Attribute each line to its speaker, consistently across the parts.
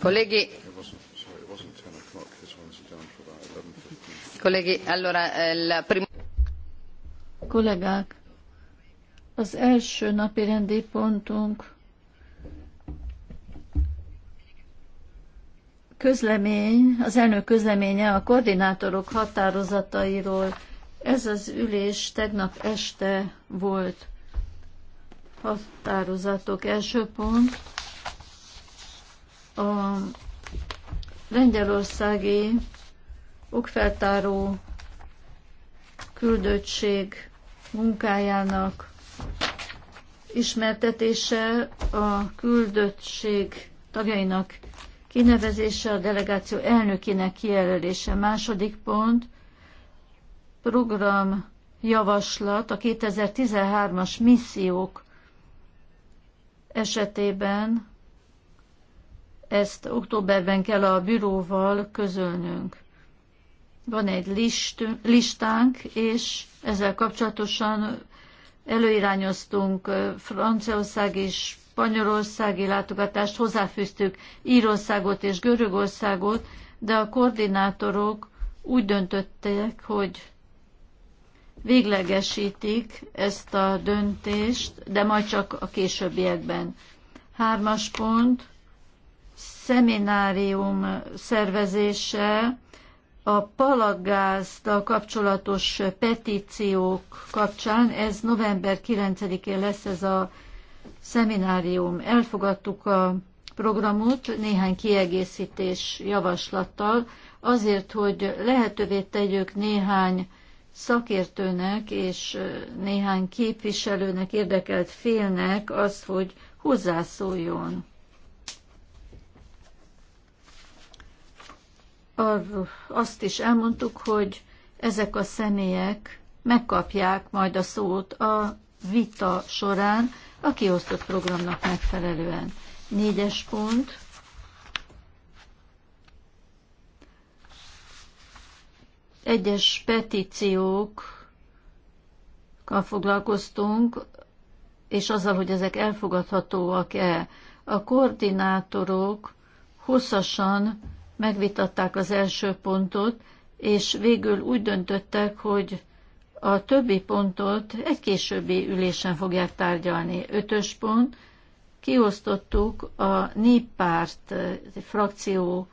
Speaker 1: Colleghi,
Speaker 2: colleghi, allora eh,
Speaker 3: Kollégák, az első napi rendi pontunk közlemény, az elnök közleménye a koordinátorok határozatairól. Ez az ülés tegnap este volt. Határozatok első pont. A lengyelországi okfeltáró küldöttség munkájának ismertetése a küldöttség tagjainak kinevezése, a delegáció elnökének kijelölése. Második pont, program javaslat a 2013-as missziók esetében ezt októberben kell a büróval közölnünk. Van egy list, listánk, és ezzel kapcsolatosan előirányoztunk Franciaország és spanyolországi látogatást hozzáfűztük Írországot és Görögországot, de a koordinátorok úgy döntöttek, hogy véglegesítik ezt a döntést, de majd csak a későbbiekben. Hármas pont, szeminárium szervezése a palaggázzal kapcsolatos petíciók kapcsán, ez november 9-én lesz ez a szeminárium. Elfogadtuk a programot néhány kiegészítés javaslattal, azért, hogy lehetővé tegyük néhány szakértőnek és néhány képviselőnek, érdekelt félnek az, hogy hozzászóljon. azt is elmondtuk, hogy ezek a személyek megkapják majd a szót a vita során, a kiosztott programnak megfelelően. Négyes pont. Egyes petíciókkal foglalkoztunk, és azzal, hogy ezek elfogadhatóak-e. A koordinátorok hosszasan megvitatták az első pontot, és végül úgy döntöttek, hogy a többi pontot egy későbbi ülésen fogják tárgyalni. Ötös pont, kiosztottuk a néppárt eh, frakció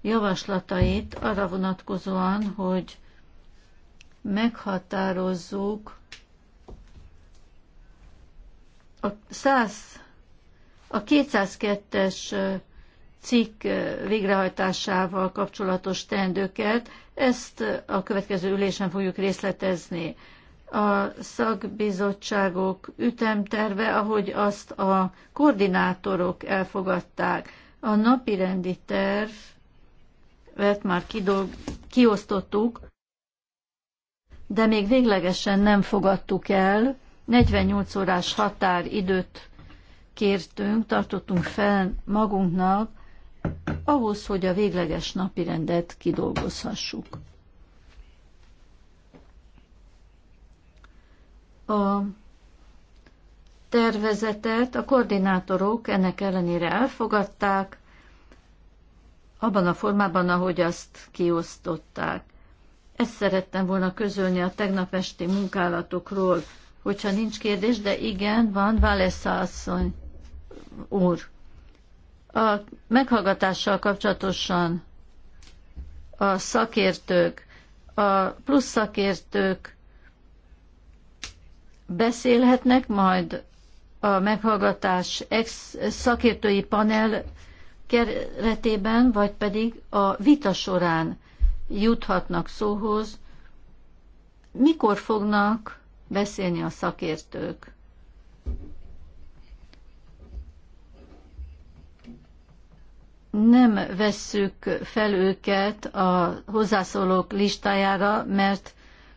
Speaker 3: javaslatait arra vonatkozóan, hogy meghatározzuk a 100, a 202-es cikk végrehajtásával kapcsolatos teendőket. Ezt a következő ülésen fogjuk részletezni. A szakbizottságok ütemterve, ahogy azt a koordinátorok elfogadták, a napi rendi tervet már kidolg, kiosztottuk, de még véglegesen nem fogadtuk el. 48 órás határidőt kértünk, tartottunk fel magunknak, ahhoz, hogy a végleges napirendet kidolgozhassuk. A tervezetet a koordinátorok ennek ellenére elfogadták, abban a formában, ahogy azt kiosztották. Ezt szerettem volna közölni a tegnap esti munkálatokról, hogyha nincs kérdés, de igen, van Válesza asszony úr. A meghallgatással kapcsolatosan a szakértők, a plusz szakértők beszélhetnek, majd a meghallgatás ex szakértői panel keretében, vagy pedig a vita során juthatnak szóhoz, mikor fognak beszélni a szakértők. nem vesszük fel őket a hozzászólók listájára, mert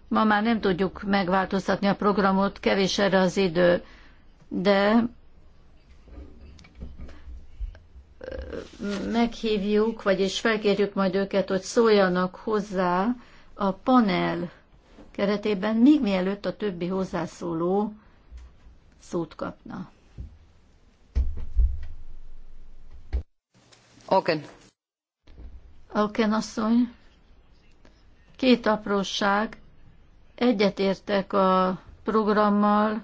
Speaker 3: ma már nem tudjuk megváltoztatni a programot, kevés erre az idő, de meghívjuk, vagyis felkérjük majd őket, hogy szóljanak hozzá a panel keretében, még mielőtt a többi hozzászóló szót kapna. Oken. Oken asszony. Két apróság. egyet értek a programmal,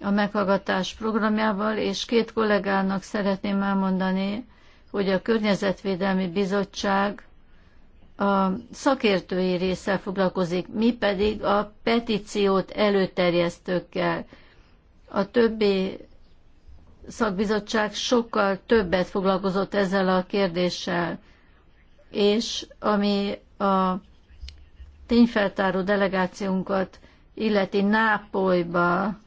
Speaker 3: a meghallgatás programjával, és két kollégának szeretném elmondani, hogy a Környezetvédelmi Bizottság a szakértői része foglalkozik, mi pedig a petíciót előterjesztőkkel. A többi szakbizottság sokkal többet foglalkozott ezzel a kérdéssel, és ami a tényfeltáró delegációnkat illeti Nápolyba,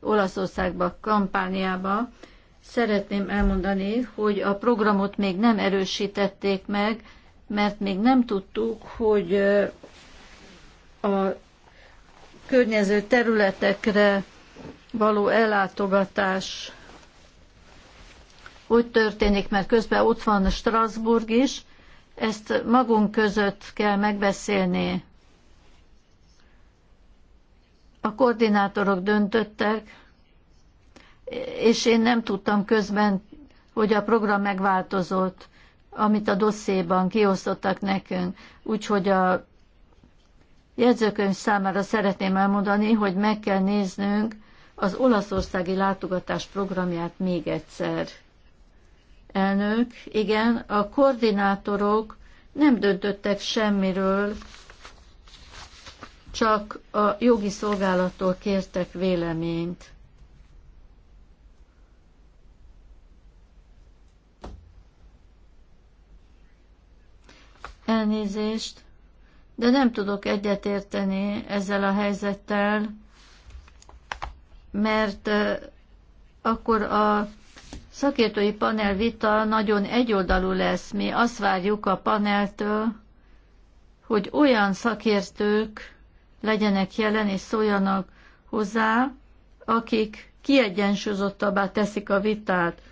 Speaker 3: Olaszországba, Kampániába, szeretném elmondani, hogy a programot még nem erősítették meg, mert még nem tudtuk, hogy a környező területekre való ellátogatás úgy történik, mert közben ott van Strasbourg is, ezt magunk között kell megbeszélni. A koordinátorok döntöttek, és én nem tudtam közben, hogy a program megváltozott, amit a dosszéban kiosztottak nekünk. Úgyhogy a jegyzőkönyv számára szeretném elmondani, hogy meg kell néznünk az olaszországi látogatás programját még egyszer. Elnök, igen, a koordinátorok nem döntöttek semmiről, csak a jogi szolgálattól kértek véleményt. Elnézést, de nem tudok egyetérteni ezzel a helyzettel, mert eh, akkor a szakértői panel vita nagyon egyoldalú lesz. Mi azt várjuk a paneltől, hogy olyan szakértők legyenek jelen és szóljanak hozzá, akik kiegyensúlyozottabbá teszik a vitát.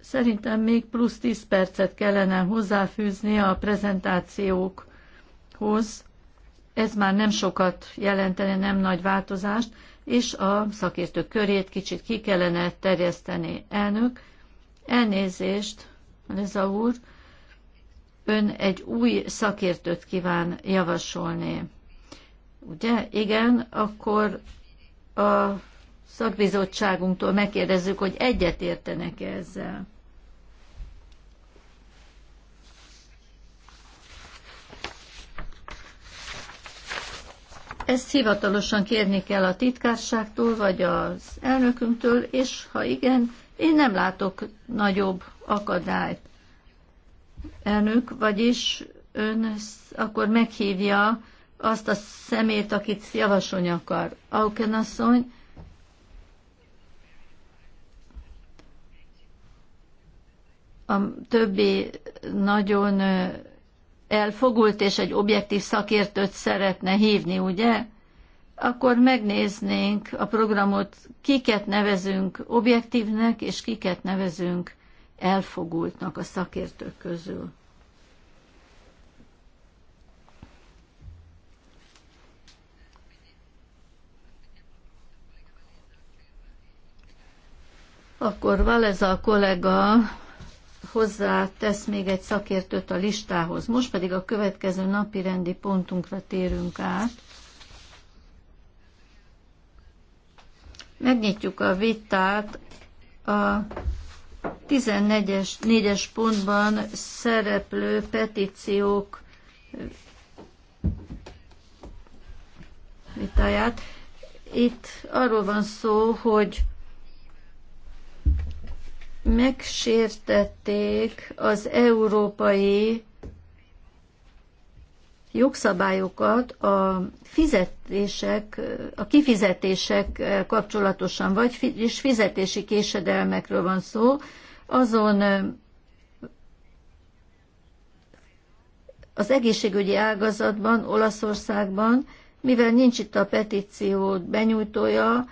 Speaker 3: Szerintem még plusz 10 percet kellene hozzáfűzni a prezentációkhoz, ez már nem sokat jelentene, nem nagy változást, és a szakértők körét kicsit ki kellene terjeszteni. Elnök, elnézést, Leza úr, ön egy új szakértőt kíván javasolni. Ugye? Igen, akkor a szakbizottságunktól megkérdezzük, hogy egyet értenek -e ezzel. Ezt hivatalosan kérni kell a titkárságtól, vagy az elnökünktől, és ha igen, én nem látok nagyobb akadályt. Elnök, vagyis ön akkor meghívja azt a szemét, akit javasolni akar. Auken asszony, a többi nagyon elfogult és egy objektív szakértőt szeretne hívni, ugye? Akkor megnéznénk a programot, kiket nevezünk objektívnek, és kiket nevezünk elfogultnak a szakértők közül. Akkor Valeza a kollega hozzá tesz még egy szakértőt a listához. Most pedig a következő napi rendi pontunkra térünk át. Megnyitjuk a vitát a 14-es 4-es pontban szereplő petíciók vitáját. Itt arról van szó, hogy megsértették az európai jogszabályokat a fizetések, a kifizetések kapcsolatosan, vagy és fizetési késedelmekről van szó, azon az egészségügyi ágazatban, Olaszországban, mivel nincs itt a petíciót benyújtója,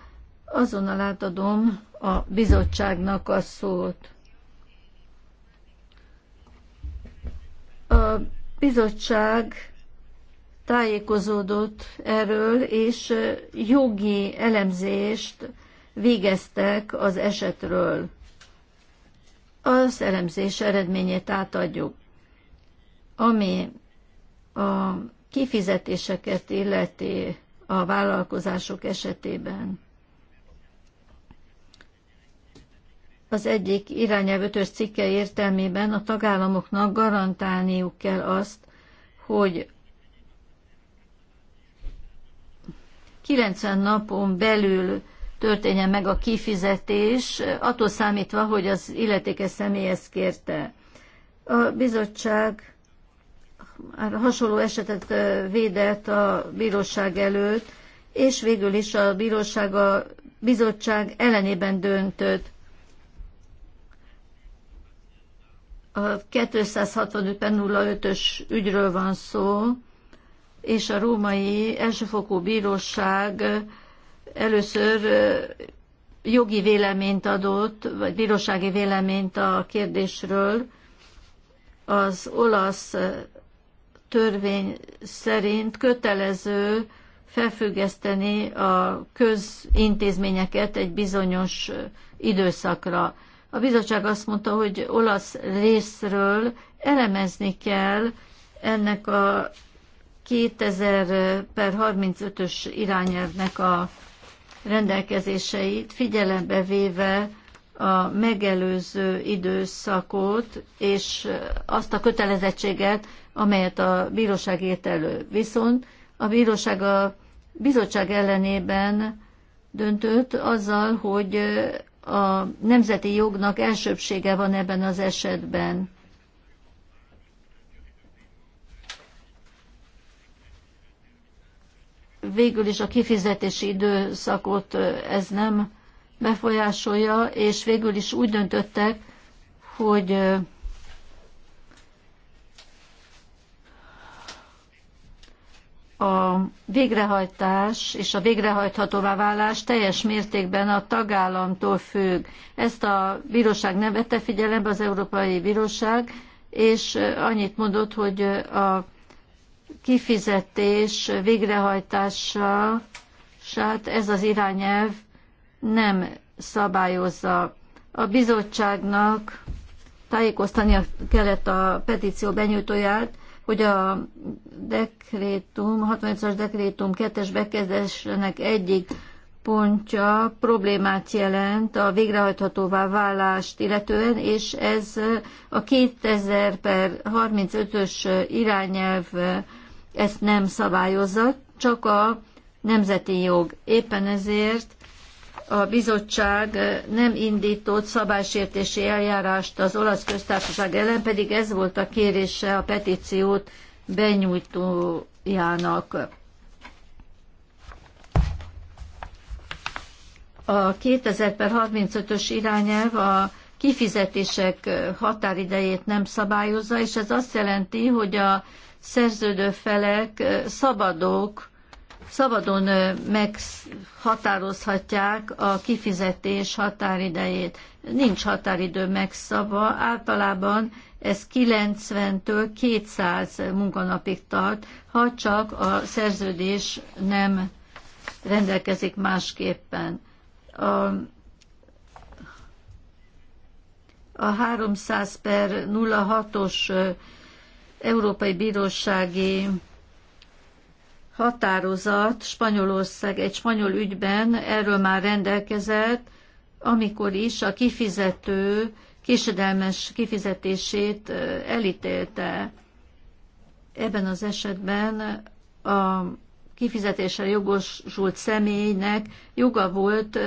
Speaker 3: azonnal átadom a bizottságnak a szót. A bizottság tájékozódott erről, és jogi elemzést végeztek az esetről. Az elemzés eredményét átadjuk. Ami a kifizetéseket illeti a vállalkozások esetében. az egyik irányelv ötös cikke értelmében a tagállamoknak garantálniuk kell azt, hogy 90 napon belül történjen meg a kifizetés, attól számítva, hogy az illetékes személy ezt kérte. A bizottság már hasonló esetet védett a bíróság előtt, és végül is a bíróság a bizottság ellenében döntött. A 26505 ös ügyről van szó, és a római elsőfokú bíróság először jogi véleményt adott, vagy bírósági véleményt a kérdésről. Az olasz törvény szerint kötelező felfüggeszteni a közintézményeket egy bizonyos időszakra. A bizottság azt mondta, hogy olasz részről elemezni kell ennek a 2000 per 35-ös irányelvnek a rendelkezéseit, figyelembe véve a megelőző időszakot és azt a kötelezettséget, amelyet a bíróság írt elő. Viszont a bíróság a bizottság ellenében döntött azzal, hogy a nemzeti jognak elsőbsége van ebben az esetben. Végül is a kifizetési időszakot ez nem befolyásolja, és végül is úgy döntöttek, hogy a végrehajtás és a végrehajthatóvá válás teljes mértékben a tagállamtól függ. Ezt a bíróság nem vette figyelembe, az Európai Bíróság, és annyit mondott, hogy a kifizetés végrehajtása, végrehajtását ez az irányelv nem szabályozza. A bizottságnak tájékoztania kellett a petíció benyújtóját, hogy a dekrétum, 65-as dekrétum kettes bekezdésnek egyik pontja problémát jelent a végrehajthatóvá válást illetően, és ez a 2000 per 35-ös irányelv ezt nem szabályozza, csak a nemzeti jog. Éppen ezért a bizottság nem indított szabálysértési eljárást az olasz köztársaság ellen, pedig ez volt a kérése a petíciót benyújtójának. A 2035-ös irányelv a kifizetések határidejét nem szabályozza, és ez azt jelenti, hogy a szerződő felek szabadok szabadon meghatározhatják a kifizetés határidejét. Nincs határidő megszabva, általában ez 90-től 200 munkanapig tart, ha csak a szerződés nem rendelkezik másképpen. A, a 300 per 06-os Európai Bírósági határozat Spanyolország egy spanyol ügyben erről már rendelkezett, amikor is a kifizető késedelmes kifizetését elítélte. Ebben az esetben a kifizetésre jogosult személynek joga volt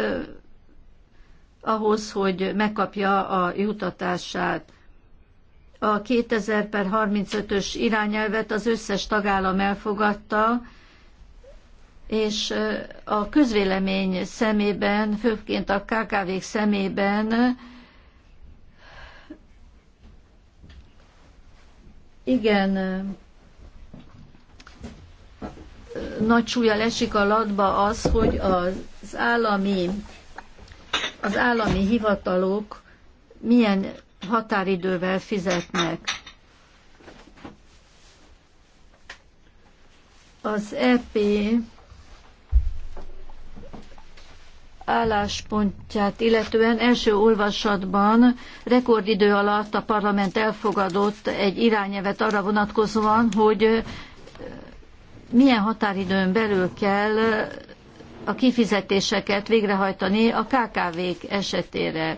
Speaker 3: ahhoz, hogy megkapja a jutatását a 2000 per 35-ös irányelvet az összes tagállam elfogadta, és a közvélemény szemében, főként a kkv szemében igen nagy súlya esik a latba az, hogy az állami, az állami hivatalok milyen határidővel fizetnek. Az EP álláspontját illetően első olvasatban rekordidő alatt a parlament elfogadott egy irányelvet arra vonatkozóan, hogy milyen határidőn belül kell a kifizetéseket végrehajtani a KKV-k esetére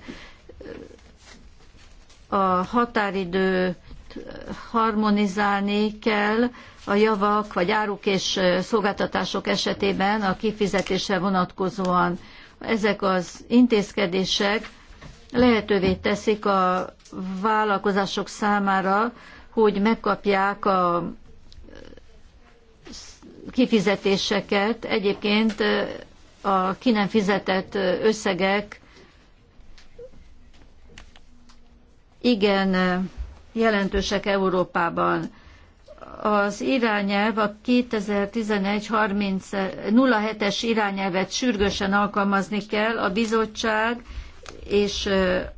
Speaker 3: a határidő harmonizálni kell a javak vagy áruk és szolgáltatások esetében a kifizetése vonatkozóan. Ezek az intézkedések lehetővé teszik a vállalkozások számára, hogy megkapják a kifizetéseket. Egyébként a ki nem fizetett összegek igen jelentősek Európában. Az irányelv a 2011-07-es irányelvet sürgősen alkalmazni kell. A bizottság és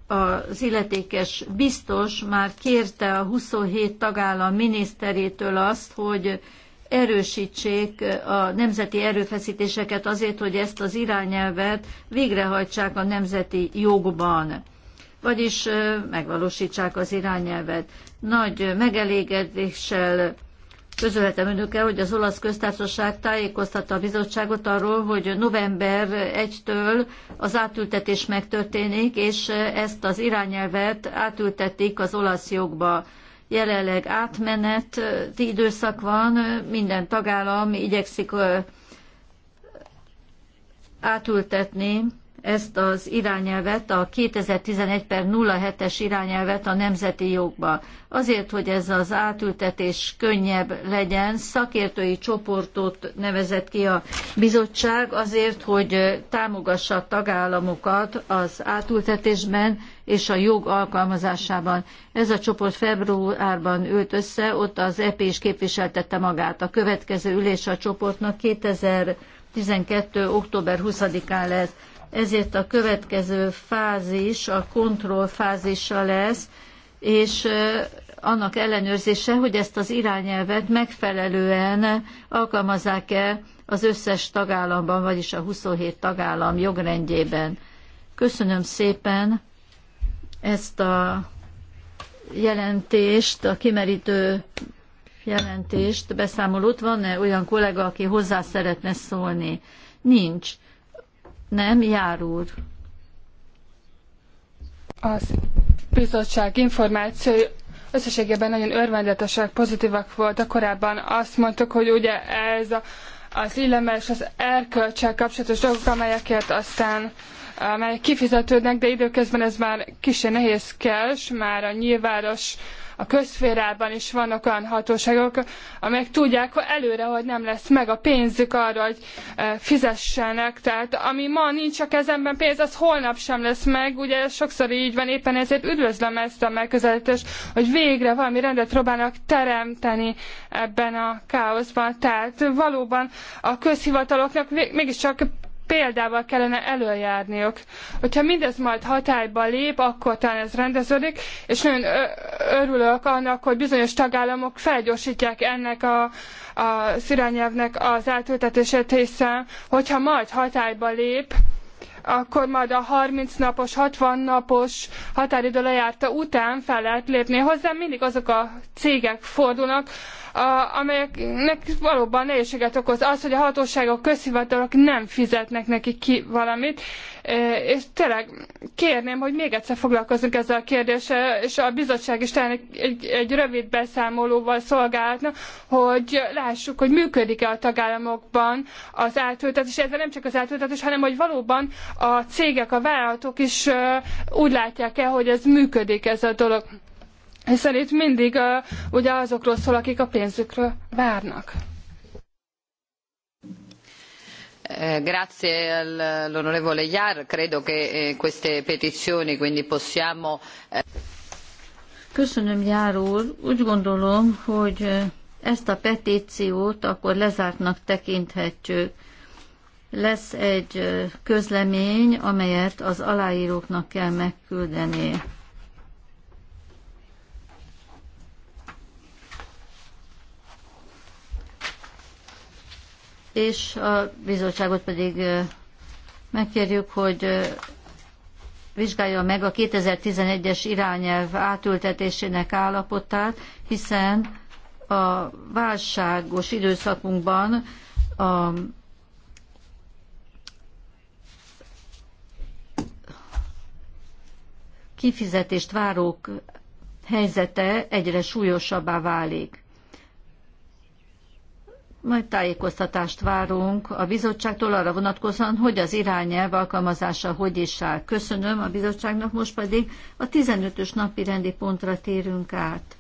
Speaker 3: az illetékes biztos már kérte a 27 tagállam miniszterétől azt, hogy erősítsék a nemzeti erőfeszítéseket azért, hogy ezt az irányelvet végrehajtsák a nemzeti jogban vagyis megvalósítsák az irányelvet. Nagy megelégedéssel Közölhetem önökkel, hogy az olasz köztársaság tájékoztatta a bizottságot arról, hogy november 1-től az átültetés megtörténik, és ezt az irányelvet átültetik az olasz jogba. Jelenleg átmeneti időszak van, minden tagállam igyekszik átültetni ezt az irányelvet, a 2011 per 07-es irányelvet a nemzeti jogba. Azért, hogy ez az átültetés könnyebb legyen, szakértői csoportot nevezett ki a bizottság azért, hogy támogassa a tagállamokat az átültetésben és a jog alkalmazásában. Ez a csoport februárban ült össze, ott az EP is képviseltette magát. A következő ülés a csoportnak 2012. október 20-án lesz ezért a következő fázis a kontroll fázisa lesz, és annak ellenőrzése, hogy ezt az irányelvet megfelelően alkalmazzák-e az összes tagállamban, vagyis a 27 tagállam jogrendjében. Köszönöm szépen ezt a jelentést, a kimerítő jelentést, beszámolót. Van-e olyan kollega, aki hozzá szeretne
Speaker 1: szólni? Nincs. Nem, jár úr. Az bizottság információi összességében nagyon örvendetesek, pozitívak voltak. Korábban azt mondtuk, hogy ugye ez a, az illemes, az erkölcsel kapcsolatos dolgok, amelyeket aztán amelyek kifizetődnek, de időközben ez már kicsi nehézkes, már a nyilvános a közférában is vannak olyan hatóságok, amelyek tudják hogy előre, hogy nem lesz meg a pénzük arra, hogy e, fizessenek. Tehát ami ma nincs a kezemben pénz, az holnap sem lesz meg. Ugye sokszor így van, éppen ezért üdvözlöm ezt a megközelítést, hogy végre valami rendet próbálnak teremteni ebben a káoszban. Tehát valóban a közhivataloknak mégiscsak példával kellene előjárniuk. Hogyha mindez majd hatályba lép, akkor talán ez rendeződik, és nagyon örülök annak, hogy bizonyos tagállamok felgyorsítják ennek a, a szirányelvnek az átültetését, hiszen hogyha majd hatályba lép, akkor majd a 30 napos, 60 napos határidő lejárta után fel lehet lépni hozzá. Mindig azok a cégek fordulnak, a, amelyeknek valóban nehézséget okoz az, hogy a hatóságok, közhivatalok nem fizetnek neki ki valamit, e, és tényleg kérném, hogy még egyszer foglalkozzunk ezzel a kérdéssel, és a bizottság is talán egy, egy rövid beszámolóval szolgálhatna, hogy lássuk, hogy működik-e a tagállamokban az átültetés, ezzel nem csak az átültetés, hanem hogy valóban a cégek, a vállalatok is úgy látják-e, hogy ez működik ez a dolog. Hiszen itt mindig uh, ugye azokról szól, akik a pénzükről várnak.
Speaker 2: Eh, grazie all'onorevole Iar, credo che eh, queste petizioni quindi possiamo. Eh,
Speaker 3: Köszönöm, Jár úr. Úgy gondolom, hogy ezt a petíciót akkor lezártnak tekinthetjük. Lesz egy közlemény, amelyet az aláíróknak kell megküldeni. és a bizottságot pedig megkérjük, hogy vizsgálja meg a 2011-es irányelv átültetésének állapotát, hiszen a válságos időszakunkban a kifizetést várók helyzete egyre súlyosabbá válik. Majd tájékoztatást várunk a bizottságtól arra vonatkozóan, hogy az irányelv alkalmazása hogy is áll. Köszönöm a bizottságnak, most pedig a 15-ös napi rendi pontra térünk át.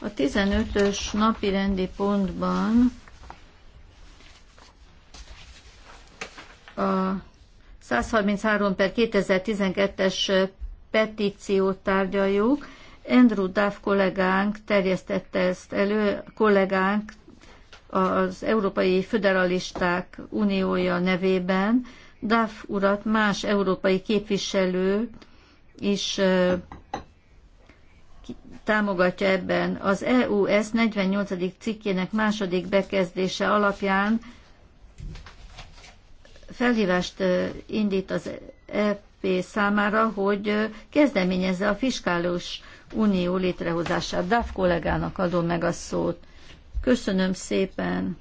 Speaker 3: A 15-ös napi rendi pontban a 133 per 2012-es petíciót tárgyaljuk, Andrew Duff kollégánk terjesztette ezt elő, kollégánk az Európai Föderalisták Uniója nevében. Duff urat más európai képviselő is támogatja ebben. Az EUS 48. cikkének második bekezdése alapján felhívást indít az EP számára, hogy kezdeményezze a fiskálós Unió létrehozását. DAF kollégának adom meg a szót. Köszönöm szépen.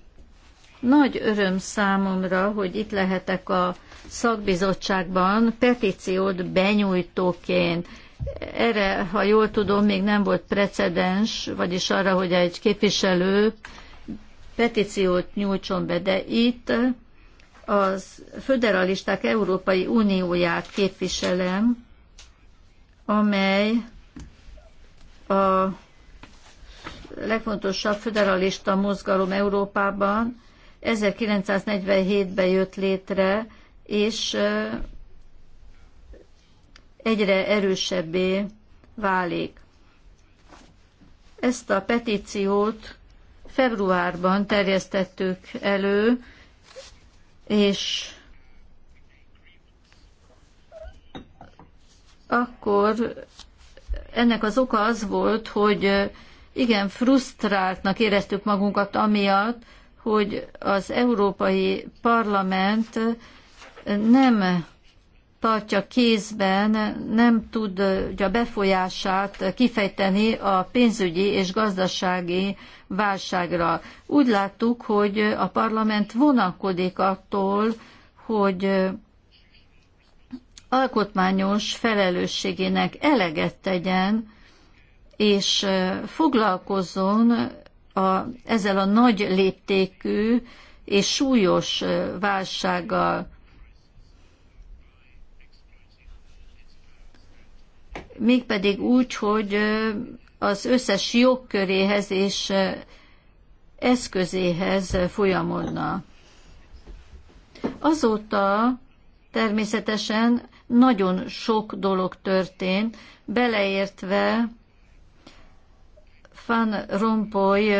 Speaker 3: Nagy öröm számomra, hogy itt lehetek a szakbizottságban petíciót benyújtóként. Erre, ha jól tudom, még nem volt precedens, vagyis arra, hogy egy képviselő petíciót nyújtson be, de itt az Föderalisták Európai Unióját képviselem, amely a legfontosabb föderalista mozgalom Európában 1947-ben jött létre, és egyre erősebbé válik. Ezt a petíciót februárban terjesztettük elő, és akkor ennek az oka az volt, hogy igen, frusztráltnak éreztük magunkat amiatt, hogy az Európai Parlament nem tartja kézben, nem tudja befolyását kifejteni a pénzügyi és gazdasági válságra. Úgy láttuk, hogy a parlament vonakodik attól, hogy alkotmányos felelősségének eleget tegyen, és foglalkozzon a, ezzel a nagy léptékű és súlyos válsággal. Mégpedig úgy, hogy az összes jogköréhez és eszközéhez folyamodna. Azóta természetesen nagyon sok dolog történt, beleértve Van Rompoy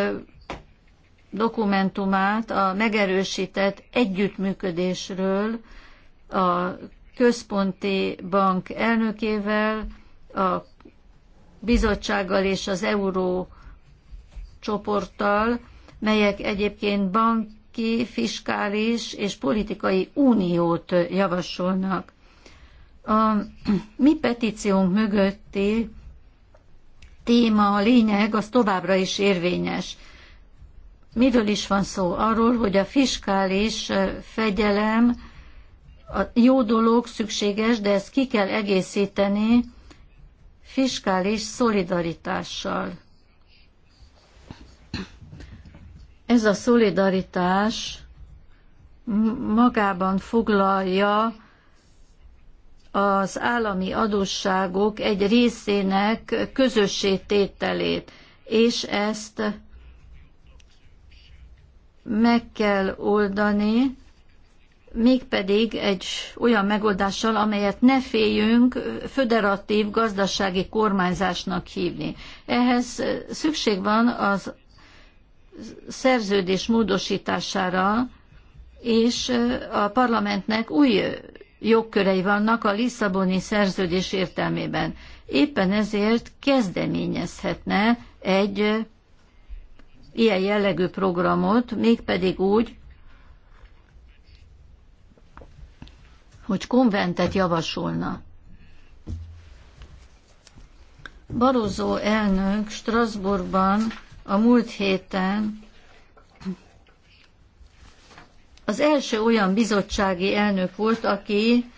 Speaker 3: dokumentumát a megerősített együttműködésről a központi bank elnökével, a bizottsággal és az euró csoporttal, melyek egyébként banki, fiskális és politikai uniót javasolnak. A mi petíciónk mögötti téma, a lényeg, az továbbra is érvényes. Miről is van szó? Arról, hogy a fiskális fegyelem a jó dolog, szükséges, de ezt ki kell egészíteni fiskális szolidaritással. Ez a szolidaritás magában foglalja az állami adósságok egy részének közössé tételét, és ezt meg kell oldani, mégpedig egy olyan megoldással, amelyet ne féljünk föderatív gazdasági kormányzásnak hívni. Ehhez szükség van az szerződés módosítására, és a parlamentnek új jogkörei vannak a Lisszaboni szerződés értelmében. Éppen ezért kezdeményezhetne egy ilyen jellegű programot, mégpedig úgy, hogy konventet javasolna. Barozó elnök Strasbourgban a múlt héten az első olyan bizottsági elnök volt, aki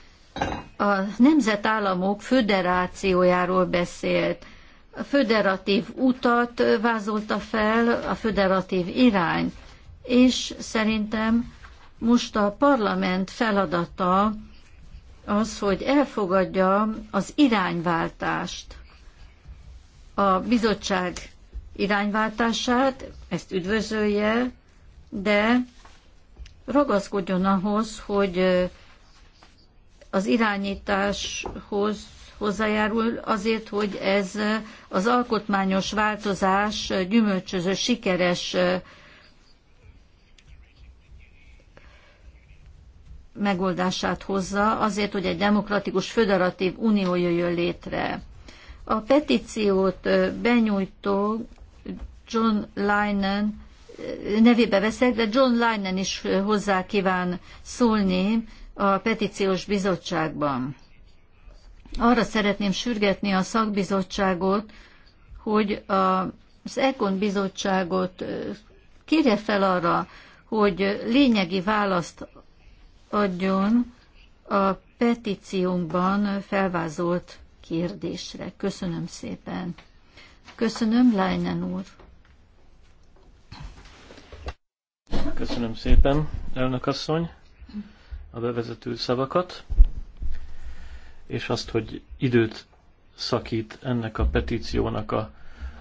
Speaker 3: a nemzetállamok föderációjáról beszélt. A föderatív utat vázolta fel, a föderatív irány, és szerintem most a parlament feladata az, hogy elfogadja az irányváltást, a bizottság irányváltását, ezt üdvözölje, de ragaszkodjon ahhoz, hogy az irányításhoz hozzájárul azért, hogy ez az alkotmányos változás gyümölcsöző, sikeres megoldását hozza, azért, hogy egy demokratikus, föderatív unió jöjjön létre. A petíciót benyújtó John Lynon nevébe veszek, de John Lennon is hozzá kíván szólni a petíciós bizottságban. Arra szeretném sürgetni a szakbizottságot, hogy az Ekon bizottságot kérje fel arra, hogy lényegi választ adjon a petíciónkban felvázolt kérdésre. Köszönöm szépen. Köszönöm, Leinen úr.
Speaker 4: Köszönöm szépen, elnök asszony, a bevezető szavakat, és azt, hogy időt szakít ennek a petíciónak a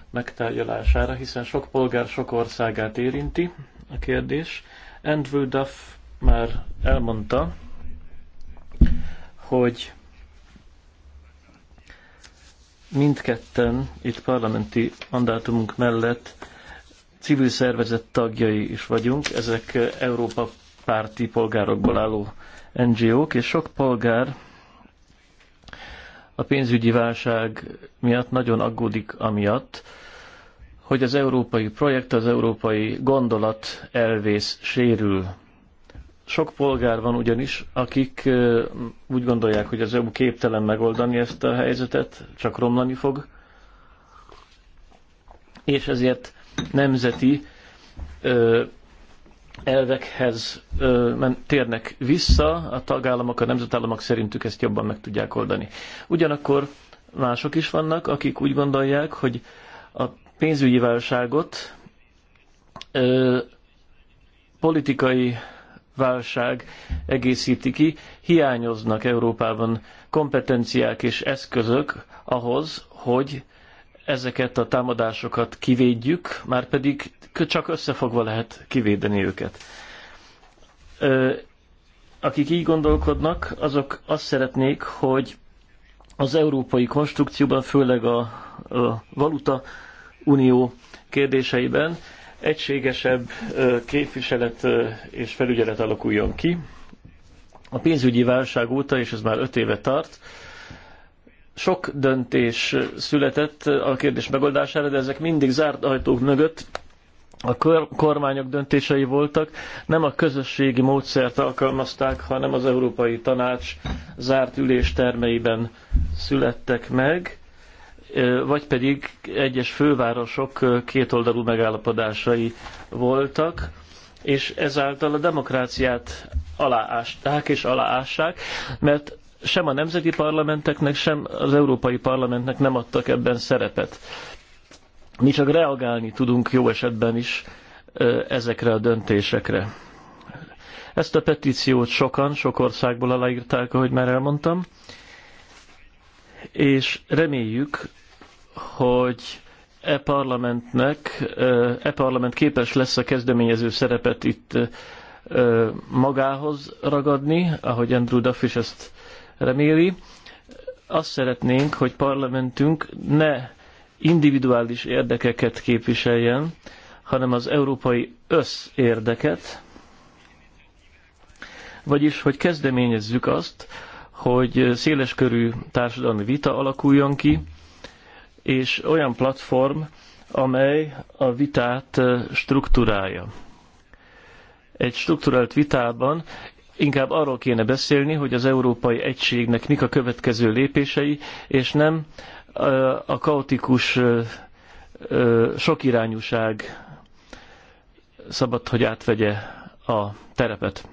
Speaker 4: megtárgyalására, hiszen sok polgár sok országát érinti a kérdés. Andrew Duff már elmondta, hogy mindketten itt parlamenti mandátumunk mellett civil szervezet tagjai is vagyunk, ezek eh, Európa párti polgárokból álló NGO-k, és sok polgár a pénzügyi válság miatt nagyon aggódik amiatt, hogy az európai projekt, az európai gondolat elvész, sérül. Sok polgár van ugyanis, akik eh, úgy gondolják, hogy az EU képtelen megoldani ezt a helyzetet, csak romlani fog, és ezért nemzeti ö, elvekhez ö, men, térnek vissza, a tagállamok, a nemzetállamok szerintük ezt jobban meg tudják oldani. Ugyanakkor mások is vannak, akik úgy gondolják, hogy a pénzügyi válságot ö, politikai válság egészíti ki, hiányoznak Európában kompetenciák és eszközök ahhoz, hogy ezeket a támadásokat kivédjük, már pedig csak összefogva lehet kivédeni őket. Akik így gondolkodnak, azok azt szeretnék, hogy az európai konstrukcióban, főleg a, a valuta unió kérdéseiben egységesebb képviselet és felügyelet alakuljon ki. A pénzügyi válság óta, és ez már öt éve tart, sok döntés született a kérdés megoldására, de ezek mindig zárt ajtók mögött a kormányok döntései voltak, nem a közösségi módszert alkalmazták, hanem az Európai Tanács zárt ülés termeiben születtek meg, vagy pedig egyes fővárosok kétoldalú megállapodásai voltak, és ezáltal a demokráciát aláásták és aláássák, mert sem a nemzeti parlamenteknek, sem az Európai Parlamentnek nem adtak ebben szerepet. Mi csak reagálni tudunk jó esetben is ezekre a döntésekre. Ezt a petíciót sokan, sok országból aláírták, ahogy már elmondtam, és reméljük, hogy e parlamentnek, e parlament képes lesz a kezdeményező szerepet itt magához ragadni, ahogy Andrew Duff is ezt reméli. Azt szeretnénk, hogy parlamentünk ne individuális érdekeket képviseljen, hanem az európai összérdeket, vagyis hogy kezdeményezzük azt, hogy széleskörű társadalmi vita alakuljon ki, és olyan platform, amely a vitát struktúrája. Egy struktúrált vitában Inkább arról kéne beszélni, hogy az európai egységnek mik a következő lépései, és nem a kaotikus sokirányúság szabad, hogy átvegye a terepet.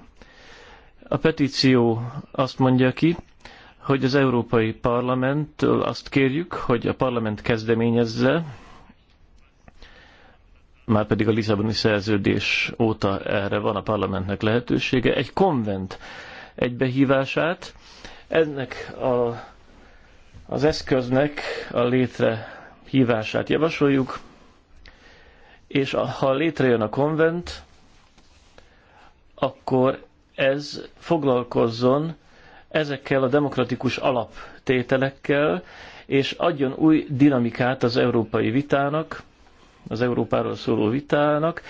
Speaker 4: A petíció azt mondja ki, hogy az Európai Parlamenttől azt kérjük, hogy a parlament kezdeményezze már pedig a Lisszaboni szerződés óta erre van a parlamentnek lehetősége, egy konvent egybehívását. Ennek a, az eszköznek a létre hívását javasoljuk, és ha létrejön a konvent, akkor ez foglalkozzon ezekkel a demokratikus alaptételekkel, és adjon új dinamikát az európai vitának, az Európáról szóló vitának.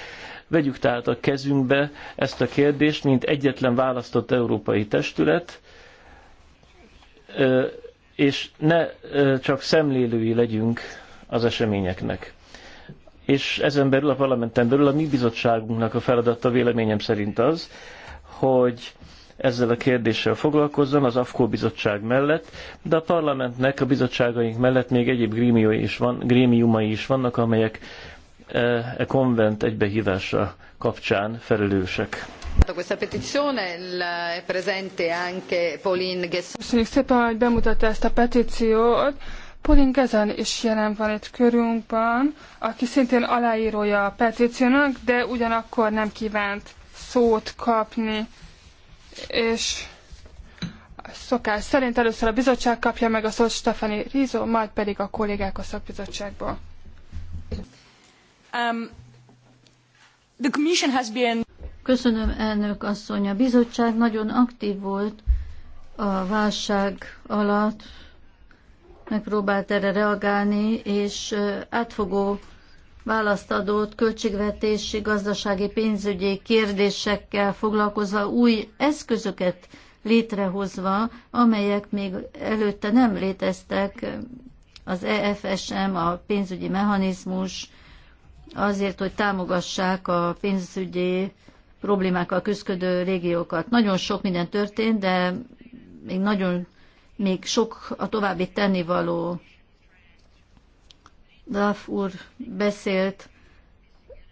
Speaker 4: Vegyük tehát a kezünkbe ezt a kérdést, mint egyetlen választott európai testület, és ne csak szemlélői legyünk az eseményeknek. És ezen belül a parlamenten belül a mi bizottságunknak a feladata véleményem szerint az, hogy ezzel a kérdéssel foglalkozzon az AFKO bizottság mellett, de a parlamentnek, a bizottságaink mellett még egyéb grémiumai is, van, grémiumai is vannak, amelyek e, e konvent egybehívása kapcsán felelősek.
Speaker 2: Köszönjük szépen, hogy bemutatta ezt a petíciót.
Speaker 1: Polin Gezen is jelen van itt körünkben, aki szintén aláírója a petíciónak, de ugyanakkor nem kívánt szót kapni és szokás szerint először a bizottság kapja meg a szót Stefani Rizó, majd pedig a kollégák a szakbizottságból.
Speaker 5: Um,
Speaker 3: the commission has been... Köszönöm, elnök asszony. A bizottság nagyon aktív volt a válság alatt, megpróbált erre reagálni, és átfogó választ adott költségvetési, gazdasági, pénzügyi kérdésekkel foglalkozva új eszközöket létrehozva, amelyek még előtte nem léteztek, az EFSM, a pénzügyi mechanizmus, azért, hogy támogassák a pénzügyi problémákkal küzdködő régiókat. Nagyon sok minden történt, de még nagyon még sok a további tennivaló. Duff úr beszélt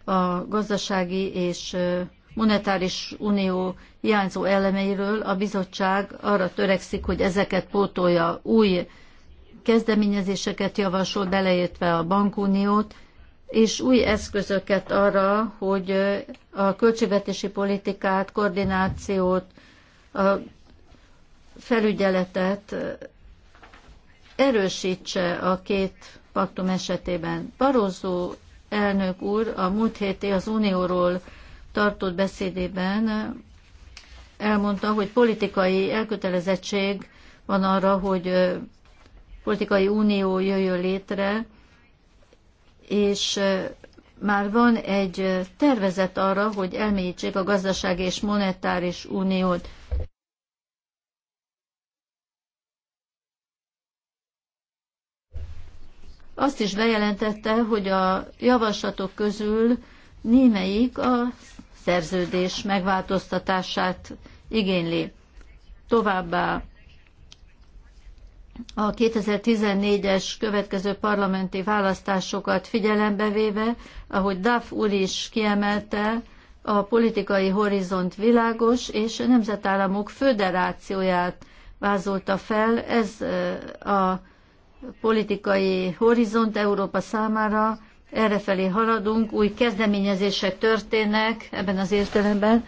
Speaker 3: a gazdasági és monetáris unió hiányzó elemeiről. A bizottság arra törekszik, hogy ezeket pótolja új kezdeményezéseket javasol, beleértve a bankuniót, és új eszközöket arra, hogy a költségvetési politikát, koordinációt, a felügyeletet erősítse a két paktum esetében. Barozó elnök úr a múlt héti az Unióról tartott beszédében elmondta, hogy politikai elkötelezettség van arra, hogy politikai unió jöjjön létre, és már van egy tervezet arra, hogy elmélyítsék a gazdasági és monetáris uniót. azt is bejelentette, hogy a javaslatok közül némelyik a szerződés megváltoztatását igényli. Továbbá a 2014-es következő parlamenti választásokat figyelembe véve, ahogy Duff úr is kiemelte, a politikai horizont világos és a nemzetállamok föderációját vázolta fel, ez a politikai horizont Európa számára, errefelé haladunk, új kezdeményezések történnek ebben az értelemben,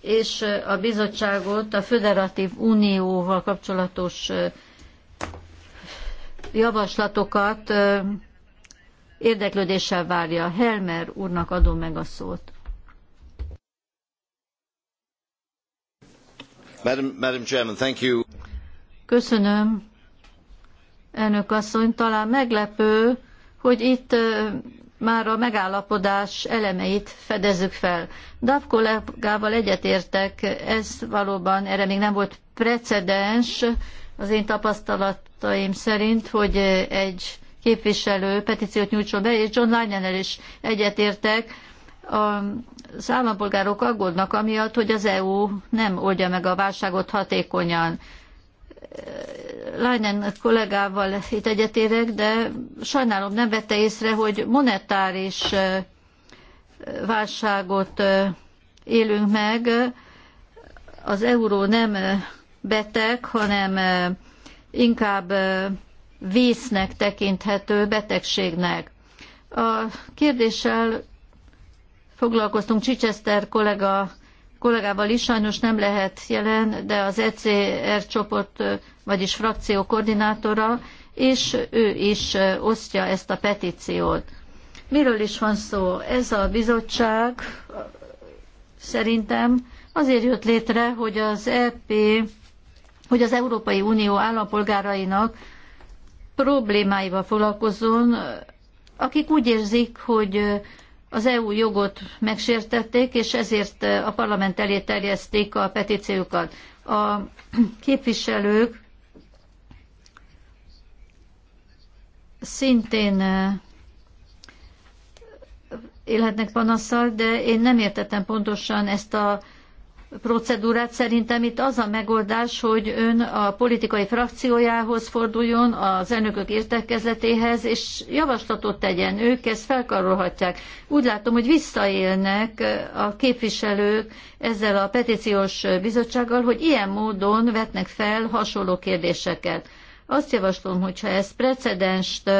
Speaker 3: és a bizottságot a Föderatív Unióval kapcsolatos javaslatokat érdeklődéssel várja. Helmer úrnak adom meg a szót.
Speaker 6: Madam, Madam Chairman, thank you.
Speaker 3: Köszönöm, elnök asszony, talán meglepő, hogy itt már a megállapodás elemeit fedezzük fel. DAV kollégával egyetértek, ez valóban erre még nem volt precedens az én tapasztalataim szerint, hogy egy képviselő petíciót nyújtson be, és John Lennon-el is egyetértek. Az állampolgárok aggódnak amiatt, hogy az EU nem oldja meg a válságot hatékonyan. Leinen kollégával itt egyetérek, de sajnálom nem vette észre, hogy monetáris válságot élünk meg. Az euró nem beteg, hanem inkább vésznek tekinthető betegségnek. A kérdéssel foglalkoztunk Csicseszter kollega kollégával is sajnos nem lehet jelen, de az ECR csoport, vagyis frakció koordinátora, és ő is osztja ezt a petíciót. Miről is van szó? Ez a bizottság szerintem azért jött létre, hogy az EP, hogy az Európai Unió állampolgárainak problémáival foglalkozzon, akik úgy érzik, hogy az EU jogot megsértették, és ezért a parlament elé terjeszték a petíciókat. A képviselők szintén élhetnek panaszsal, de én nem értettem pontosan ezt a procedúrát. Szerintem itt az a megoldás, hogy ön a politikai frakciójához forduljon, az elnökök értekezletéhez, és javaslatot tegyen. Ők ezt felkarolhatják. Úgy látom, hogy visszaélnek a képviselők ezzel a petíciós bizottsággal, hogy ilyen módon vetnek fel hasonló kérdéseket. Azt javaslom, hogyha ez precedenst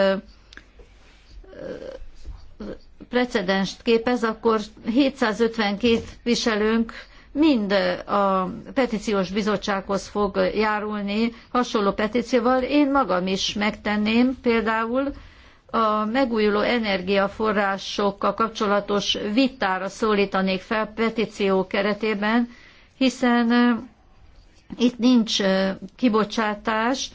Speaker 3: precedenst képez, akkor 752 viselőnk mind a petíciós bizottsághoz fog járulni hasonló petícióval. Én magam is megtenném például a megújuló energiaforrásokkal kapcsolatos vitára szólítanék fel petíció keretében, hiszen itt nincs kibocsátás,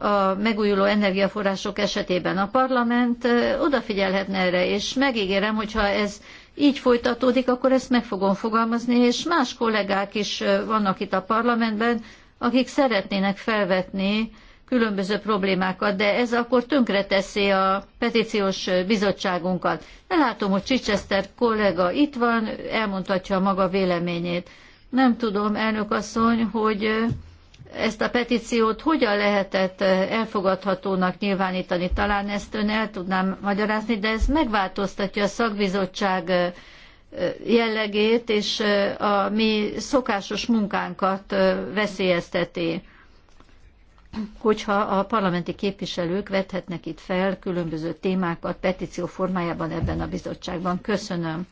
Speaker 3: a megújuló energiaforrások esetében a parlament odafigyelhetne erre, és megígérem, hogyha ez így folytatódik, akkor ezt meg fogom fogalmazni, és más kollégák is vannak itt a parlamentben, akik szeretnének felvetni különböző problémákat, de ez akkor tönkre teszi a petíciós bizottságunkat. De látom, hogy Csicseszter kollega itt van, elmondhatja maga véleményét. Nem tudom, elnök asszony, hogy ezt a petíciót hogyan lehetett eh, elfogadhatónak nyilvánítani? Talán ezt ön el tudnám magyarázni, de ez megváltoztatja a szakbizottság eh, eh, jellegét, és a mi szokásos munkánkat veszélyezteti, hogyha a parlamenti képviselők vethetnek itt fel különböző témákat petíció formájában ebben a bizottságban. Köszönöm.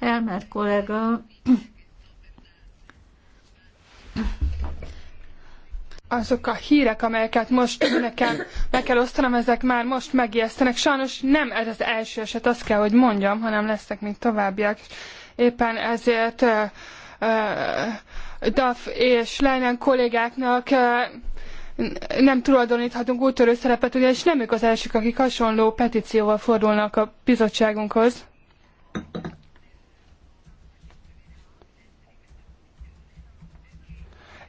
Speaker 1: Helmer kollega azok a hírek, amelyeket most nekem meg kell osztanom, ezek már most megijesztenek. Sajnos nem ez az első eset, azt kell, hogy mondjam, hanem lesznek még továbbiak. Éppen ezért uh, uh, Duff és Leinen kollégáknak uh, nem tulajdoníthatunk úttörő szerepet, ugyanis nem ők az elsők, akik hasonló petícióval fordulnak a bizottságunkhoz.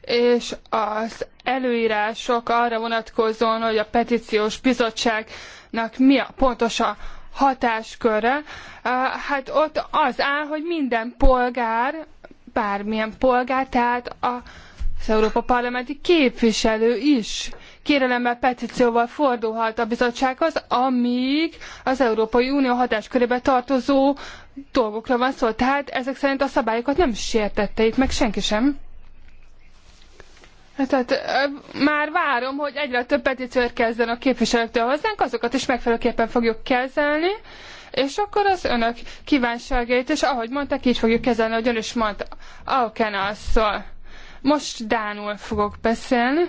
Speaker 1: és az előírások arra vonatkozóan, hogy a petíciós bizottságnak mi a pontos a hatáskörre, hát ott az áll, hogy minden polgár, bármilyen polgár, tehát a az Európa Parlamenti képviselő is kérelemmel, petícióval fordulhat a bizottsághoz, amíg az Európai Unió hatáskörébe tartozó dolgokra van szó. Tehát ezek szerint a szabályokat nem sértette itt meg senki sem. Tehát hát, már várom, hogy egyre több petíció érkezzen a képviselőktől hozzánk, azokat is megfelelőképpen fogjuk kezelni, és akkor az önök kívánságait, és ahogy mondták, így fogjuk kezelni, ahogy ön is mondta. Auken Most Dánul fogok beszélni.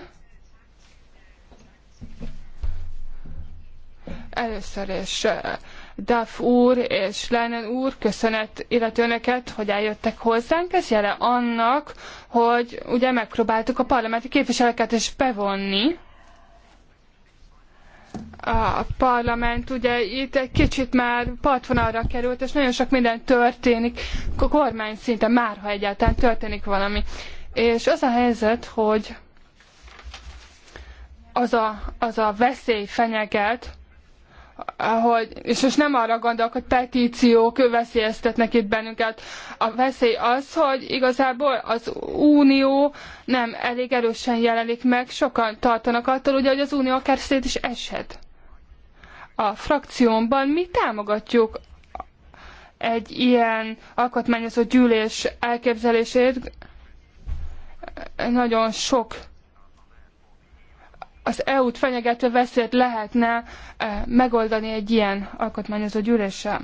Speaker 1: Először is Duff úr és Lennon úr, köszönet illető önöket, hogy eljöttek hozzánk. Ez jele annak, hogy ugye megpróbáltuk a parlamenti képviselőket is bevonni. A parlament ugye itt egy kicsit már partvonalra került, és nagyon sok minden történik, a kormány szinten már, ha egyáltalán történik valami. És az a helyzet, hogy az a, az a veszély fenyeget, hogy, és most nem arra gondolok, hogy petíciók veszélyeztetnek itt bennünket. A veszély az, hogy igazából az unió nem elég erősen jelenik meg, sokan tartanak attól, ugye, hogy az unió akár szét is eshet. A frakciómban mi támogatjuk egy ilyen alkotmányozó gyűlés elképzelését, nagyon sok az EU-t fenyegető veszélyt lehetne eh, megoldani egy ilyen alkotmányozó gyűléssel.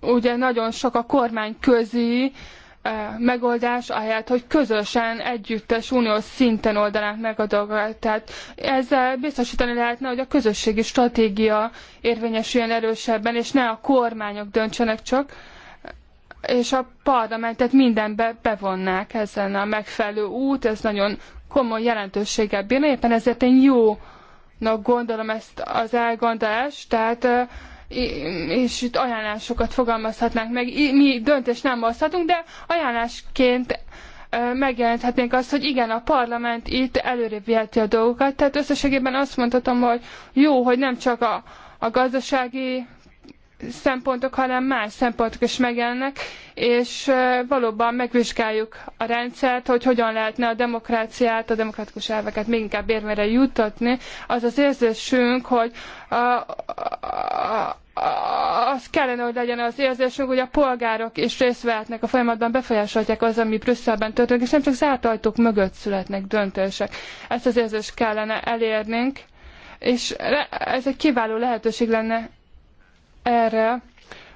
Speaker 1: Ugye nagyon sok a kormányközi eh, megoldás, ahelyett, hogy közösen, együttes, uniós szinten oldanák meg a dolgokat. Tehát ezzel biztosítani lehetne, hogy a közösségi stratégia érvényesüljön erősebben, és ne a kormányok döntsenek csak, és a parlamentet mindenbe bevonnák ezen a megfelelő út, ez nagyon komoly jelentőséggel bírna, éppen ezért én jónak gondolom ezt az elgondolást, tehát és itt ajánlásokat fogalmazhatnánk meg. Mi döntést nem hozhatunk, de ajánlásként megjelenthetnénk azt, hogy igen, a parlament itt előrébb viheti a dolgokat. Tehát összességében azt mondhatom, hogy jó, hogy nem csak a, a gazdasági szempontok, hanem más szempontok is megjelennek, és valóban megvizsgáljuk a rendszert, hogy hogyan lehetne a demokráciát, a demokratikus elveket még inkább érvére juttatni. Az az érzésünk, hogy a, a, a, az kellene, hogy legyen az érzésünk, hogy a polgárok is részt vehetnek a folyamatban, befolyásolják az, ami Brüsszelben történik, és nem csak zárt ajtók mögött születnek döntések. Ezt az érzést kellene elérnünk, és ez egy kiváló lehetőség lenne erre,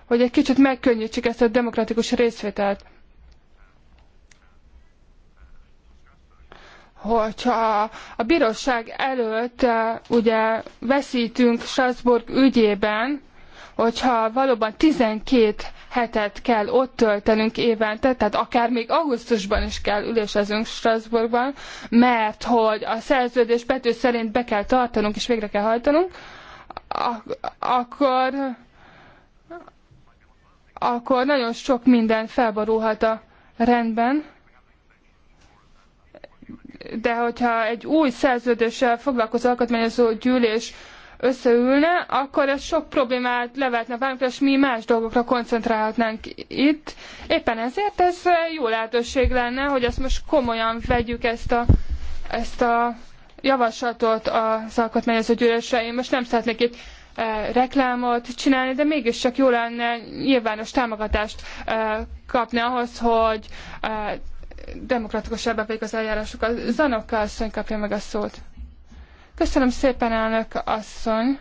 Speaker 1: hogy egy kicsit megkönnyítsük ezt a demokratikus részvételt. hogyha a bíróság előtt eh, ugye veszítünk Strasbourg ügyében, hogyha valóban 12 hetet kell ott töltenünk évente, tehát akár még augusztusban is kell ülésezünk Strasbourgban, mert hogy a szerződés betű szerint be kell tartanunk és végre kell hajtanunk, ak akkor akkor nagyon sok minden felborulhat a rendben. De hogyha egy új szerződéssel foglalkozó alkotmányozó gyűlés összeülne, akkor ez sok problémát levetne velünk, és mi más dolgokra koncentrálhatnánk itt. Éppen ezért ez jó lehetőség lenne, hogy ezt most komolyan vegyük ezt a, ezt a javaslatot az alkotmányozó gyűlésre. Én most nem szeretnék itt reklámot csinálni, de mégiscsak jó lenne nyilvános támogatást kapni ahhoz, hogy demokratikusabbá pedig az eljárások. A Zanokka asszony kapja meg a szót. Köszönöm szépen, elnök asszony.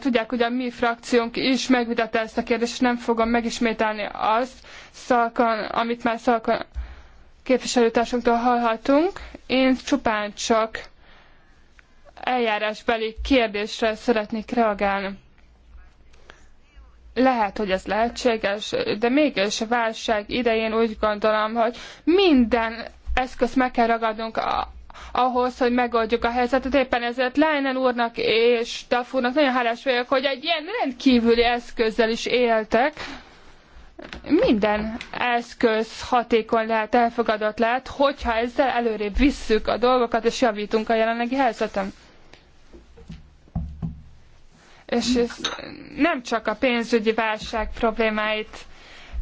Speaker 1: Tudják, hogy a mi frakciónk is megvitatta ezt a kérdést, és nem fogom megismételni azt, szalkan, amit már szalkan képviselőtársunktól hallhatunk. Én csupán csak eljárásbeli kérdésre szeretnék reagálni. Lehet, hogy ez lehetséges, de mégis a válság idején úgy gondolom, hogy minden eszközt meg kell ragadnunk a, ahhoz, hogy megoldjuk a helyzetet. Éppen ezért Leinen úrnak és Tafurnak nagyon hálás vagyok, hogy egy ilyen rendkívüli eszközzel is éltek. Minden eszköz hatékony lehet, elfogadott lehet, hogyha ezzel előrébb visszük a dolgokat és javítunk a jelenlegi helyzetem és ez nem csak a pénzügyi válság problémáit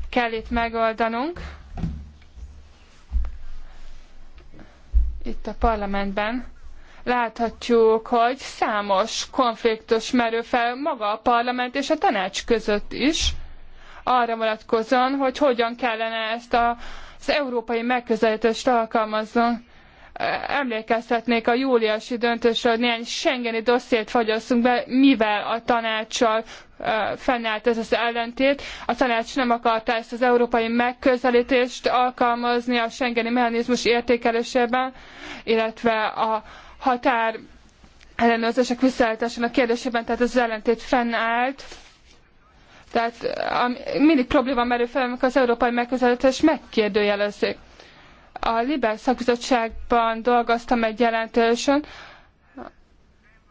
Speaker 1: kell itt megoldanunk, itt a parlamentben, láthatjuk, hogy számos konfliktus merül fel maga a parlament és a tanács között is, arra vonatkozóan, hogy hogyan kellene ezt a, az európai megközelítést alkalmazzon emlékeztetnék a júliusi döntésre, hogy néhány Schengeni dossziét fagyasszunk be, mivel a tanácssal fennállt ez az ellentét. A tanács nem akarta ezt az európai megközelítést alkalmazni a Schengeni mechanizmus értékelésében, illetve a határ ellenőrzések visszaállításának kérdésében, tehát ez az ellentét fennállt. Tehát mindig probléma merül fel, amikor az európai megközelítés megkérdőjelezik a Libel szakbizottságban dolgoztam egy jelentésen,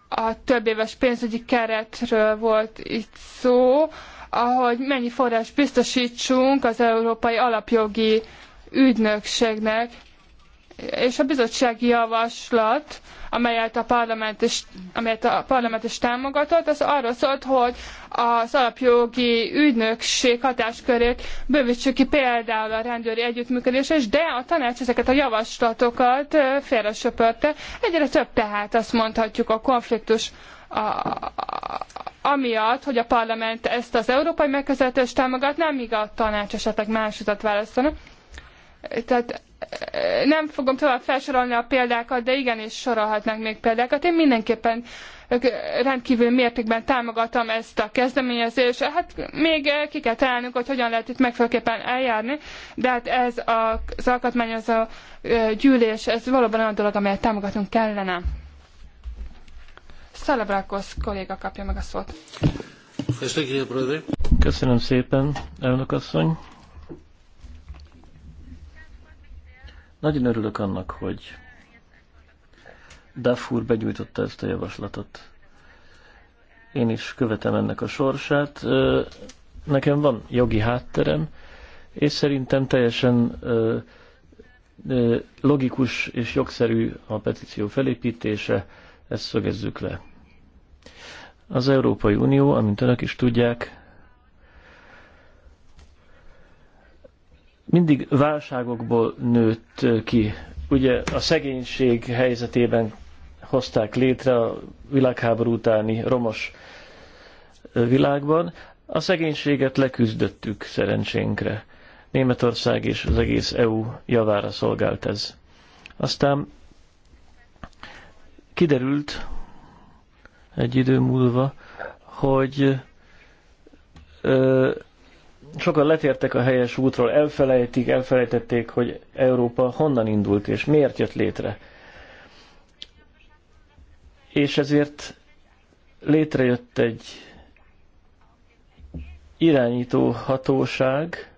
Speaker 1: a több éves pénzügyi keretről volt itt szó, ahogy mennyi forrás biztosítsunk az Európai Alapjogi Ügynökségnek, és a bizottsági javaslat, amelyet a parlament is, amelyet a parlament is támogatott, az arról szólt, hogy az alapjogi ügynökség hatáskörét bővítsük ki például a rendőri együttműködésre is, de a tanács ezeket a javaslatokat söpörte. Egyre több tehát azt mondhatjuk a konfliktus a, amiatt, hogy a parlament ezt az európai megközelítést támogatná, míg a tanács esetleg más utat választana. Tehát nem fogom tovább felsorolni a példákat, de igenis sorolhatnánk még példákat. Én mindenképpen rendkívül mértékben támogatom ezt a kezdeményezést. Hát még ki kell találnunk, hogy hogyan lehet itt megfelelőképpen eljárni, de hát ez a, az a gyűlés, ez valóban olyan dolog, amelyet támogatunk kellene. Szalabrákosz kolléga kapja meg a szót.
Speaker 4: Köszönöm szépen, elnök asszony. Nagyon örülök annak, hogy Dafur begyújtotta ezt a javaslatot. Én is követem ennek a sorsát. Nekem van jogi hátterem, és szerintem teljesen logikus és jogszerű a petíció felépítése, ezt szögezzük le. Az Európai Unió, amint önök is tudják, mindig válságokból nőtt ki Ugye a szegénység helyzetében hozták létre a világháború utáni romos világban. A szegénységet leküzdöttük szerencsénkre. Németország és az egész EU javára szolgált ez. Aztán kiderült egy idő múlva, hogy ö, sokan letértek a helyes útról, elfelejtik, elfelejtették, hogy Európa honnan indult és miért jött létre. És ezért létrejött egy irányító hatóság,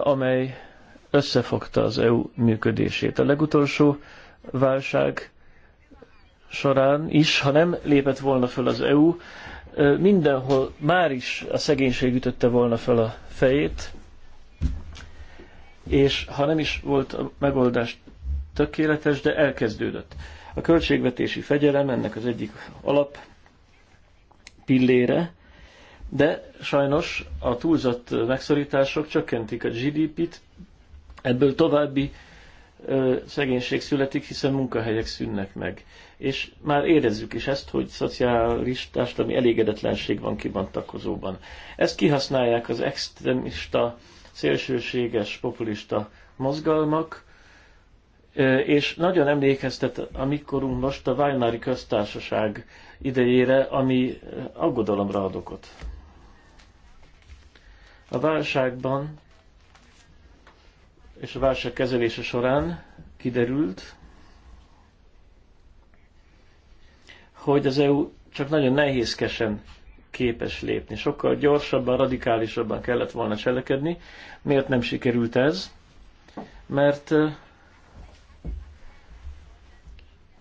Speaker 4: amely összefogta az EU működését. A legutolsó válság során is, ha nem lépett volna föl az EU, mindenhol már is a szegénység ütötte volna fel a fejét, és ha nem is volt a megoldás tökéletes, de elkezdődött. A költségvetési fegyelem ennek az egyik alap pillére, de sajnos a túlzott megszorítások csökkentik a GDP-t, ebből további ö, szegénység születik, hiszen munkahelyek szűnnek meg és már érezzük is ezt, hogy szociális társadalmi elégedetlenség van kibontakozóban. Ezt kihasználják az extremista, szélsőséges, populista mozgalmak, e, és nagyon emlékeztet a mikorunk most a Weimári köztársaság idejére, ami aggodalomra ad okot. A válságban és a válság kezelése során kiderült, hogy az EU csak nagyon nehézkesen képes lépni. Sokkal gyorsabban, radikálisabban kellett volna cselekedni. Miért nem sikerült ez? Mert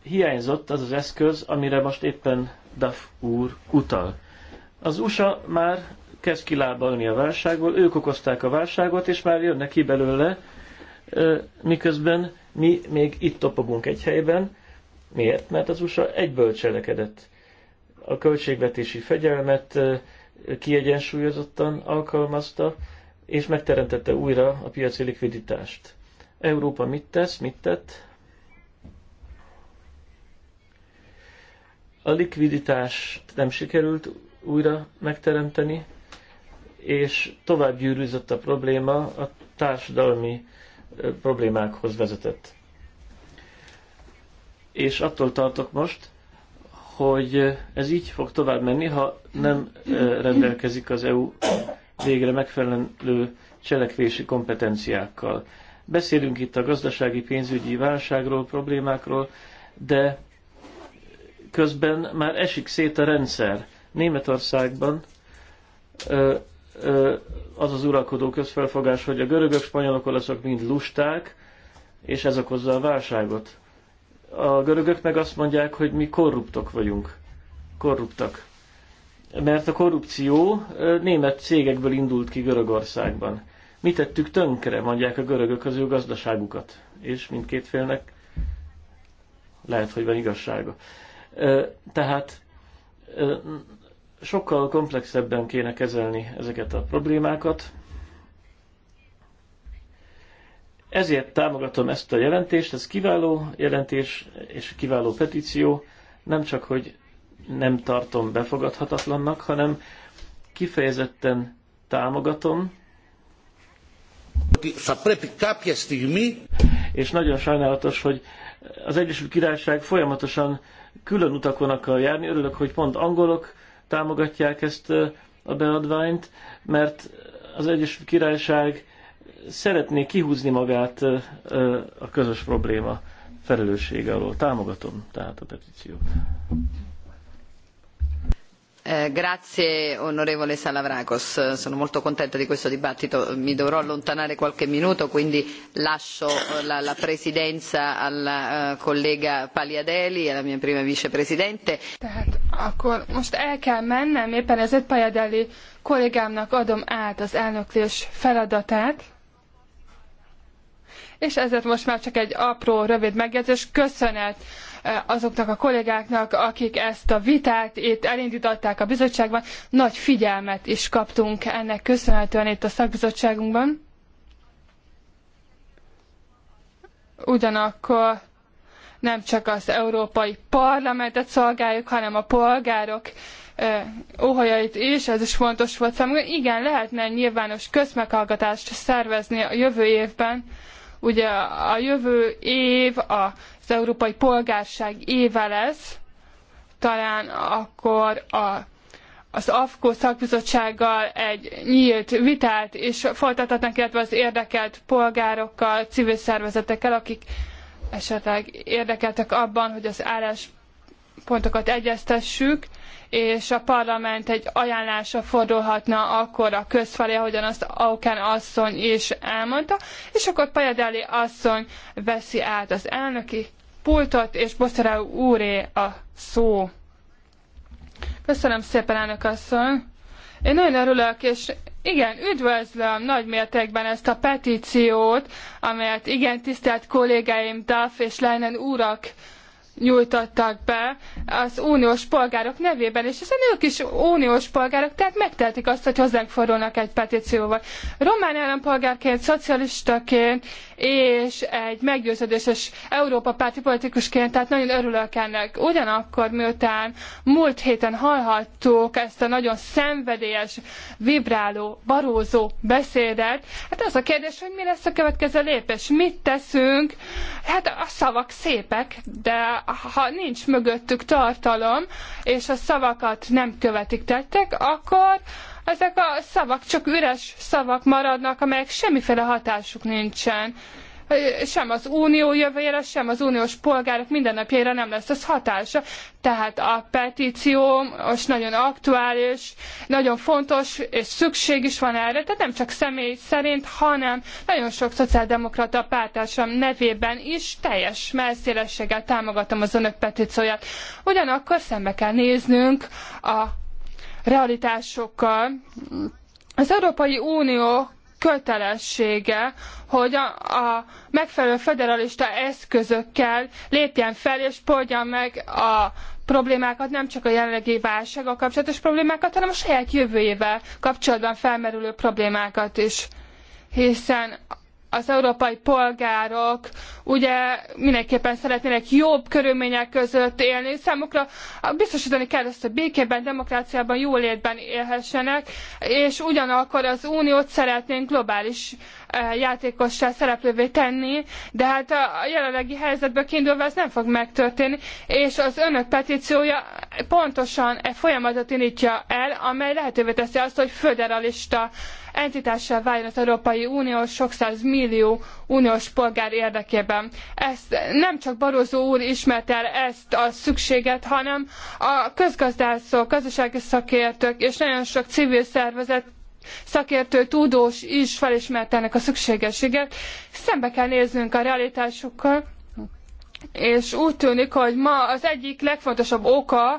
Speaker 4: hiányzott az az eszköz, amire most éppen Duff úr utal. Az USA már kezd kilábalni a válságból, ők okozták a válságot, és már jönnek ki belőle, miközben mi még itt topogunk egy helyben, Miért? Mert az USA egyből cselekedett. A költségvetési fegyelmet kiegyensúlyozottan alkalmazta, és megteremtette újra a piaci likviditást. Európa mit tesz, mit tett? A likviditást nem sikerült újra megteremteni, és tovább gyűrűzött a probléma, a társadalmi problémákhoz vezetett és attól tartok most, hogy ez így fog tovább menni, ha nem rendelkezik az EU végre megfelelő cselekvési kompetenciákkal. Beszélünk itt a gazdasági pénzügyi válságról, problémákról, de közben már esik szét a rendszer. Németországban az az uralkodó közfelfogás, hogy a görögök, spanyolok, olaszok mind lusták, és ez okozza a válságot. A görögök meg azt mondják, hogy mi korruptok vagyunk. Korruptak. Mert a korrupció német cégekből indult ki Görögországban. Mi tettük tönkre, mondják a görögök az ő gazdaságukat. És mindkét félnek lehet, hogy van igazsága. Tehát sokkal komplexebben kéne kezelni ezeket a problémákat. Ezért támogatom ezt a jelentést, ez kiváló jelentés és kiváló petíció, nem csak, hogy nem tartom befogadhatatlannak, hanem kifejezetten támogatom. És nagyon sajnálatos, hogy az Egyesült Királyság folyamatosan külön utakon akar járni. Örülök, hogy pont angolok támogatják ezt a beadványt, mert az Egyesült Királyság szeretné kihúzni magát a közös probléma felelőssége alól. Támogatom tehát a petíciót.
Speaker 2: Eh, grazie onorevole Salavrakos, sono molto contenta di questo dibattito, mi dovrò allontanare qualche minuto, quindi lascio eh, la, la presidenza alla uh, eh, collega Paliadeli, alla mia prima vicepresidente.
Speaker 7: Tehát
Speaker 1: akkor most el kell mennem, éppen ezért Paliadeli
Speaker 2: kollégámnak adom át az
Speaker 1: elnöklés feladatát és ezért most már csak egy apró, rövid megjegyzés. Köszönet eh, azoknak a kollégáknak, akik ezt a vitát itt elindították a bizottságban. Nagy figyelmet is kaptunk ennek köszönhetően itt a szakbizottságunkban. Ugyanakkor nem csak az Európai Parlamentet szolgáljuk, hanem a polgárok eh, óhajait is, ez is fontos volt számunkra. Igen, lehetne nyilvános közmeghallgatást szervezni a jövő évben Ugye a jövő év az európai polgárság éve lesz, talán akkor a az AFKO szakbizottsággal egy nyílt vitát, és folytathatnak, illetve az érdekelt polgárokkal, civil szervezetekkel, akik esetleg érdekeltek abban, hogy az álláspontokat egyeztessük, és a parlament egy ajánlásra fordulhatna akkor a közfelé, ahogyan azt Aukán asszony is elmondta, és akkor Pajadeli asszony veszi át az elnöki pultot, és Boszeráú úré a szó. Köszönöm szépen, elnök asszony! Én nagyon örülök, és igen, üdvözlöm nagy mértékben ezt a petíciót, amelyet igen tisztelt kollégáim Duff és Leinen úrak nyújtottak be az uniós polgárok nevében, és hiszen ők is uniós polgárok, tehát megtehetik azt, hogy hozzánk fordulnak egy petícióval. Román állampolgárként, szocialistaként és egy meggyőződéses Európa párti politikusként, tehát nagyon örülök ennek. Ugyanakkor, miután múlt héten hallhattuk ezt a nagyon szenvedélyes, vibráló, barózó beszédet, hát az a kérdés, hogy mi lesz a következő lépés, mit teszünk, hát a szavak szépek, de ha nincs mögöttük tartalom, és a szavakat nem követik tettek, akkor ezek a szavak csak üres szavak maradnak, amelyek semmiféle hatásuk nincsen sem az unió jövőjére, sem az uniós polgárok mindennapjaira nem lesz az hatása. Tehát a petíció most nagyon aktuális, nagyon fontos, és szükség is van erre, tehát nem csak személy szerint, hanem nagyon sok szociáldemokrata pártársam nevében is teljes messzélességgel támogatom az önök petícióját. Ugyanakkor szembe kell néznünk a realitásokkal. Az Európai Unió kötelessége, hogy a, a megfelelő federalista eszközökkel lépjen fel és poldja meg a problémákat, nem csak a jelenlegi válsággal kapcsolatos problémákat, hanem a saját jövőjével kapcsolatban felmerülő problémákat is. Hiszen az európai polgárok ugye mindenképpen szeretnének jobb körülmények között élni. Számukra biztosítani kell ezt, hogy békében, demokráciában, jólétben élhessenek, és ugyanakkor az uniót szeretnénk globális eh, játékossá szereplővé tenni, de hát a jelenlegi helyzetből kiindulva ez nem fog megtörténni, és az önök petíciója pontosan e folyamatot indítja el, amely lehetővé teszi azt, hogy föderalista entitássá váljon az Európai Unió sok millió uniós polgár érdekében. Ezt nem csak Barozó úr ismerte el ezt a szükséget, hanem a közgazdászok, gazdasági szakértők és nagyon sok civil szervezet szakértő, tudós is felismerte ennek a szükségességet. Szembe kell néznünk a realitásokkal, és úgy tűnik, hogy ma az egyik legfontosabb oka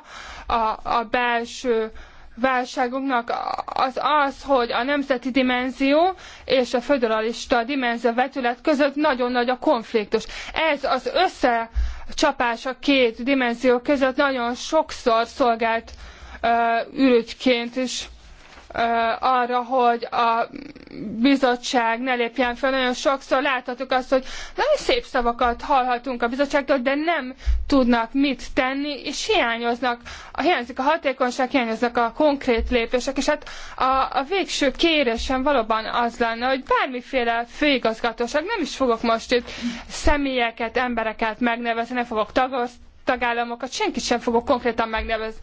Speaker 1: a, a belső válságunknak az az, hogy a nemzeti dimenzió és a föderalista dimenzió vetület között nagyon nagy a konfliktus. Ez az összecsapás a két dimenzió között nagyon sokszor szolgált ürügyként is arra, hogy a bizottság ne lépjen fel. Nagyon sokszor láthatjuk azt, hogy nagyon szép szavakat hallhatunk a bizottságtól, de nem tudnak mit tenni, és hiányoznak, a, hiányzik a hatékonyság, hiányoznak a konkrét lépések, és hát a, a végső kérésem valóban az lenne, hogy bármiféle főigazgatóság, nem is fogok most itt személyeket, embereket megnevezni, nem fogok tagos tagállamokat, senkit sem fogok konkrétan megnevezni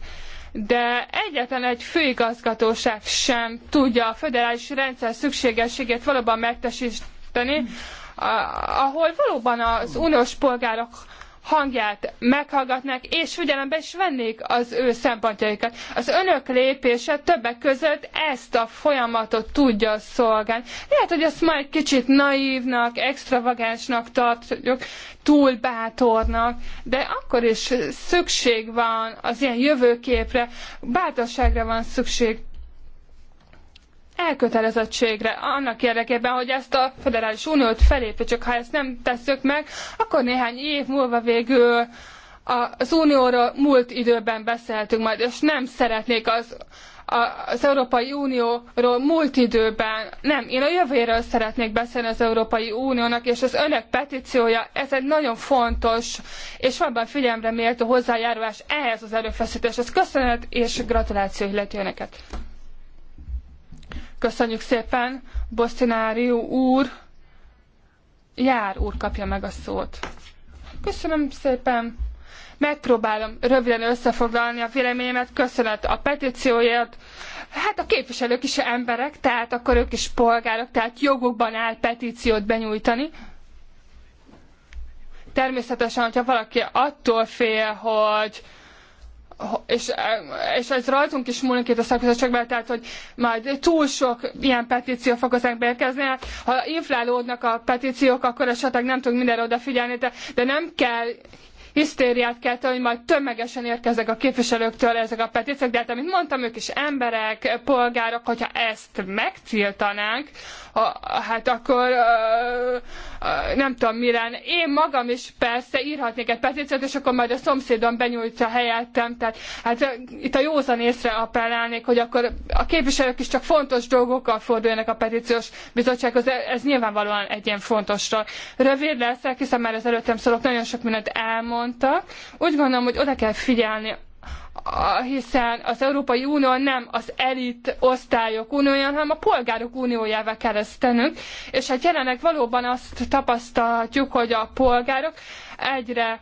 Speaker 1: de egyetlen egy főigazgatóság sem tudja a föderális rendszer szükségességét valóban megtesteni, ahol valóban az uniós polgárok hangját meghallgatnák, és figyelembe is vennék az ő szempontjaikat. Az önök lépése többek között ezt a folyamatot tudja szolgálni. Lehet, hogy ezt majd kicsit naívnak, extravagánsnak tartjuk, túl bátornak, de akkor is szükség van az ilyen jövőképre, bátorságra van szükség elkötelezettségre annak érdekében, hogy ezt a Federális Uniót felépítsük. Ha ezt nem tesszük meg, akkor néhány év múlva végül az Unióról múlt időben beszéltünk majd, és nem szeretnék az, az Európai Unióról múlt időben, nem, én a jövőről szeretnék beszélni az Európai Uniónak, és az önök petíciója, ez egy nagyon fontos, és valóban figyelemre méltó hozzájárulás ehhez az erőfeszítéshez. Köszönet és gratuláció illeti önöket! Köszönjük szépen, Bosszinárió úr. Jár úr kapja meg a szót. Köszönöm szépen. Megpróbálom röviden összefoglalni a véleményemet. Köszönet a petícióért. Hát a képviselők is emberek, tehát akkor ők is polgárok, tehát jogukban áll petíciót benyújtani. Természetesen, hogyha valaki attól fél, hogy és, e, és ez rajtunk is múlik itt a szakbizottságban, tehát hogy majd túl sok ilyen petíció fog hozzánk beérkezni. Hát, ha inflálódnak a petíciók, akkor esetleg nem tudunk mindenre odafigyelni, de, de nem kell hisztériát kelt, hogy majd tömegesen érkeznek a képviselőktől ezek a petíciók, de hát amit mondtam, ők is emberek, polgárok, hogyha ezt megtiltanánk, hát akkor nem tudom mi lenne. Én magam is persze írhatnék egy petíciót, és akkor majd a szomszédom benyújtja helyettem, tehát hát itt a józan észre appellálnék, hogy akkor a képviselők is csak fontos dolgokkal forduljanak a petíciós bizottsághoz, ez nyilvánvalóan egy ilyen fontos dolog. Rövid leszek, hiszen már az előttem szólok, nagyon sok mindent elmond, elmondtak. Úgy gondolom, hogy oda kell figyelni hiszen az Európai Unió nem az elit osztályok uniója, hanem a polgárok uniójává kell ezt tennünk, és hát jelenleg valóban azt tapasztalhatjuk, hogy a polgárok egyre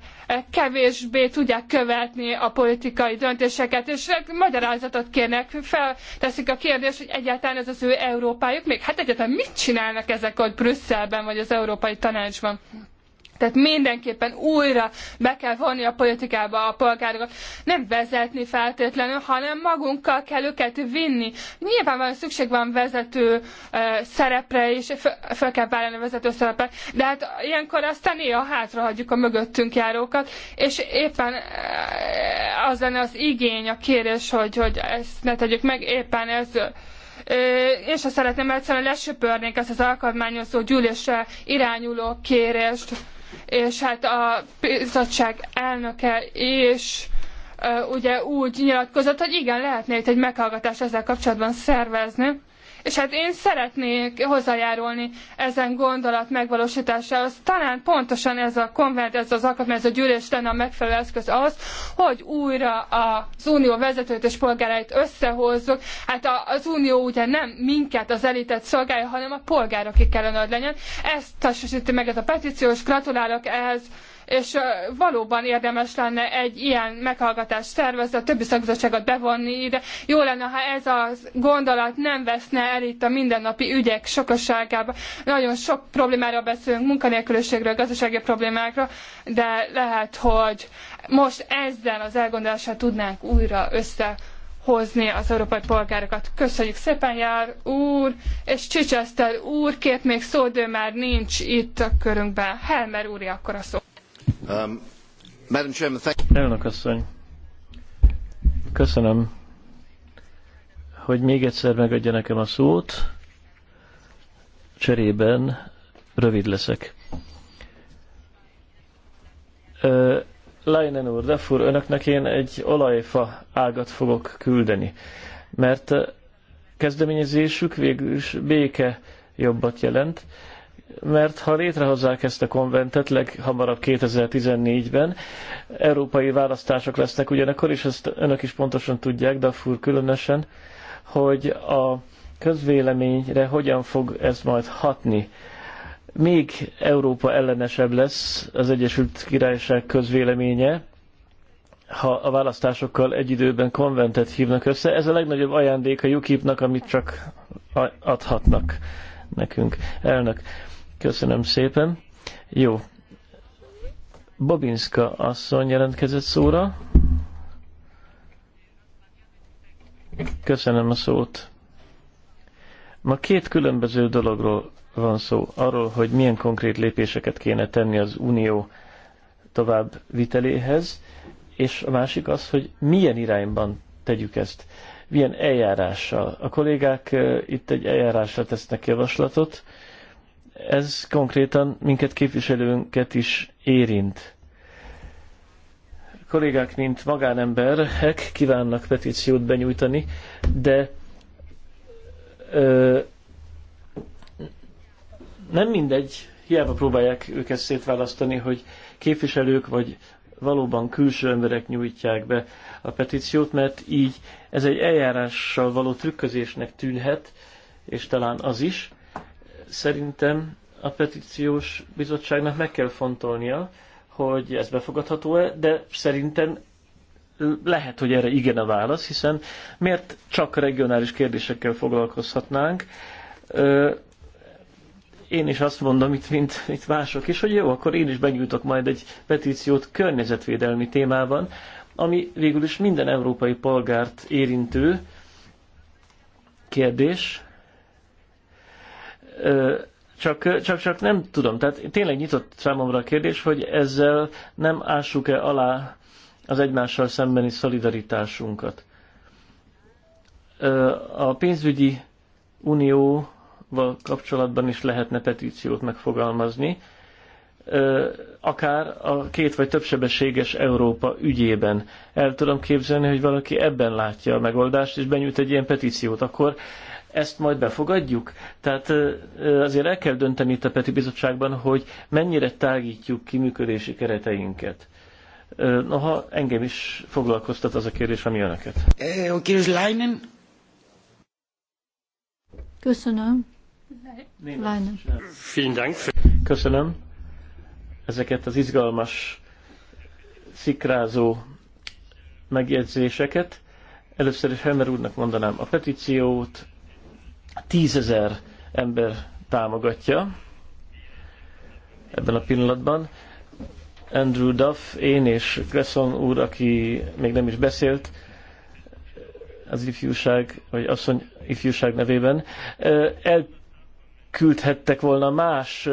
Speaker 1: kevésbé tudják követni a politikai döntéseket, és magyarázatot kérnek, felteszik a kérdést, hogy egyáltalán ez az ő Európájuk még. Hát egyáltalán mit csinálnak ezek ott Brüsszelben, vagy az Európai Tanácsban? Tehát mindenképpen újra be kell vonni a politikába a polgárokat. Nem vezetni feltétlenül, hanem magunkkal kell őket vinni. Nyilvánvalóan szükség van vezető szerepre, is, fel kell vállalni a vezető szerepet, de hát ilyenkor aztán néha hátra hagyjuk a mögöttünk járókat, és éppen az lenne az igény, a kérés, hogy, hogy ezt ne tegyük meg, éppen ez én sem szeretném egyszerűen lesöpörnénk ezt az alkalmányozó gyűlésre irányuló kérést és hát a bizottság elnöke is ugye úgy nyilatkozott, hogy igen, lehetne itt egy meghallgatást ezzel kapcsolatban szervezni. És hát én szeretnék hozzájárulni ezen gondolat megvalósításához. Talán pontosan ez a konvent, ez az a gyűlés lenne a megfelelő eszköz ahhoz, hogy újra az unió vezetőt és polgárait összehozzuk. Hát az unió ugye nem minket, az elitet szolgálja, hanem a polgárok, akik kellene, hogy legyen. Ezt tasosíti meg ez a és Gratulálok ehhez és valóban érdemes lenne egy ilyen meghallgatást szervezni, a többi szakbizottságot bevonni ide. Jó lenne, ha ez a gondolat nem veszne el itt a mindennapi ügyek sokasságában. Nagyon sok problémáról beszélünk, munkanélküliségről, gazdasági problémákról, de lehet, hogy most ezzel az elgondolással tudnánk újra össze hozni az európai polgárokat. Köszönjük szépen, Jár úr, és Csicseszter úr, kért még szó, de már nincs itt a körünkben. Helmer úri akkor a szó.
Speaker 4: Um, Elnök asszony, köszönöm, hogy még egyszer megadja nekem a szót. Cserében rövid leszek. Leinen úr, Defur, önöknek én egy olajfa ágat fogok küldeni, mert kezdeményezésük végül is béke jobbat jelent mert ha létrehozzák ezt a konventet leghamarabb 2014-ben, európai választások lesznek ugyanakkor, és ezt önök is pontosan tudják, Dafur különösen, hogy a közvéleményre hogyan fog ez majd hatni. Még Európa ellenesebb lesz az Egyesült Királyság közvéleménye, ha a választásokkal egy időben konventet hívnak össze. Ez a legnagyobb ajándék a UKIP-nak, amit csak adhatnak nekünk. Elnök, Köszönöm szépen. Jó. Babinska asszony jelentkezett szóra. Köszönöm a szót. Ma két különböző dologról van szó. Arról, hogy milyen konkrét lépéseket kéne tenni az unió tovább viteléhez, és a másik az, hogy milyen irányban tegyük ezt, milyen eljárással. A kollégák eh, itt egy eljárásra tesznek javaslatot, ez konkrétan minket képviselőnket is érint. A kollégák, mint magánemberek kívánnak petíciót benyújtani, de ö, nem mindegy, hiába próbálják őket szétválasztani, hogy képviselők vagy valóban külső emberek nyújtják be a petíciót, mert így ez egy eljárással való trükközésnek tűnhet, és talán az is, szerintem a petíciós bizottságnak meg kell fontolnia, hogy ez befogadható-e, de szerintem lehet, hogy erre igen a válasz, hiszen miért csak regionális kérdésekkel foglalkozhatnánk? Én is azt mondom, itt, mint, itt mások is, hogy jó, akkor én is benyújtok majd egy petíciót környezetvédelmi témában, ami végül is minden európai polgárt érintő kérdés, csak, csak, csak nem tudom, tehát tényleg nyitott számomra a kérdés, hogy ezzel nem ássuk-e alá az egymással szembeni szolidaritásunkat. A pénzügyi unióval kapcsolatban is lehetne petíciót megfogalmazni, akár a két vagy többsebességes Európa ügyében. El tudom képzelni, hogy valaki ebben látja a megoldást, és benyújt egy ilyen petíciót, akkor ezt majd befogadjuk? Tehát azért el kell dönteni itt a Peti Bizottságban, hogy mennyire tágítjuk ki működési kereteinket. Noha engem is foglalkoztat az a kérdés, ami önöket.
Speaker 7: Eh,
Speaker 3: Köszönöm.
Speaker 4: Köszönöm ezeket az izgalmas, szikrázó megjegyzéseket. Először is Hemer úrnak mondanám a petíciót, tízezer ember támogatja ebben a pillanatban. Andrew Duff, én és Cresson úr, aki még nem is beszélt, az ifjúság, vagy asszony ifjúság nevében, elküldhettek volna más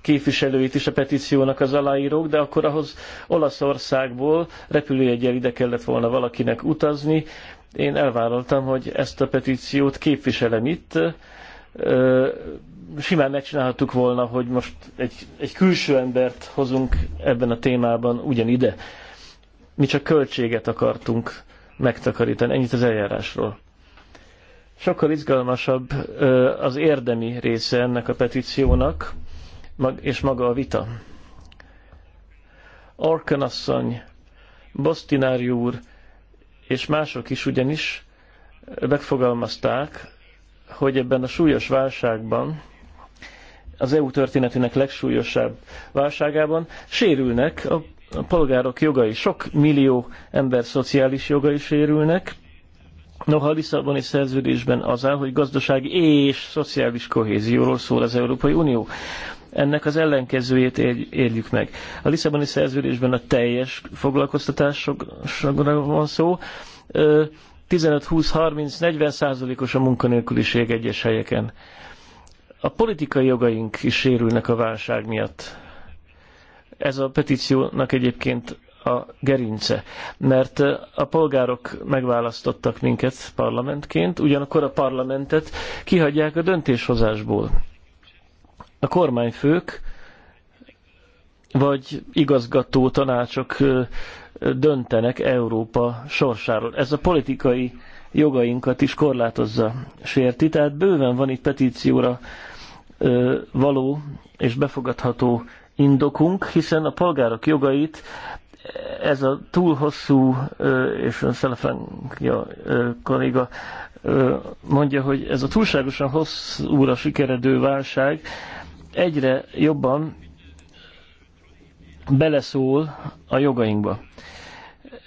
Speaker 4: képviselőit is a petíciónak az aláírók, de akkor ahhoz Olaszországból repülőjegyel ide kellett volna valakinek utazni, én elvállaltam, hogy ezt a petíciót képviselem itt. Simán megcsinálhattuk volna, hogy most egy, egy külső embert hozunk ebben a témában ugyanide. Mi csak költséget akartunk megtakarítani. Ennyit az eljárásról. Sokkal izgalmasabb az érdemi része ennek a petíciónak, és maga a vita. Orkan asszony, Bostinári úr és mások is ugyanis megfogalmazták, hogy ebben a súlyos válságban, az EU történetének legsúlyosabb válságában sérülnek a polgárok jogai. Sok millió ember szociális jogai sérülnek, Noha a Lisszaboni szerződésben az áll, hogy gazdasági és szociális kohézióról szól az Európai Unió ennek az ellenkezőjét érjük meg. A Lisszaboni szerződésben a teljes foglalkoztatásokra van szó, 15-20-30-40 százalékos a munkanélküliség egyes helyeken. A politikai jogaink is sérülnek a válság miatt. Ez a petíciónak egyébként a gerince, mert a polgárok megválasztottak minket parlamentként, ugyanakkor a parlamentet kihagyják a döntéshozásból a kormányfők vagy igazgató tanácsok döntenek Európa sorsáról. Ez a politikai jogainkat is korlátozza, sérti. Tehát bőven van itt petícióra való és befogadható indokunk, hiszen a polgárok jogait ez a túl hosszú, és a Szelefánkja kolléga mondja, hogy ez a túlságosan hosszúra sikeredő válság egyre jobban beleszól a jogainkba.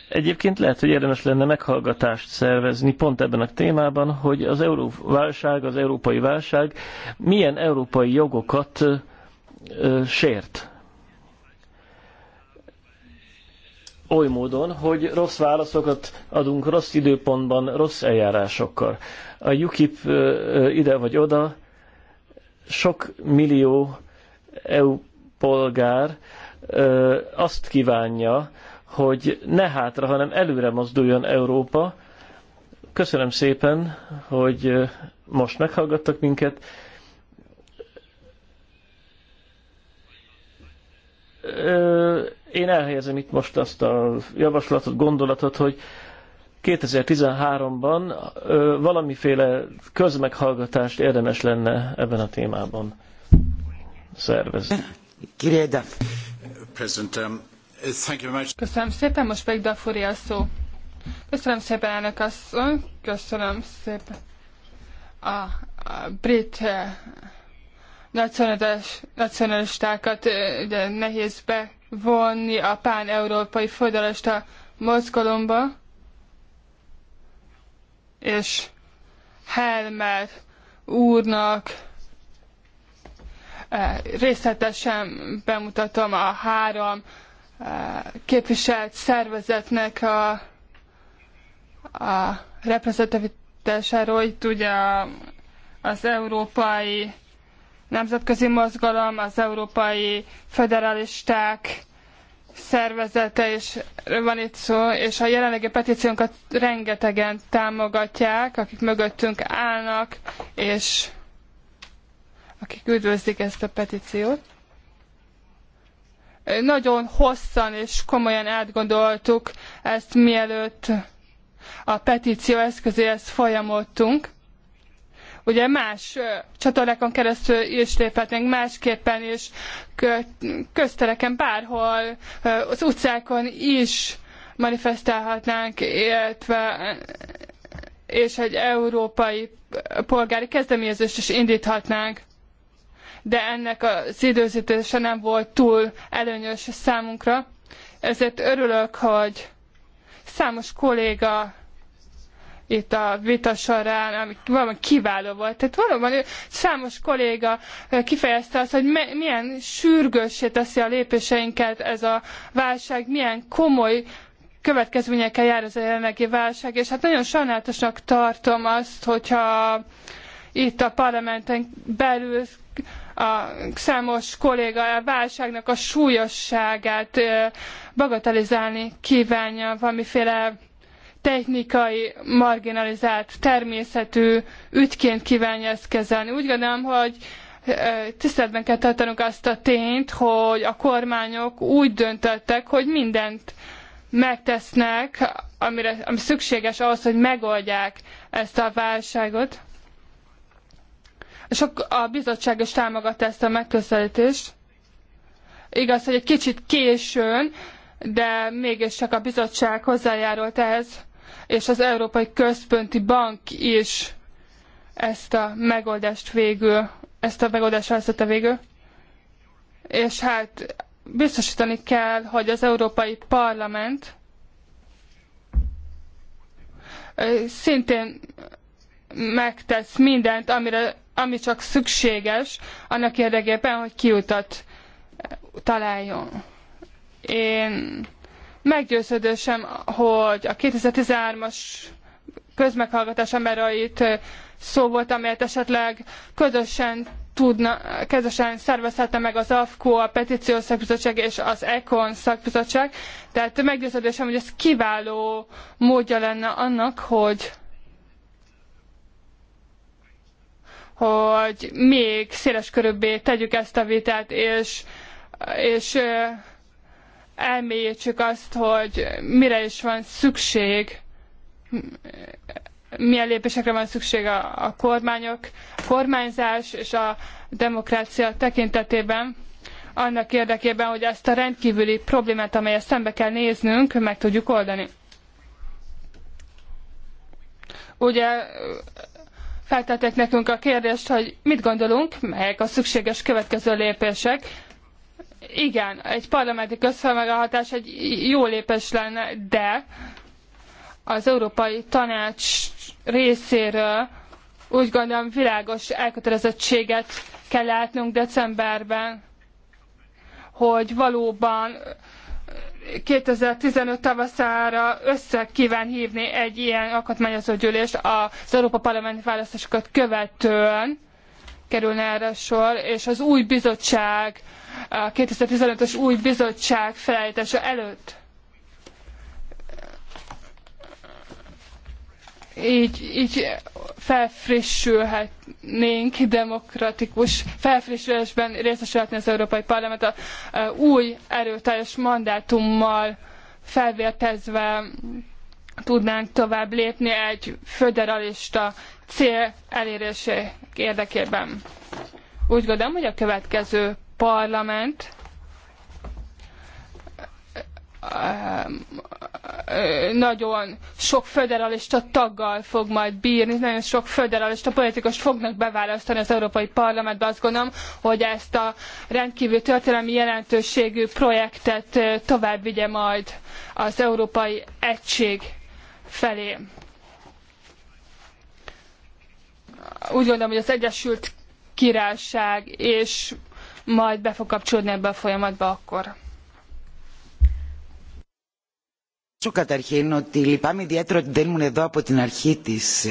Speaker 4: Egyébként lehet, hogy érdemes lenne meghallgatást szervezni pont ebben a témában, hogy az euró válság, az európai válság milyen európai jogokat ö, sért. Oly módon, hogy rossz válaszokat adunk rossz időpontban, rossz eljárásokkal. A UKIP ö, ö, ide vagy oda sok millió EU polgár ö, azt kívánja, hogy ne hátra, hanem előre mozduljon Európa. Köszönöm szépen, hogy most meghallgattak minket. én elhelyezem itt most azt a javaslatot, gondolatot, hogy 2013-ban valamiféle közmeghallgatást érdemes lenne ebben a témában
Speaker 6: szervezni.
Speaker 1: Köszönöm szépen, most pedig Dafuri a szó. Köszönöm szépen, elnök asszony, köszönöm szépen a, a brit eh, nacionalistákat eh, ugye, nehéz bevonni a pán-európai fordalasta mozgalomba és Helmer úrnak eh, részletesen bemutatom a három eh, képviselt szervezetnek a, a reprezentativitásáról. Itt ugye az európai nemzetközi mozgalom, az európai federalisták, szervezete is van itt szó, és a jelenlegi petíciónkat rengetegen támogatják, akik mögöttünk állnak, és akik üdvözlik ezt a petíciót. Nagyon hosszan és komolyan átgondoltuk ezt, mielőtt a petíció eszközéhez folyamodtunk ugye más csatornákon keresztül is léphetnénk, másképpen is köztereken bárhol, az utcákon is manifestálhatnánk, illetve és egy európai polgári kezdeményezést is indíthatnánk. De ennek az időzítése nem volt túl előnyös számunkra, ezért örülök, hogy számos kolléga itt a vita során, ami valami kiváló volt. Tehát valóban számos kolléga kifejezte azt, hogy milyen sürgősé teszi a lépéseinket ez a válság, milyen komoly következményekkel jár ez a jelenlegi válság, és hát nagyon sajnálatosnak tartom azt, hogyha itt a parlamenten belül a számos kolléga a válságnak a súlyosságát bagatelizálni kívánja valamiféle technikai, marginalizált természetű ügyként kívánja ezt kezelni. Úgy gondolom, hogy tiszteletben kell tartanunk azt a tényt, hogy a kormányok úgy döntöttek, hogy mindent megtesznek, amire, ami szükséges ahhoz, hogy megoldják ezt a válságot. És a bizottság is támogatta ezt a megközelítést. Igaz, hogy egy kicsit későn, de mégis csak a bizottság hozzájárult ehhez és az Európai Központi Bank is ezt a megoldást végül, ezt a megoldást választotta végül. És hát biztosítani kell, hogy az Európai Parlament szintén megtesz mindent, amire, ami csak szükséges, annak érdekében, hogy kiutat találjon. Én Meggyőződésem, hogy a 2013-as közmeghallgatás, amiről itt szó volt, amelyet esetleg közösen tudna, közösen szervezhetne meg az AFKO, a Petíciós Szakbizottság és az ECON Szakbizottság. Tehát meggyőződésem, hogy ez kiváló módja lenne annak, hogy hogy még széles körülbé tegyük ezt a vitát, és, és elmélyítsük azt, hogy mire is van szükség, milyen lépésekre van szükség a, a kormányok, a kormányzás és a demokrácia tekintetében annak érdekében, hogy ezt a rendkívüli problémát, amelyet szembe kell néznünk, meg tudjuk oldani. Ugye feltettek nekünk a kérdést, hogy mit gondolunk, melyek a szükséges következő lépések, igen, egy parlamenti közfelmegállhatás egy jó lépés lenne, de az Európai Tanács részéről úgy gondolom világos elkötelezettséget kell látnunk decemberben, hogy valóban 2015 tavaszára össze kíván hívni egy ilyen alkotmányozó gyűlést az Európa Parlamenti választásokat követően kerülne erre sor, és az új bizottság a 2015-ös új bizottság felállítása előtt. így, így felfrissülhetnénk demokratikus felfrissülésben részesülhetni az Európai Parlament a, a új erőteljes mandátummal felvértezve tudnánk tovább lépni egy föderalista cél elérése érdekében. Úgy gondolom, hogy a következő Parlament nagyon sok föderalista taggal fog majd bírni, nagyon sok föderalista politikust fognak beválasztani az Európai Parlamentbe. Azt gondolom, hogy ezt a rendkívül történelmi jelentőségű projektet tovább vigye majd az Európai Egység felé. Úgy gondolom, hogy az Egyesült Királyság és majd be fog kapcsolódni ebbe a folyamatba akkor.
Speaker 7: Σου καταρχήν ότι λυπάμαι ιδιαίτερα ότι δεν ήμουν εδώ από την αρχή της.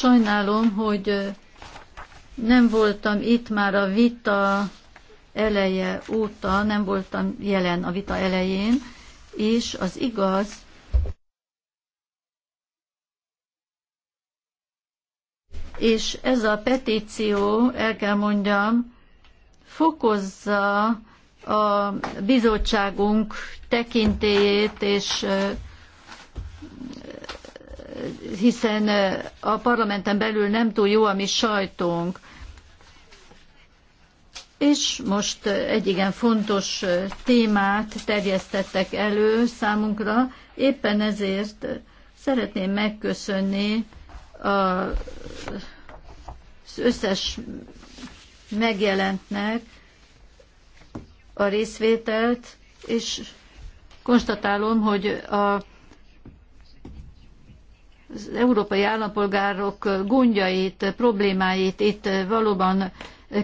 Speaker 3: Sajnálom, hogy nem voltam itt már a vita eleje óta, nem voltam jelen a vita elején, és az igaz, és ez a petíció, el kell mondjam, fokozza a bizottságunk tekintélyét, és hiszen a parlamenten belül nem túl jó a mi sajtónk. És most egy igen fontos témát terjesztettek elő számunkra, éppen ezért szeretném megköszönni a összes megjelentnek a részvételt, és konstatálom, hogy a az európai állampolgárok gondjait, problémáit itt valóban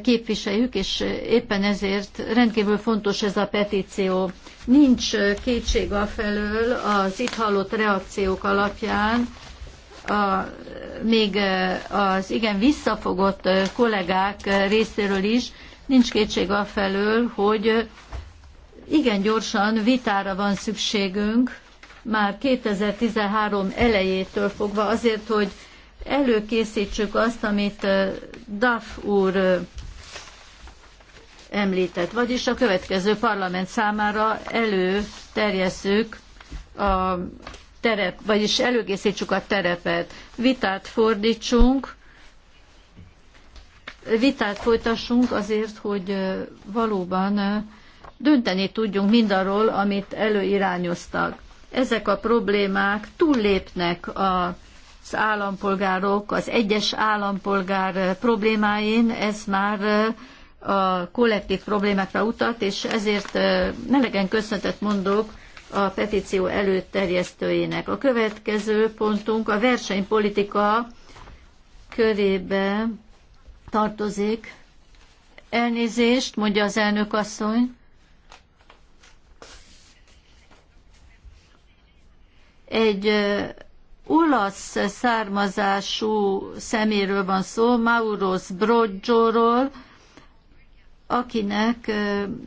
Speaker 3: képviseljük, és éppen ezért rendkívül fontos ez a petíció. Nincs kétség felől az itt hallott reakciók alapján, a, még az igen visszafogott kollégák részéről is nincs kétség afelől, hogy igen gyorsan vitára van szükségünk, már 2013 elejétől fogva, azért, hogy előkészítsük azt, amit Duff úr említett, vagyis a következő parlament számára előterjesszük a terep, vagyis előkészítsük a terepet, vitát fordítsunk, vitát folytassunk azért, hogy valóban dönteni tudjunk mindarról, amit előirányoztak. Ezek a problémák túllépnek a az állampolgárok, az egyes állampolgár problémáin, ez már a kollektív problémákra utat, és ezért melegen köszöntet mondok a petíció előterjesztőjének. A következő pontunk a versenypolitika körébe tartozik. Elnézést, mondja az elnök asszony. Egy olasz származású szeméről van szó, Mauros Brodzsóról, akinek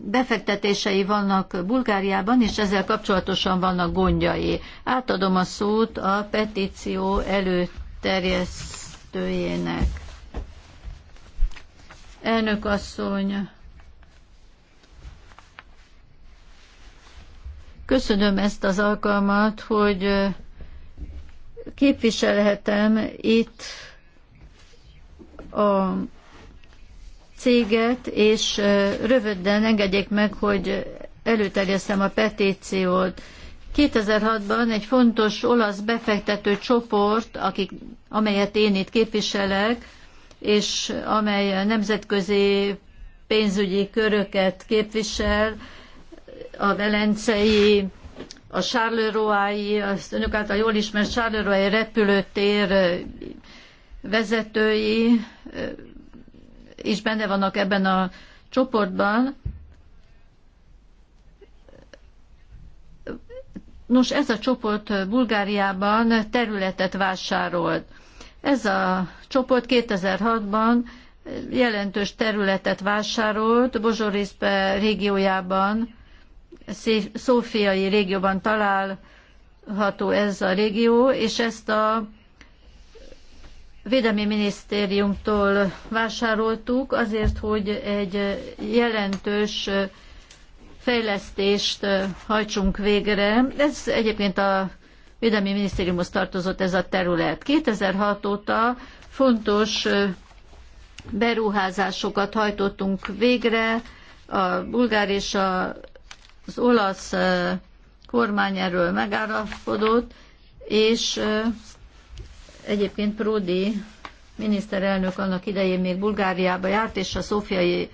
Speaker 3: befektetései vannak Bulgáriában, és ezzel kapcsolatosan vannak gondjai. Átadom a szót a petíció előterjesztőjének. Elnök asszony, köszönöm ezt az alkalmat, hogy képviselhetem itt a céget, és röviden engedjék meg, hogy előterjesztem a petíciót. 2006-ban egy fontos olasz befektető csoport, akik, amelyet én itt képviselek, és amely nemzetközi pénzügyi köröket képvisel, a velencei, a Charleroi, az önök által jól ismert Charleroi repülőtér vezetői is benne vannak ebben a csoportban. Nos, ez a csoport Bulgáriában területet vásárolt. Ez a csoport 2006-ban jelentős területet vásárolt, Bozsoriszpe régiójában, Szófiai régióban található ez a régió, és ezt a Védelmi Minisztériumtól vásároltuk azért, hogy egy jelentős fejlesztést hajtsunk végre. Ez egyébként a Védelmi Minisztériumhoz tartozott ez a terület. 2006 óta fontos beruházásokat hajtottunk végre. A bulgár és az olasz kormány erről megállapodott, és Egyébként Pródi miniszterelnök annak idején még Bulgáriába járt, és a szófiai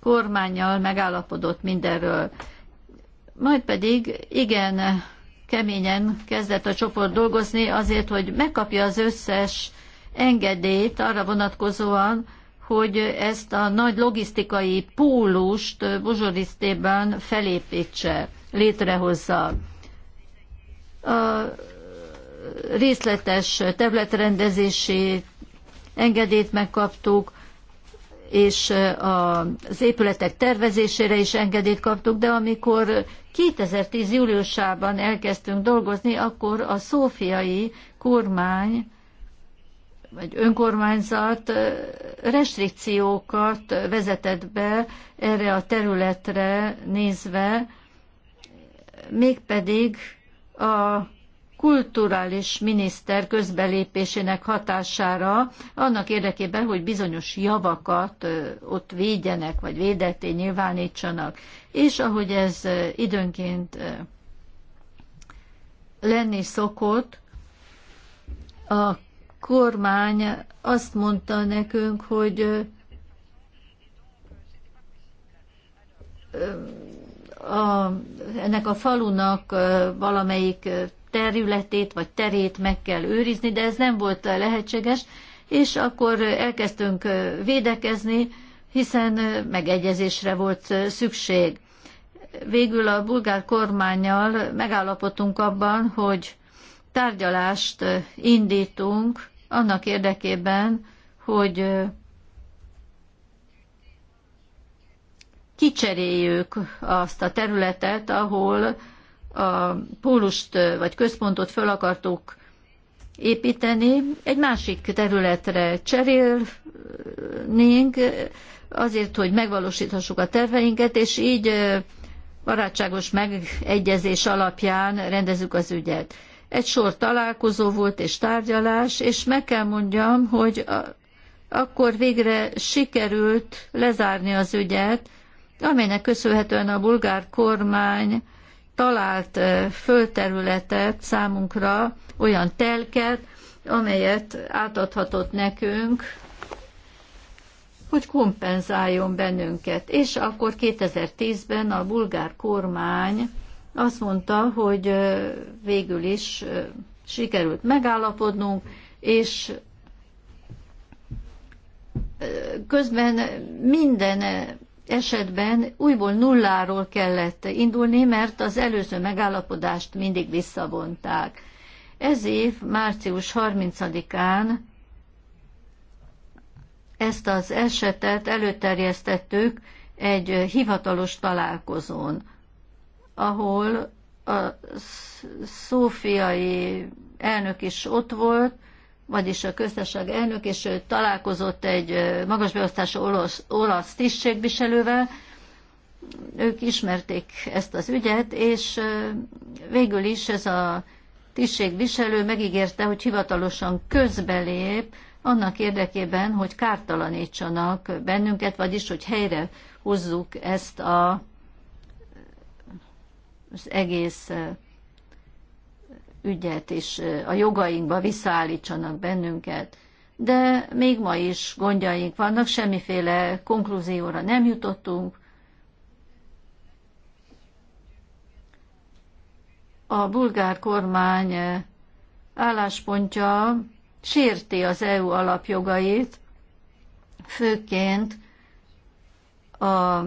Speaker 3: kormányjal megállapodott mindenről. Majd pedig igen keményen kezdett a csoport dolgozni azért, hogy megkapja az összes engedélyt arra vonatkozóan, hogy ezt a nagy logisztikai pólust Bozsorisztében felépítse, létrehozza. A részletes területrendezési engedélyt megkaptuk, és az épületek tervezésére is engedélyt kaptuk, de amikor 2010. júliusában elkezdtünk dolgozni, akkor a szófiai kormány vagy önkormányzat restrikciókat vezetett be erre a területre nézve, mégpedig a kulturális miniszter közbelépésének hatására annak érdekében, hogy bizonyos javakat ott védjenek, vagy védetté nyilvánítsanak. És ahogy ez időnként lenni szokott, a kormány azt mondta nekünk, hogy a, ennek a falunak valamelyik területét vagy terét meg kell őrizni, de ez nem volt lehetséges, és akkor elkezdtünk védekezni, hiszen megegyezésre volt szükség. Végül a bulgár kormányjal megállapodtunk abban, hogy tárgyalást indítunk annak érdekében, hogy kicseréljük azt a területet, ahol a pólust vagy központot föl akartuk építeni, egy másik területre cserélnénk, azért, hogy megvalósíthassuk a terveinket, és így barátságos megegyezés alapján rendezzük az ügyet. Egy sor találkozó volt és tárgyalás, és meg kell mondjam, hogy akkor végre sikerült lezárni az ügyet, amelynek köszönhetően a bulgár kormány talált földterületet számunkra, olyan telket, amelyet átadhatott nekünk, hogy kompenzáljon bennünket. És akkor 2010-ben a bulgár kormány azt mondta, hogy végül is sikerült megállapodnunk, és közben minden esetben újból nulláról kellett indulni, mert az előző megállapodást mindig visszavonták. Ez év március 30-án ezt az esetet előterjesztettük egy hivatalos találkozón, ahol a szófiai elnök is ott volt, vagyis a köztársaság elnök, és ő találkozott egy magasbeosztású olasz, olasz tisztségviselővel, ők ismerték ezt az ügyet, és végül is ez a tisztségviselő megígérte, hogy hivatalosan közbelép annak érdekében, hogy kártalanítsanak bennünket, vagyis hogy helyre hozzuk ezt a, az egész ügyet, és a jogainkba visszaállítsanak bennünket. De még ma is gondjaink vannak, semmiféle konklúzióra nem jutottunk. A bulgár kormány álláspontja sérti az EU alapjogait, főként a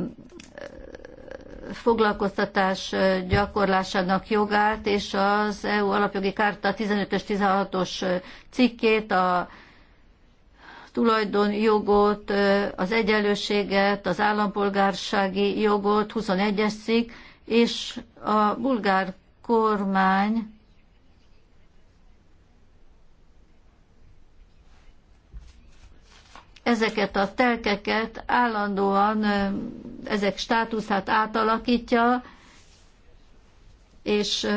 Speaker 3: foglalkoztatás gyakorlásának jogát és az EU alapjogi kárta 15-ös, 16-os cikkét, a tulajdonjogot, az egyenlőséget, az állampolgársági jogot, 21-es cikk, és a bulgár kormány ezeket a telkeket állandóan ezek státuszát átalakítja, és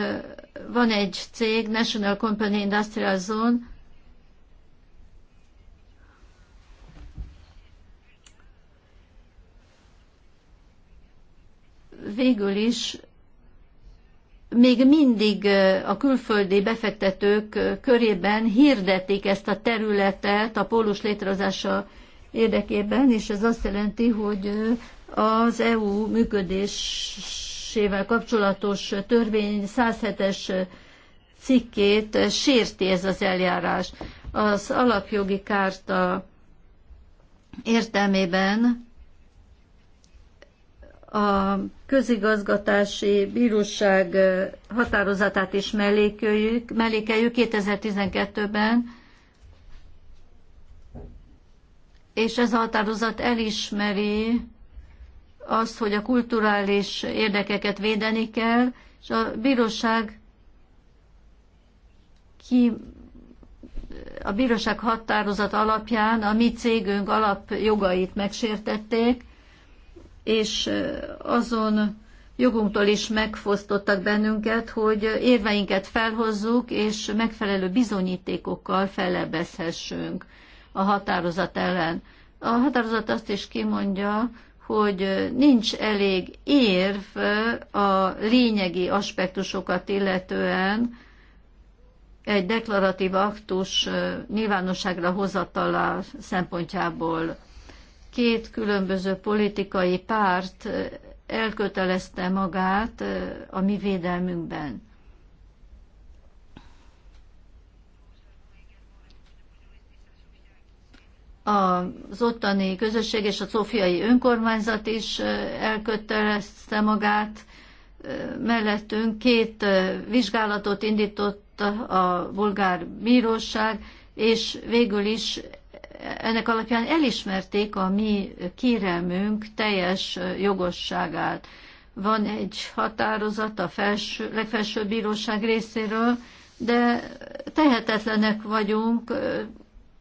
Speaker 3: van egy cég, National Company Industrial Zone, végül is még mindig a külföldi befektetők körében hirdetik ezt a területet a pólus létrehozása érdekében, és ez azt jelenti, hogy az EU működésével kapcsolatos törvény 107-es cikkét sérti ez az eljárás. Az alapjogi kárta értelmében a közigazgatási bíróság határozatát is mellékeljük, mellékeljük 2012-ben, és ez a határozat elismeri azt, hogy a kulturális érdekeket védeni kell, és a bíróság ki a bíróság határozat alapján a mi cégünk alapjogait megsértették, és azon jogunktól is megfosztottak bennünket, hogy érveinket felhozzuk, és megfelelő bizonyítékokkal fellebbezhessünk a határozat ellen. A határozat azt is kimondja, hogy nincs elég érv a lényegi aspektusokat illetően egy deklaratív aktus nyilvánosságra hozatala szempontjából két különböző politikai párt eh, elkötelezte magát eh, a mi védelmünkben. az ottani közösség és a szofiai önkormányzat is eh, elkötelezte magát mellettünk. Két vizsgálatot indított a bulgár bíróság, és végül is ennek alapján elismerték a mi kérelmünk teljes jogosságát. Van egy határozat a felső, legfelsőbb bíróság részéről, de tehetetlenek vagyunk,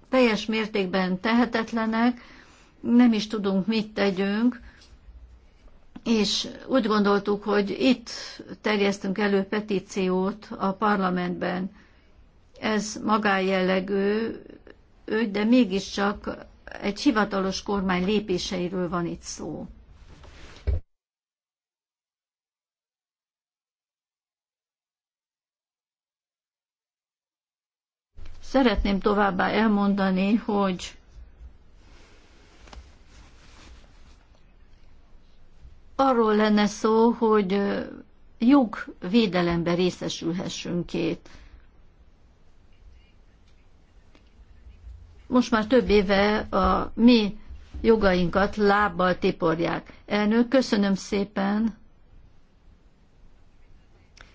Speaker 3: teljes mértékben tehetetlenek, nem is tudunk mit tegyünk, és úgy gondoltuk, hogy itt terjesztünk elő petíciót a parlamentben. Ez magájellegű őt, de mégiscsak egy hivatalos kormány lépéseiről van itt szó. Szeretném továbbá elmondani, hogy arról lenne szó, hogy jogvédelembe részesülhessünk két most már több éve a mi jogainkat lábbal tiporják. Elnök, köszönöm szépen.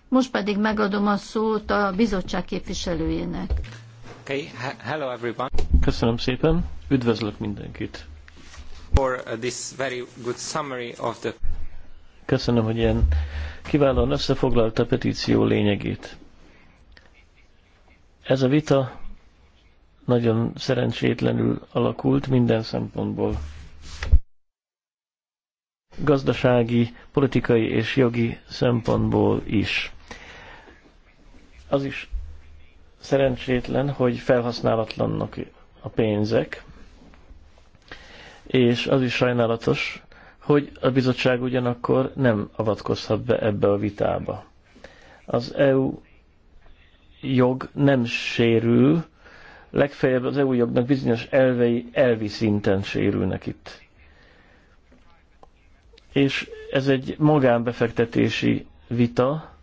Speaker 3: Most pedig megadom a szót a bizottság képviselőjének.
Speaker 4: Okay. Hello everyone. Köszönöm szépen. Üdvözlök mindenkit.
Speaker 8: For uh, this very good summary of the...
Speaker 4: Köszönöm, hogy ilyen kiválóan összefoglalta a petíció lényegét. Ez a vita nagyon szerencsétlenül alakult minden szempontból. Gazdasági, politikai és jogi szempontból is. Az is szerencsétlen, hogy felhasználatlannak a pénzek, és az is sajnálatos, hogy a bizottság ugyanakkor nem avatkozhat be ebbe a vitába. Az EU jog nem sérül, legfeljebb az EU jognak bizonyos elvei elvi szinten sérülnek itt. És ez egy magánbefektetési vita,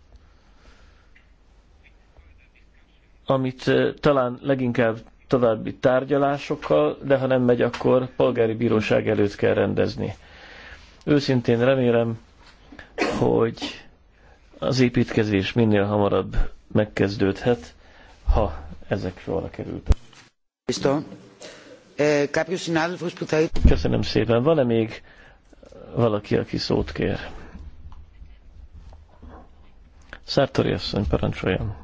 Speaker 4: amit talán leginkább további tárgyalásokkal, de ha nem megy, akkor polgári bíróság előtt kell rendezni. Őszintén remélem, hogy az építkezés minél hamarabb megkezdődhet, ha ezek sorra kerültek. Köszönöm szépen. Van-e még valaki, aki szót kér? Szártori asszony, parancsoljon.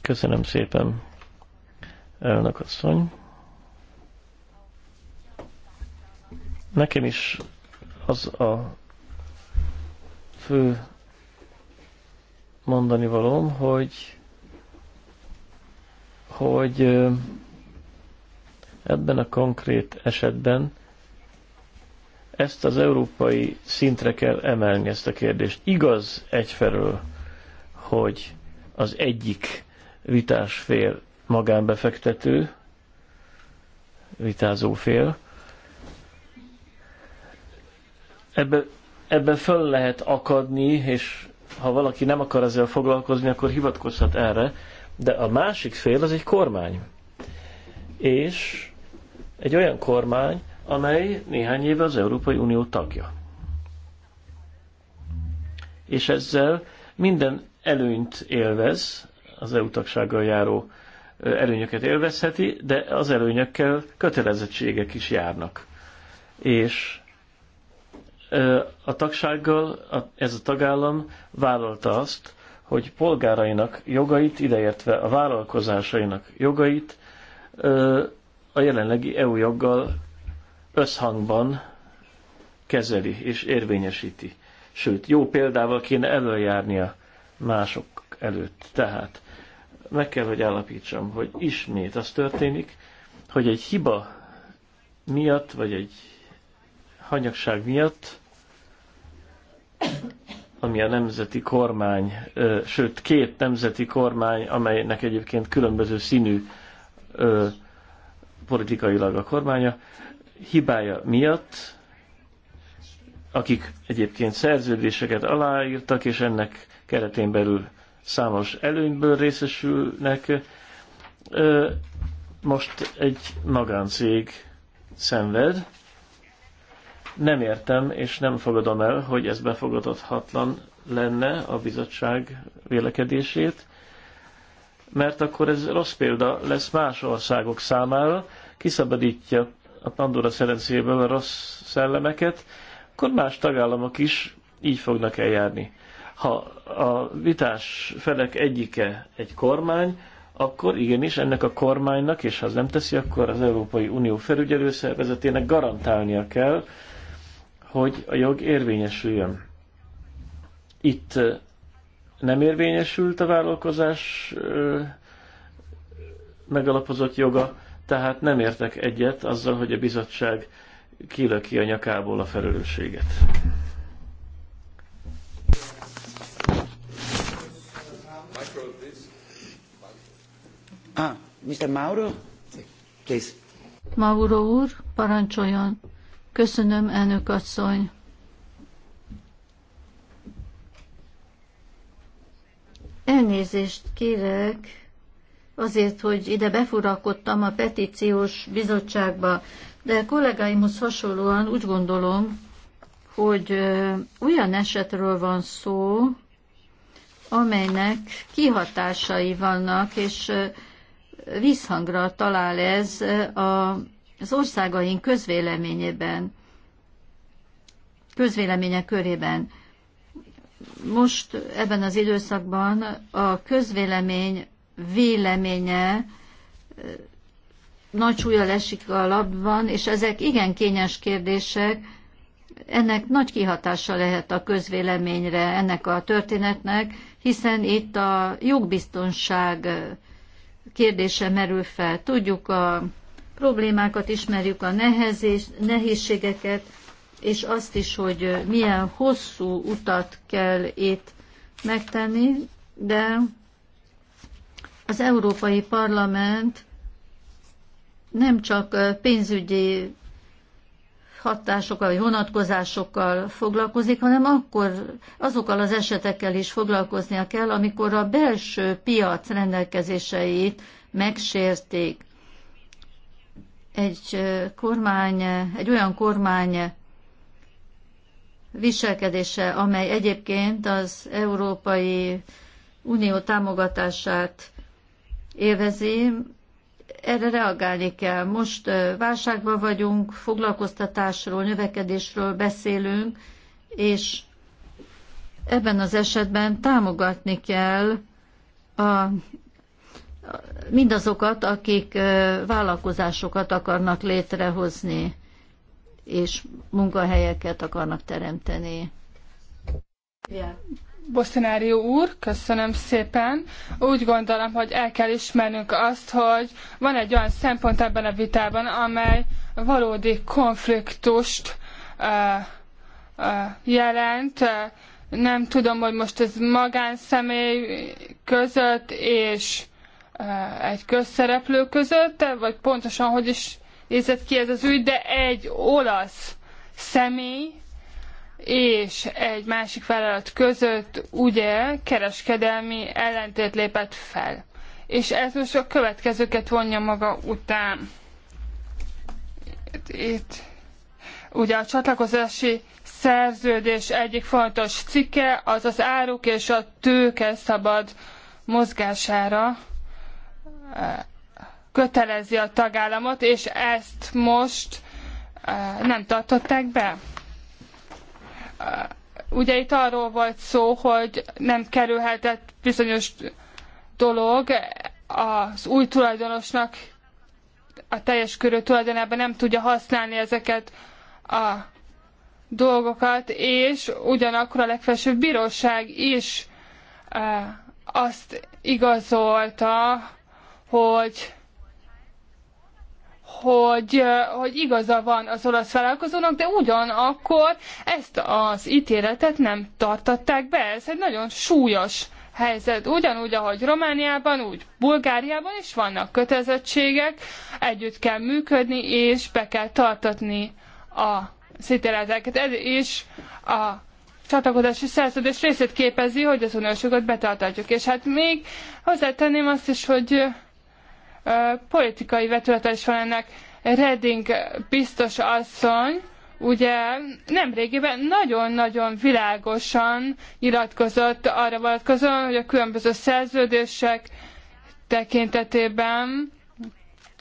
Speaker 4: Köszönöm szépen, elnök asszony. Nekem is az a fő mondani valóm, hogy, hogy ebben a konkrét esetben ezt az európai szintre kell emelni ezt a kérdést. Igaz egyfelől, hogy az egyik vitás fél magánbefektető, vitázó fél. Ebbe, ebben föl lehet akadni, és ha valaki nem akar ezzel foglalkozni, akkor hivatkozhat erre, de a másik fél az egy kormány. És egy olyan kormány, amely néhány éve az Európai Unió tagja. És ezzel minden előnyt élvez, az EU tagsággal járó előnyöket élvezheti, de az előnyökkel kötelezettségek is járnak. És a tagsággal ez a tagállam vállalta azt, hogy polgárainak jogait, ideértve a vállalkozásainak jogait a jelenlegi EU joggal összhangban kezeli és érvényesíti. Sőt, jó példával kéne előjárnia mások előtt. Tehát meg kell, hogy állapítsam, hogy ismét az történik, hogy egy hiba miatt, vagy egy hanyagság miatt ami a nemzeti kormány, sőt két nemzeti kormány, amelynek egyébként különböző színű politikailag a kormánya, hibája miatt, akik egyébként szerződéseket aláírtak, és ennek keretén belül számos előnyből részesülnek, most egy magáncég szenved, nem értem és nem fogadom el, hogy ez befogadhatatlan lenne a bizottság vélekedését, mert akkor ez rossz példa lesz más országok számára, kiszabadítja a Pandora szerencéből a rossz szellemeket, akkor más tagállamok is így fognak eljárni. Ha a vitás felek egyike egy kormány, akkor igenis ennek a kormánynak, és ha az nem teszi, akkor az Európai Unió felügyelőszervezetének garantálnia kell, hogy a jog érvényesüljön. Itt nem érvényesült a vállalkozás megalapozott joga, tehát nem értek egyet azzal, hogy a bizottság kilöki a nyakából a felelősséget.
Speaker 7: Ah, Mr. Mauro, please.
Speaker 3: Mauro úr, parancsoljon. Köszönöm, elnök asszony. Elnézést kérek azért, hogy ide befurakodtam a petíciós bizottságba, de kollégáimhoz hasonlóan úgy gondolom, hogy olyan esetről van szó, amelynek kihatásai vannak, és visszhangra talál ez a az országaink közvéleményében, közvéleménye körében. Most ebben az időszakban a közvélemény véleménye eh, nagy súlya esik a labban, és ezek igen kényes kérdések, ennek nagy kihatása lehet a közvéleményre, ennek a történetnek, hiszen itt a jogbiztonság eh, kérdése merül fel. Tudjuk a problémákat ismerjük, a nehezés, nehézségeket, és azt is, hogy milyen hosszú utat kell itt megtenni, de az Európai Parlament nem csak pénzügyi hatásokkal vagy vonatkozásokkal foglalkozik, hanem akkor azokkal az esetekkel is foglalkoznia kell, amikor a belső piac rendelkezéseit megsérték egy kormány, egy olyan kormány viselkedése, amely egyébként az Európai Unió támogatását élvezi, erre reagálni kell. Most válságban vagyunk, foglalkoztatásról, növekedésről beszélünk, és ebben az esetben támogatni kell a mindazokat, akik vállalkozásokat akarnak létrehozni, és munkahelyeket akarnak
Speaker 1: teremteni. Yeah. Bosszinárió úr, köszönöm szépen. Úgy gondolom, hogy el kell ismernünk azt, hogy van egy olyan szempont ebben a vitában, amely valódi konfliktust uh, uh, jelent. Nem tudom, hogy most ez magánszemély között és egy közszereplő között, vagy pontosan hogy is nézett ki ez az ügy, de egy olasz személy és egy másik vállalat között ugye kereskedelmi ellentét lépett fel. És ez most a következőket vonja maga után. Itt, itt ugye a csatlakozási szerződés egyik fontos cikke az az áruk és a tőke szabad mozgására kötelezi a tagállamot, és ezt most nem tartották be. Ugye itt arról volt szó, hogy nem kerülhetett bizonyos dolog az új tulajdonosnak a teljes körű tulajdonában nem tudja használni ezeket a dolgokat, és ugyanakkor a legfelsőbb bíróság is azt igazolta, hogy hogy, hogy igaza van az olasz vállalkozónak, de ugyanakkor ezt az ítéletet nem tartatták be. Ez egy nagyon súlyos helyzet. Ugyanúgy, ahogy Romániában, úgy Bulgáriában is vannak kötelezettségek, együtt kell működni, és be kell tartatni a ítéleteket. Ez is a csatlakozási szerződés részét képezi, hogy az uniós betartatjuk. És hát még hozzátenném azt is, hogy politikai vetülete is van ennek. Redding biztos asszony, ugye nemrégiben nagyon-nagyon világosan iratkozott arra vonatkozóan, hogy a különböző szerződések tekintetében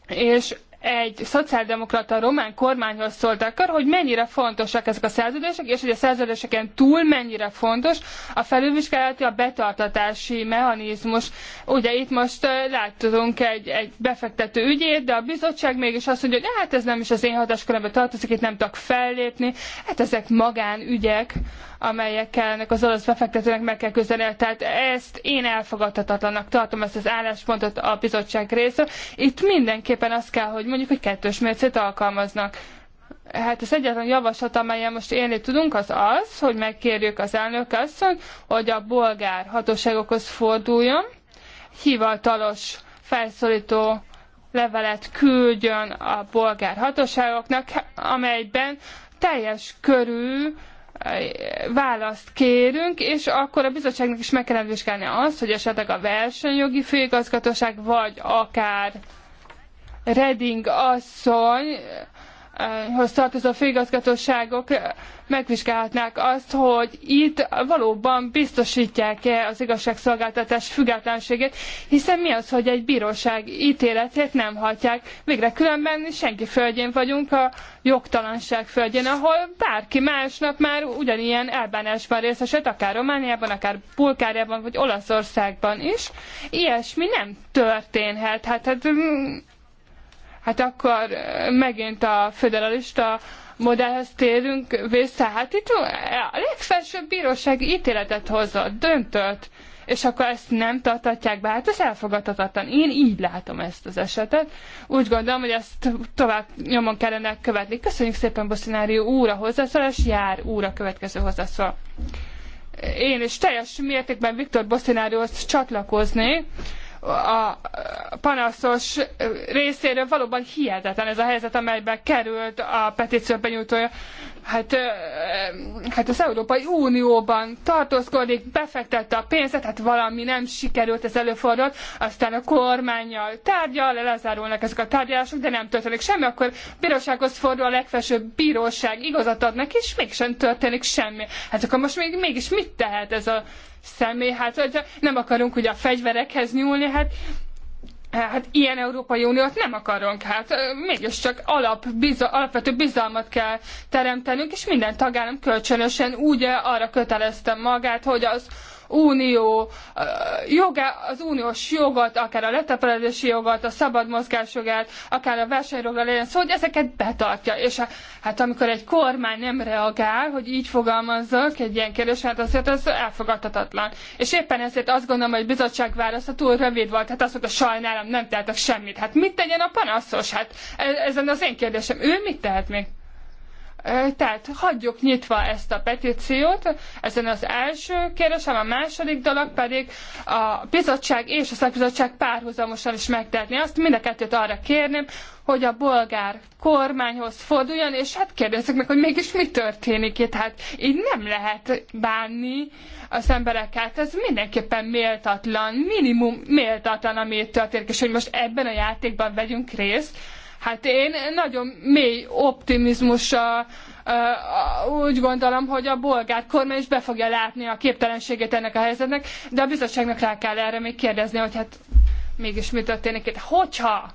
Speaker 1: és egy szociáldemokrata román kormányhoz szóltak arra, hogy mennyire fontosak ezek a szerződések, és hogy a szerződéseken túl mennyire fontos a felülvizsgálati, a betartatási mechanizmus. Ugye itt most láttunk egy, egy befektető ügyét, de a bizottság mégis azt mondja, hogy hát ez nem is az én hatáskörömbe tartozik, itt nem tudok fellépni, hát ezek magánügyek, amelyekkel ennek az orosz befektetőnek meg kell küzdenie. Tehát ezt én elfogadhatatlannak tartom ezt az álláspontot a bizottság részről. Itt mindenképpen azt kell, hogy mondjuk, hogy kettős mércét alkalmaznak. Hát az egyetlen javaslat, amelyen most élni tudunk, az az, hogy megkérjük az elnök asszony, hogy a bolgár hatóságokhoz forduljon, hivatalos felszólító levelet küldjön a bolgár hatóságoknak, amelyben teljes körű választ kérünk, és akkor a bizottságnak is meg kellene vizsgálni azt, hogy esetleg a versenyjogi főigazgatóság, vagy akár Reding asszony hoz tartozó főigazgatóságok megvizsgálhatnák azt, hogy itt valóban biztosítják-e az igazságszolgáltatás függetlenségét, hiszen mi az, hogy egy bíróság ítéletét nem hatják végre, különben senki földjén vagyunk a jogtalanság földjén, ahol bárki másnap már ugyanilyen elbánásban részesült, akár Romániában, akár Bulgáriában, vagy Olaszországban is. Ilyesmi nem történhet. Hát, hát hát akkor megint a federalista modellhez térünk vissza. Hát itt a legfelsőbb bíróság ítéletet hozott, döntött, és akkor ezt nem tartatják be, hát ez elfogadhatatlan. Én így látom ezt az esetet. Úgy gondolom, hogy ezt tovább nyomon kellene követni. Köszönjük szépen Bosszinárió úr a hozzászól, és jár úr a következő hozzászól. Én is teljes mértékben Viktor Bosszinárióhoz csatlakoznék, a panaszos részéről valóban hihetetlen ez a helyzet, amelyben került a petíció benyújtója. Hát, hát az Európai Unióban tartózkodik, befektette a pénzet, hát valami nem sikerült, ez előfordult, aztán a kormányjal tárgyal, lezárulnak ezek a tárgyalások, de nem történik semmi, akkor bírósághoz fordul a legfelsőbb bíróság, igazat ad neki, és mégsem történik semmi. Hát akkor most még, mégis mit tehet ez a személy. Hát nem akarunk ugye a fegyverekhez nyúlni, hát Hát ilyen Európai Uniót nem akarunk, hát mégiscsak alap, biza, alapvető bizalmat kell teremtenünk, és minden tagállam kölcsönösen úgy arra kötelezte magát, hogy az unió joga, az uniós jogot, akár a letelepedési jogot, a szabad mozgás jogát, akár a versenyjogra legyen szó, hogy ezeket betartja. És hát amikor egy kormány nem reagál, hogy így fogalmazzak egy ilyen kérdés, hát azért az elfogadhatatlan. És éppen ezért azt gondolom, hogy a bizottság válasza túl rövid volt, hát azt mondta, sajnálom, nem tehetek semmit. Hát mit tegyen a panaszos? Hát e- ezen az én kérdésem, ő mit tehet még? Tehát hagyjuk nyitva ezt a petíciót, ezen az első kérdésem, a második dolog pedig a bizottság és a szakbizottság párhuzamosan is megtehetné. Azt mind a kettőt arra kérném, hogy a bolgár kormányhoz forduljon, és hát kérdezzük meg, hogy mégis mi történik itt. Hát így nem lehet bánni az embereket. Hát ez mindenképpen méltatlan, minimum méltatlan, ami itt történik, és hogy most ebben a játékban vegyünk részt Hát én nagyon mély optimizmussal úgy gondolom, hogy a bolgár kormány is be fogja látni a képtelenségét ennek a helyzetnek, de a bizottságnak rá kell erre még kérdezni, hogy hát mégis mi történik itt. Hogyha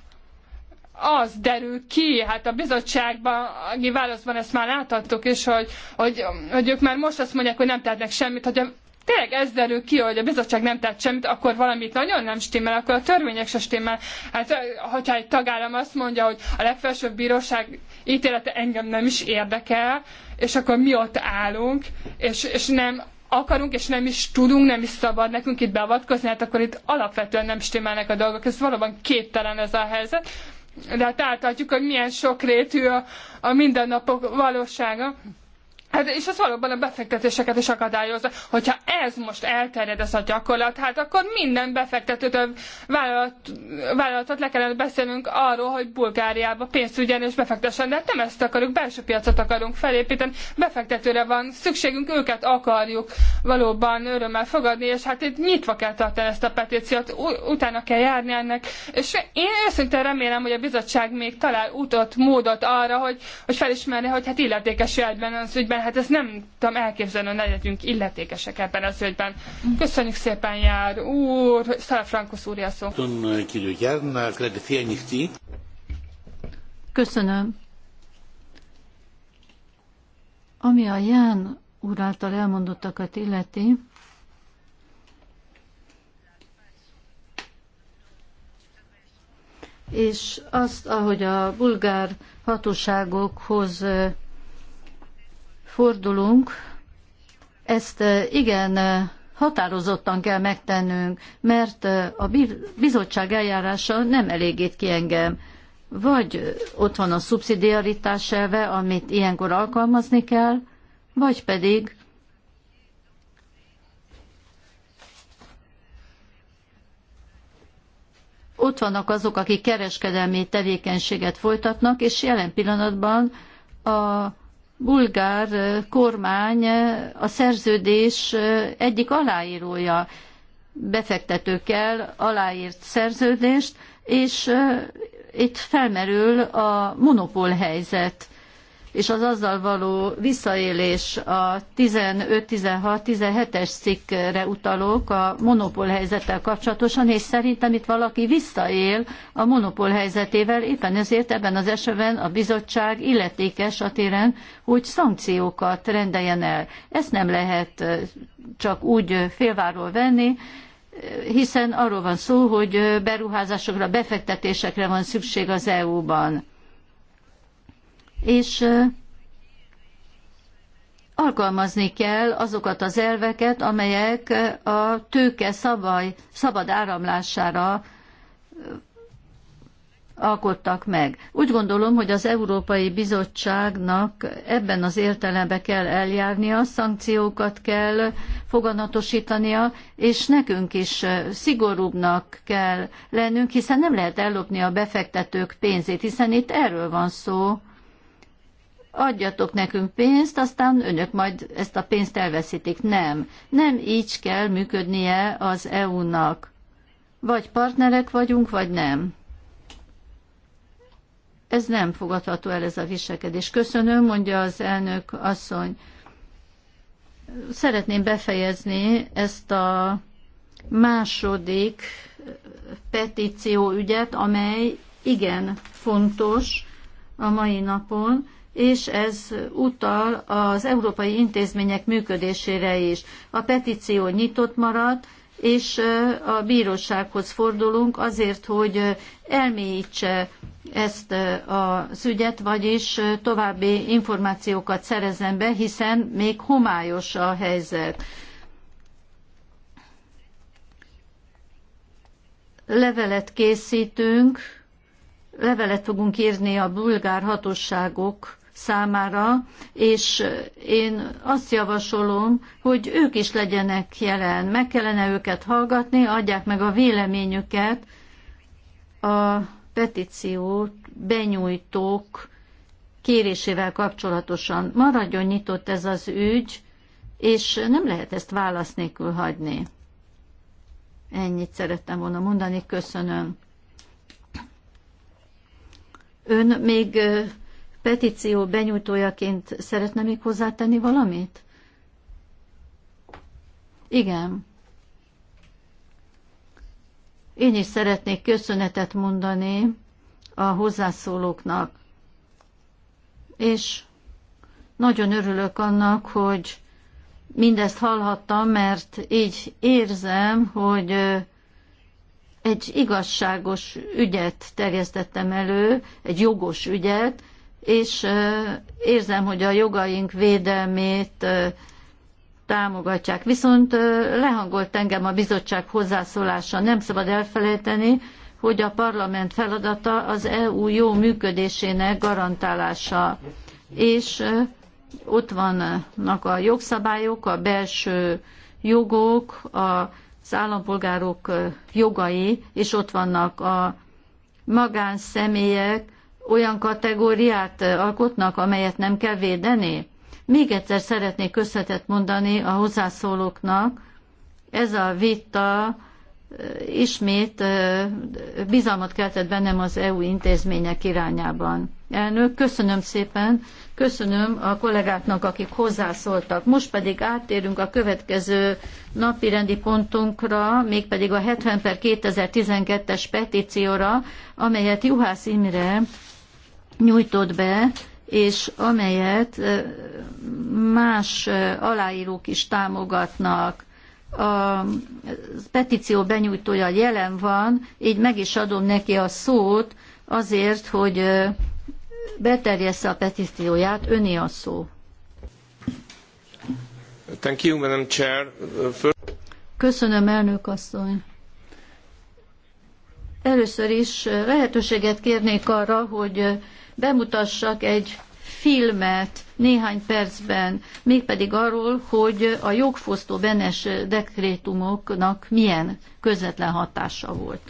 Speaker 1: az derül ki, hát a bizottságban, a válaszban ezt már láthattuk is, hogy, hogy, hogy ők már most azt mondják, hogy nem tehetnek semmit, hogy tényleg ez derül ki, hogy a bizottság nem tett semmit, akkor valamit nagyon nem stimmel, akkor a törvények se stimmel. Hát, hogyha egy tagállam azt mondja, hogy a legfelsőbb bíróság ítélete engem nem is érdekel, és akkor mi ott állunk, és, és nem akarunk, és nem is tudunk, nem is szabad nekünk itt beavatkozni, hát akkor itt alapvetően nem stimmelnek a dolgok. Ez valóban képtelen ez a helyzet. De hát átadjuk, hogy milyen sokrétű a, a mindennapok valósága. Hát és az valóban a befektetéseket is akadályozza. Hogyha ez most elterjed ez a gyakorlat, hát akkor minden befektetőt, vállalat, vállalatot le kellene beszélnünk arról, hogy Bulgáriába pénzt ügyen és befektessen, de hát nem ezt akarjuk, belső piacot akarunk felépíteni, befektetőre van szükségünk, őket akarjuk valóban örömmel fogadni, és hát itt nyitva kell tartani ezt a petíciót, utána kell járni ennek, és én őszintén remélem, hogy a bizottság még talál utat, módot arra, hogy, hogy felismerje, hogy hát illetékes jelben az ügyben hát ez nem tudom elképzelni, hogy ne legyünk illetékesek ebben az ügyben. Köszönjük szépen, Jár úr, Szalafrankusz úr, szó. Köszönöm. Ami a Ján
Speaker 3: úr által elmondottakat illeti, és azt, ahogy a bulgár hatóságokhoz fordulunk, ezt igen határozottan kell megtennünk, mert a bizottság eljárása nem elégít ki engem. Vagy ott van a szubszidiaritás elve, amit ilyenkor alkalmazni kell, vagy pedig ott vannak azok, akik kereskedelmi tevékenységet folytatnak, és jelen pillanatban a bulgár kormány a szerződés egyik aláírója befektetőkkel aláírt szerződést, és itt felmerül a monopól helyzet és az azzal való visszaélés a 15-16-17-es cikkre utalok a monopól helyzettel kapcsolatosan, és szerintem itt valaki visszaél a monopól helyzetével, éppen ezért ebben az esetben a bizottság illetékes a téren, hogy szankciókat rendeljen el. Ezt nem lehet csak úgy félváról venni, hiszen arról van szó, hogy beruházásokra, befektetésekre van szükség az EU-ban és alkalmazni kell azokat az elveket, amelyek a tőke szabaj, szabad áramlására alkottak meg. Úgy gondolom, hogy az Európai Bizottságnak ebben az értelemben kell eljárnia, szankciókat kell foganatosítania, és nekünk is szigorúbbnak kell lennünk, hiszen nem lehet ellopni a befektetők pénzét, hiszen itt erről van szó adjatok nekünk pénzt, aztán önök majd ezt a pénzt elveszítik. Nem. Nem így kell működnie az EU-nak. Vagy partnerek vagyunk, vagy nem. Ez nem fogadható el ez a viselkedés. Köszönöm, mondja az elnök asszony. Szeretném befejezni ezt a második petíció ügyet, amely igen fontos a mai napon és ez utal az európai intézmények működésére is. A petíció nyitott maradt, és a bírósághoz fordulunk azért, hogy elmélyítse ezt az ügyet, vagyis további információkat szerezzen be, hiszen még homályos a helyzet. Levelet készítünk, levelet fogunk írni a bulgár hatóságok számára, és én azt javasolom, hogy ők is legyenek jelen. Meg kellene őket hallgatni, adják meg a véleményüket a petíciót benyújtók kérésével kapcsolatosan. Maradjon nyitott ez az ügy, és nem lehet ezt válasz nélkül hagyni. Ennyit szerettem volna mondani, köszönöm. Ön még petíció benyújtójaként szeretne még hozzátenni valamit? Igen. Én is szeretnék köszönetet mondani a hozzászólóknak, és nagyon örülök annak, hogy mindezt hallhattam, mert így érzem, hogy egy igazságos ügyet terjesztettem elő, egy jogos ügyet, és érzem, hogy a jogaink védelmét támogatják. Viszont lehangolt engem a bizottság hozzászólása. Nem szabad elfelejteni, hogy a parlament feladata az EU jó működésének garantálása. És ott vannak a jogszabályok, a belső jogok, az állampolgárok jogai, és ott vannak a magánszemélyek olyan kategóriát alkotnak, amelyet nem kell védeni? Még egyszer szeretnék köszönetet mondani a hozzászólóknak. Ez a vita ismét bizalmat keltett bennem az EU intézmények irányában. Elnök, köszönöm szépen, köszönöm a kollégáknak, akik hozzászóltak. Most pedig áttérünk a következő napi rendi pontunkra, mégpedig a 70 per 2012-es petícióra, amelyet Juhász Imre nyújtott be, és amelyet más aláírók is támogatnak. A petíció benyújtója jelen van, így meg is adom neki a szót azért, hogy beterjessze a petícióját, öné a szó.
Speaker 8: Thank you, Madam Chair. First...
Speaker 3: Köszönöm, elnök asszony. Először is lehetőséget kérnék arra, hogy bemutassak egy filmet néhány percben, mégpedig arról, hogy a jogfosztó benes dekrétumoknak milyen közvetlen hatása volt.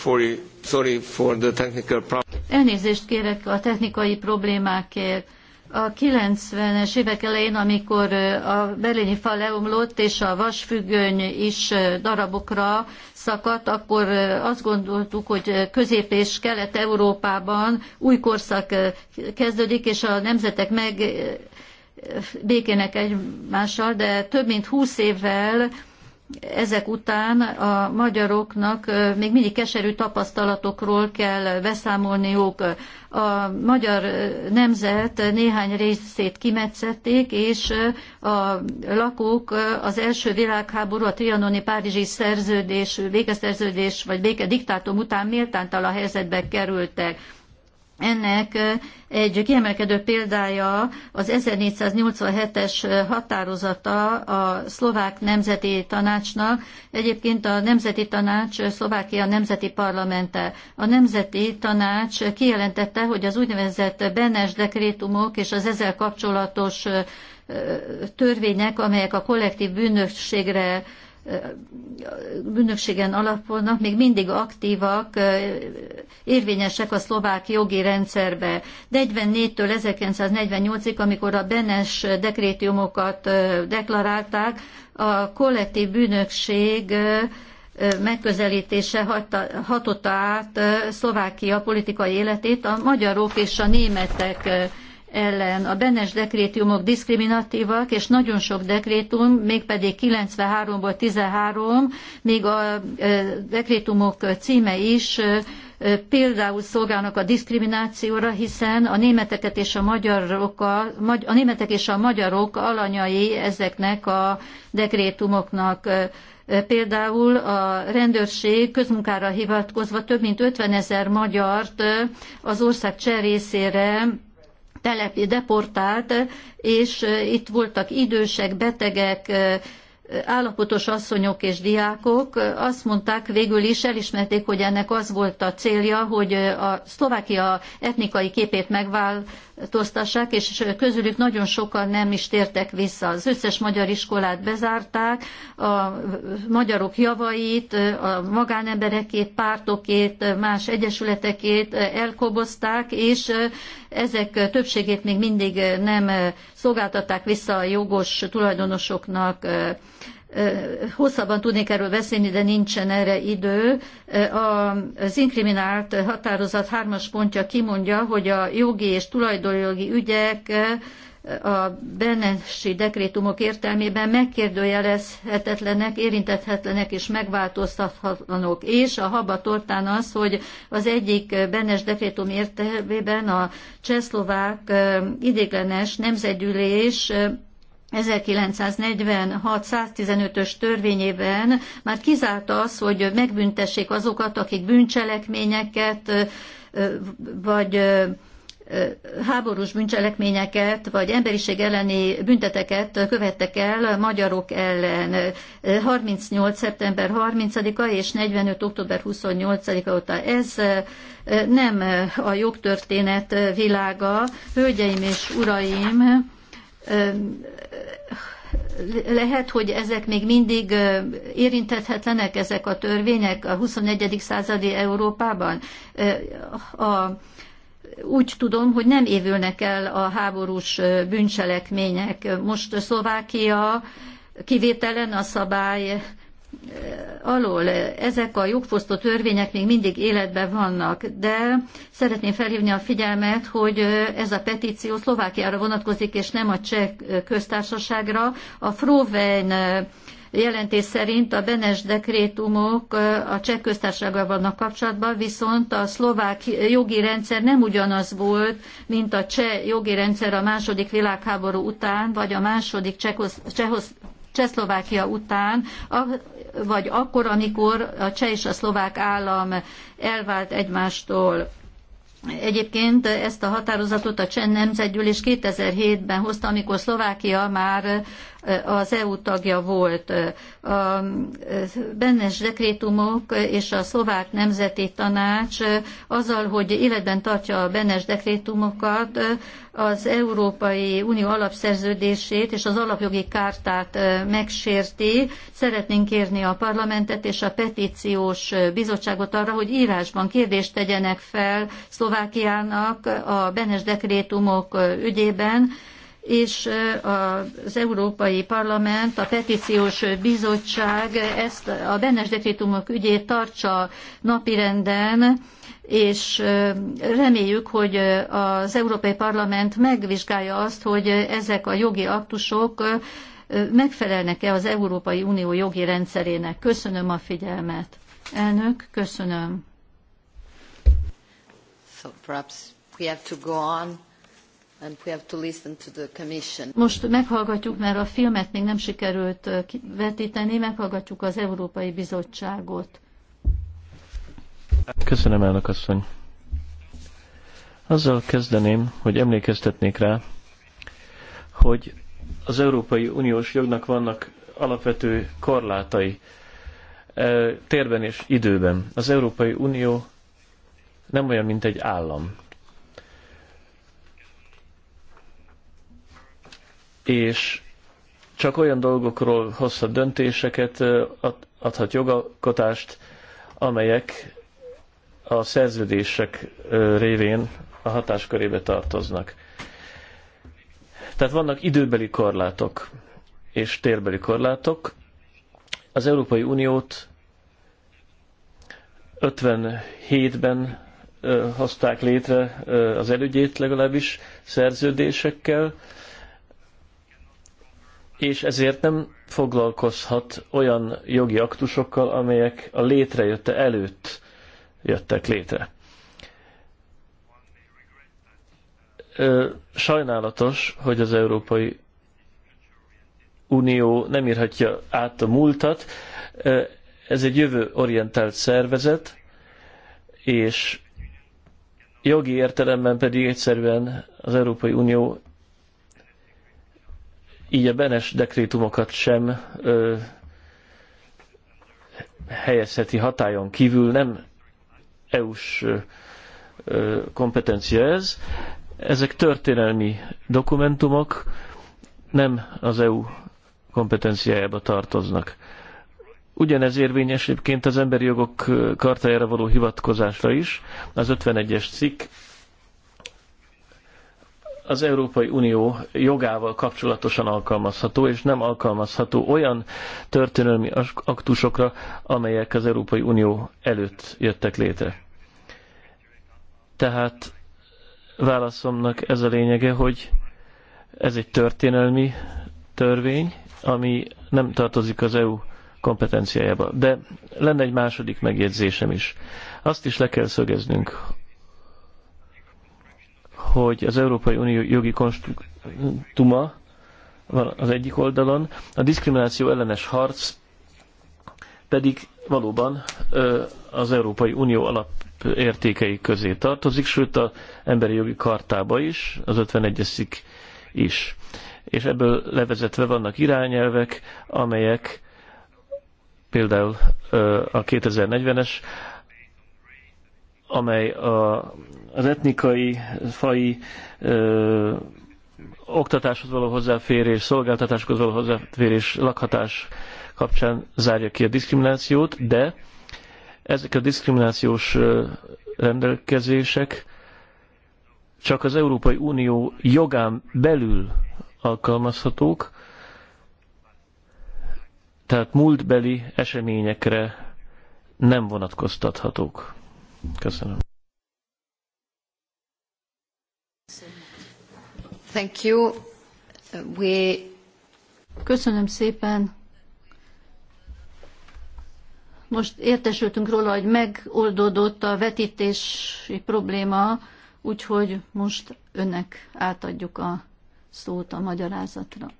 Speaker 8: sorry for the technical problem.
Speaker 3: Elnézést kérek a technikai problémákért. A 90-es évek elején, amikor a berlini fal leomlott és a vasfüggöny is darabokra szakadt, akkor azt gondoltuk, hogy Közép- és Kelet-Európában új korszak kezdődik, és a nemzetek meg békének egymással, de több mint 20 évvel ezek után a magyaroknak még mindig keserű tapasztalatokról kell beszámolniuk. A magyar nemzet néhány részét kimetszették, és a lakók az első világháború, a trianoni párizsi szerződés, békeszerződés vagy diktátum után méltántal a helyzetbe kerültek ennek egy kiemelkedő példája az 1487-es határozata a szlovák nemzeti tanácsnak, egyébként a nemzeti tanács Szlovákia nemzeti parlamente. A nemzeti tanács kijelentette, hogy az úgynevezett benes dekrétumok és az ezzel kapcsolatos törvények, amelyek a kollektív bűnösségre bűnökségen alapulnak, még mindig aktívak, érvényesek a szlovák jogi rendszerbe. 44-től 1948-ig, amikor a Benes dekrétiumokat deklarálták, a kollektív bűnökség megközelítése hatotta át Szlovákia politikai életét, a magyarok és a németek ellen. A Benes dekrétumok diszkriminatívak, és nagyon sok dekrétum, mégpedig 93-ból 13, még a dekrétumok címe is például szolgálnak a diszkriminációra, hiszen a németeket és a magyarok, a, a németek és a magyarok alanyai ezeknek a dekrétumoknak. Például a rendőrség közmunkára hivatkozva több mint 50 ezer magyart az ország cserészére telepi deportált, és itt voltak idősek, betegek, állapotos asszonyok és diákok azt mondták, végül is elismerték, hogy ennek az volt a célja, hogy a Szlovákia etnikai képét megvál, tartóztassák, és közülük nagyon sokan nem is tértek vissza. Az összes magyar iskolát bezárták, a magyarok javait, a magánemberekét, pártokét, más egyesületekét elkobozták, és ezek többségét még mindig nem szolgáltatták vissza a jogos tulajdonosoknak hosszabban tudnék erről beszélni, de nincsen erre idő. Az inkriminált határozat hármas pontja kimondja, hogy a jogi és tulajdonjogi ügyek a bennesi dekrétumok értelmében megkérdőjelezhetetlenek, érintethetlenek és megváltoztathatlanok. És a haba tortán az, hogy az egyik bennes dekrétum értelmében a csehszlovák idéglenes nemzetgyűlés 1946-115-ös törvényében már kizárta az, hogy megbüntessék azokat, akik bűncselekményeket vagy háborús bűncselekményeket, vagy emberiség elleni bünteteket követtek el magyarok ellen 38. szeptember 30-a és 45. október 28-a óta. Ez nem a jogtörténet világa. Hölgyeim és uraim, lehet, hogy ezek még mindig érintethetlenek, ezek a törvények a 21. századi Európában. A, úgy tudom, hogy nem évülnek el a háborús bűncselekmények. Most Szlovákia kivételen a szabály alól. Ezek a jogfosztó törvények még mindig életben vannak, de szeretném felhívni a figyelmet, hogy ez a petíció Szlovákiára vonatkozik, és nem a cseh köztársaságra. A Froven jelentés szerint a Benes dekrétumok a cseh köztársasággal vannak kapcsolatban, viszont a szlovák jogi rendszer nem ugyanaz volt, mint a cseh jogi rendszer a második világháború után, vagy a második Csehos, Csehos, Csehszlovákia után, vagy akkor, amikor a cseh és a szlovák állam elvált egymástól. Egyébként ezt a határozatot a Cseh Nemzetgyűlés 2007-ben hozta, amikor Szlovákia már az EU tagja volt. A bennes dekrétumok és a szlovák nemzeti tanács azzal, hogy életben tartja a bennes dekrétumokat, az Európai Unió alapszerződését és az alapjogi kártát megsérti. Szeretnénk kérni a parlamentet és a petíciós bizottságot arra, hogy írásban kérdést tegyenek fel Szlovákiának a benes dekrétumok ügyében, és az Európai Parlament, a Petíciós Bizottság ezt a bennes dekrétumok ügyét tartsa napirenden, és reméljük, hogy az Európai Parlament megvizsgálja azt, hogy ezek a jogi aktusok megfelelnek-e az Európai Unió jogi rendszerének. Köszönöm a figyelmet. Elnök, köszönöm.
Speaker 2: So perhaps we have to go on. Most
Speaker 3: meghallgatjuk, mert a filmet még nem sikerült vetíteni, meghallgatjuk az Európai Bizottságot.
Speaker 4: Köszönöm, elnök asszony. Azzal kezdeném, hogy emlékeztetnék rá, hogy az Európai Uniós jognak vannak alapvető korlátai térben és időben. Az Európai Unió nem olyan, mint egy állam és csak olyan dolgokról hozhat döntéseket, adhat jogalkotást, amelyek a szerződések révén a hatáskörébe tartoznak. Tehát vannak időbeli korlátok és térbeli korlátok. Az Európai Uniót 57-ben hozták létre az elügyét legalábbis szerződésekkel, és ezért nem foglalkozhat olyan jogi aktusokkal, amelyek a létrejötte előtt jöttek létre. Sajnálatos, hogy az Európai Unió nem írhatja át a múltat. Ez egy jövőorientált szervezet, és jogi értelemben pedig egyszerűen az Európai Unió így a benes dekrétumokat sem ö, helyezheti hatájon kívül, nem EU-s kompetencia ez. Ezek történelmi dokumentumok, nem az EU kompetenciájába tartoznak. Ugyanez érvényes egyébként az emberi jogok kartájára való hivatkozásra is. Az 51-es cikk az Európai Unió jogával kapcsolatosan alkalmazható, és nem alkalmazható olyan történelmi aktusokra, amelyek az Európai Unió előtt jöttek létre. Tehát válaszomnak ez a lényege, hogy ez egy történelmi törvény, ami nem tartozik az EU kompetenciájába. De lenne egy második megjegyzésem is. Azt is le kell szögeznünk, hogy az Európai Unió jogi konstruktuma van az egyik oldalon, a diszkrimináció ellenes harc pedig valóban az Európai Unió alapértékei közé tartozik, sőt az emberi jogi kartába is, az 51-es is. És ebből levezetve vannak irányelvek, amelyek például a 2040-es amely a, az etnikai, fai ö, oktatáshoz való hozzáférés, szolgáltatáshoz való hozzáférés, lakhatás kapcsán zárja ki a diszkriminációt, de ezek a diszkriminációs rendelkezések csak az Európai Unió jogán belül alkalmazhatók, tehát múltbeli eseményekre nem vonatkoztathatók. Köszönöm.
Speaker 2: Thank you. We... Köszönöm szépen.
Speaker 3: Most értesültünk róla, hogy megoldódott a vetítési probléma, úgyhogy most önnek átadjuk a szót a magyarázatra.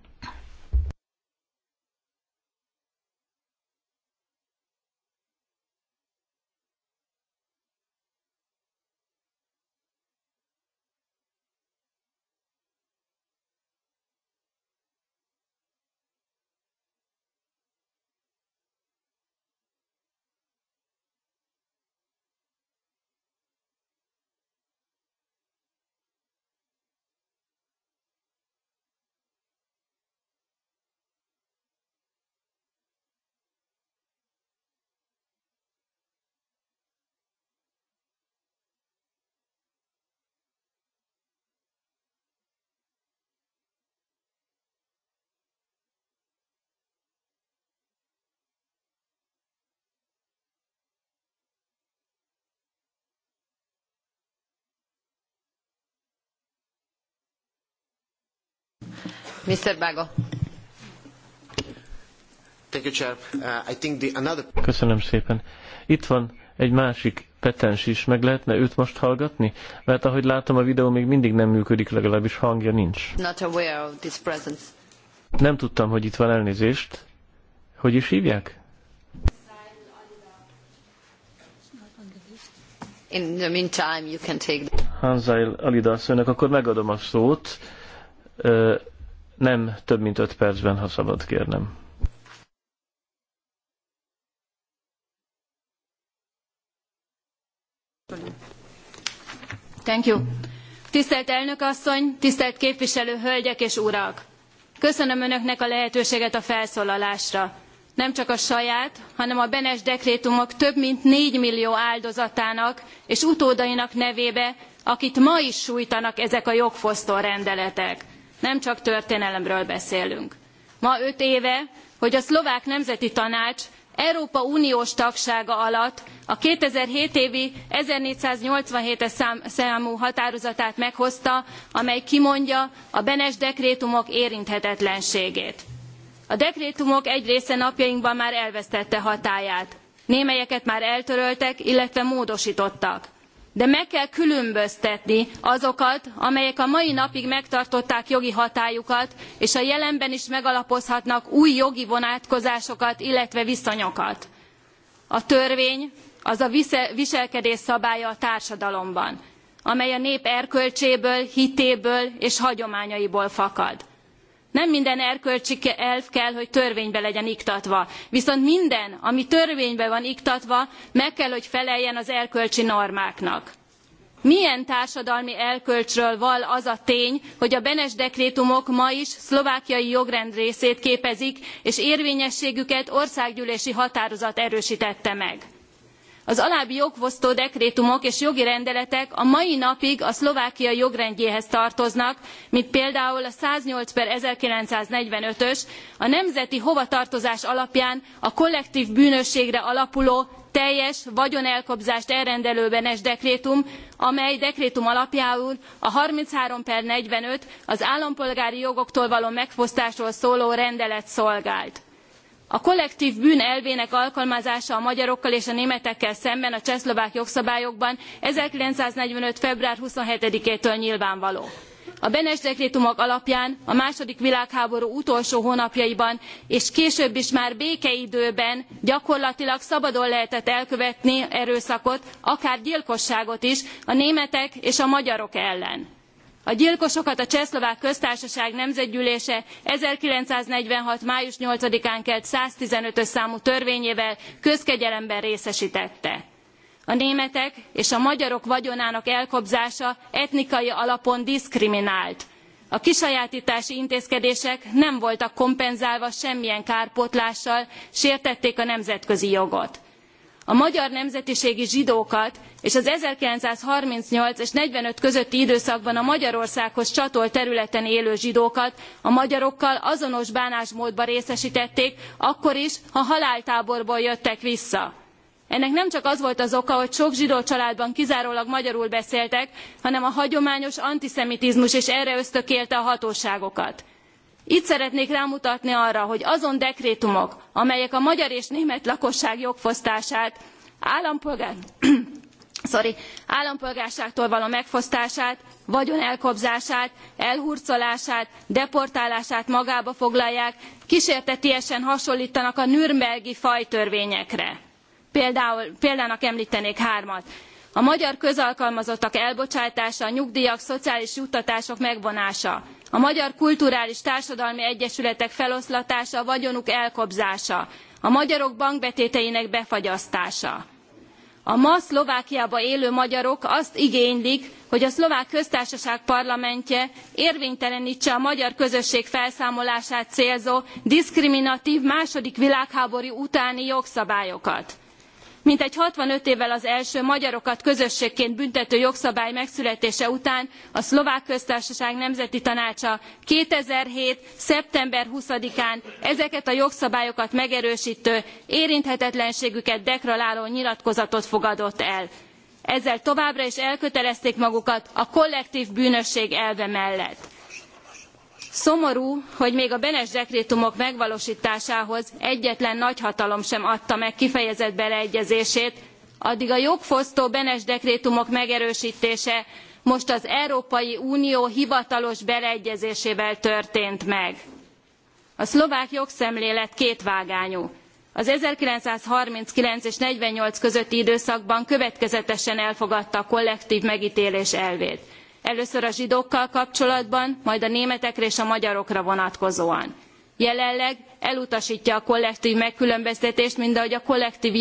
Speaker 2: Mr.
Speaker 6: Uh,
Speaker 4: Köszönöm szépen. Itt van egy másik petens is. Meg lehetne őt most hallgatni? Mert ahogy látom, a videó még mindig nem működik, legalábbis hangja nincs.
Speaker 2: Not aware of this presence.
Speaker 4: Nem tudtam, hogy itt van elnézést. Hogy is hívják?
Speaker 2: In the meantime, you can take...
Speaker 4: Hanzail akkor megadom a szót nem több mint öt percben, ha szabad kérnem.
Speaker 5: Thank you. Tisztelt elnök asszony, tisztelt képviselő hölgyek és urak! Köszönöm önöknek a lehetőséget a felszólalásra. Nem csak a saját, hanem a Benes dekrétumok több mint 4 millió áldozatának és utódainak nevébe, akit ma is sújtanak ezek a jogfosztó rendeletek nem csak történelemről beszélünk. Ma öt éve, hogy a szlovák nemzeti tanács Európa Uniós tagsága alatt a 2007 évi 1487-es számú határozatát meghozta, amely kimondja a Benes dekrétumok érinthetetlenségét. A dekrétumok egy része napjainkban már elvesztette hatályát. Némelyeket már eltöröltek, illetve módosítottak de meg kell különböztetni azokat amelyek a mai napig megtartották jogi hatályukat és a jelenben is megalapozhatnak új jogi vonatkozásokat illetve viszonyokat. a törvény az a viselkedés szabálya a társadalomban amely a nép erkölcséből hitéből és hagyományaiból fakad nem minden erkölcsi elv kell, hogy törvénybe legyen iktatva. Viszont minden, ami törvénybe van iktatva, meg kell, hogy feleljen az erkölcsi normáknak. Milyen társadalmi elkölcsről val az a tény, hogy a Benes dekrétumok ma is szlovákiai jogrend részét képezik, és érvényességüket országgyűlési határozat erősítette meg? az alábbi jogfosztó dekrétumok és jogi rendeletek a mai napig a szlovákiai jogrendjéhez tartoznak mint például a one hundred and eight one thousand nine hundred and forty five ös a nemzeti hovatartozás alapján a kollektv bűnösségre alapuló teljes vagyonelkobzást elrendelőbenes dekrétum amely dekrétum alapjául a thirty three forty five az állampolgári jogoktól való megfosztásról szóló rendelet szolgált a kollektv bűn elvének alkalmazása a magyarokkal és a németekkel szemben a csehszlovák jogszabályokban one thousand nine hundred and forty five február twenty seven től nyilvánvaló. a bene dekrétumok alapján a második világháború utolsó hónapjaiban és később is már békeidőben gyakorlatilag szabadon lehetett elkövetni erőszakot akár gyilkosságot is a németek és a magyarok ellen a gyilkosokat a csehszlovák köztársaság nemzetgyűlése one thousand nine hundred and forty six május eight án kelt one hundred and fifteen ös számú törvényével közkegyelemben részestette. a németek és a magyarok vagyonának elkobzása etnikai alapon diszkriminált. a kisajáttási intézkedések nem voltak kompenzálva semmilyen kárpótlással sértették a nemzetközi jogot a magyar nemzetiségi zsidókat és az one thousand nine hundred and thirty eight és forty five közötti időszakban a magyarországhoz csatolt területen élő zsidókat a magyarokkal azonos bánásmódban részestették akkor is ha haláltáborból jöttek vissza. ennek nem csak az volt az oka hogy sok zsidó családban kizárólag magyarul beszéltek hanem a hagyományos antiszemitizmus is erre ösztökélte a hatóságokat itt szeretnék rámutatni arra hogy azon dekrétumok amelyek a magyar és német lakosság jogfosztását állampolgárságtól való megfosztását vagyon elkobzását elhurcolását deportálását magába foglalják ksértetiesen hasonltanak a nürnbergi fajtörvényekre Például, példának emltenék hármat a magyar közalkalmazottak elbocsátása a nyugdjak szociális juttatások megvonása a magyar kulturális társadalmi egyesületek feloszlatása a vagyonuk elkobzása a magyarok bankbetéteinek befagyasztása. a ma szlovákiában élő magyarok azt igénylik hogy a szlovák köztársaság parlamentje érvénytelentse a magyar közösség felszámolását célzó diszkriminatv második világháború utáni jogszabályokat mintegy sixty five évvel az első magyarokat közösségként büntető jogszabály megszületése után a szlovák köztársaság nemzeti tanácsa two thousand and seven szeptember twenty án ezeket a jogszabályokat megerőstő érinthetetlenségüket deklaráló nyilatkozatot fogadott el. ezzel továbbra is elkötelezték magukat a kollektv bűnösség elve mellett Szomorú, hogy még a Benes dekrétumok megvalósításához egyetlen nagyhatalom sem adta meg kifejezett beleegyezését, addig a jogfosztó Benes dekrétumok megerősítése most az Európai Unió hivatalos beleegyezésével történt meg. A szlovák jogszemlélet kétvágányú. Az 1939 és 48 közötti időszakban következetesen elfogadta a kollektív megítélés elvét először a zsidókkal kapcsolatban majd a németekre és a magyarokra vonatkozóan. jelenleg elutastja a kollektv megkülönböztetést ahogy a kollektv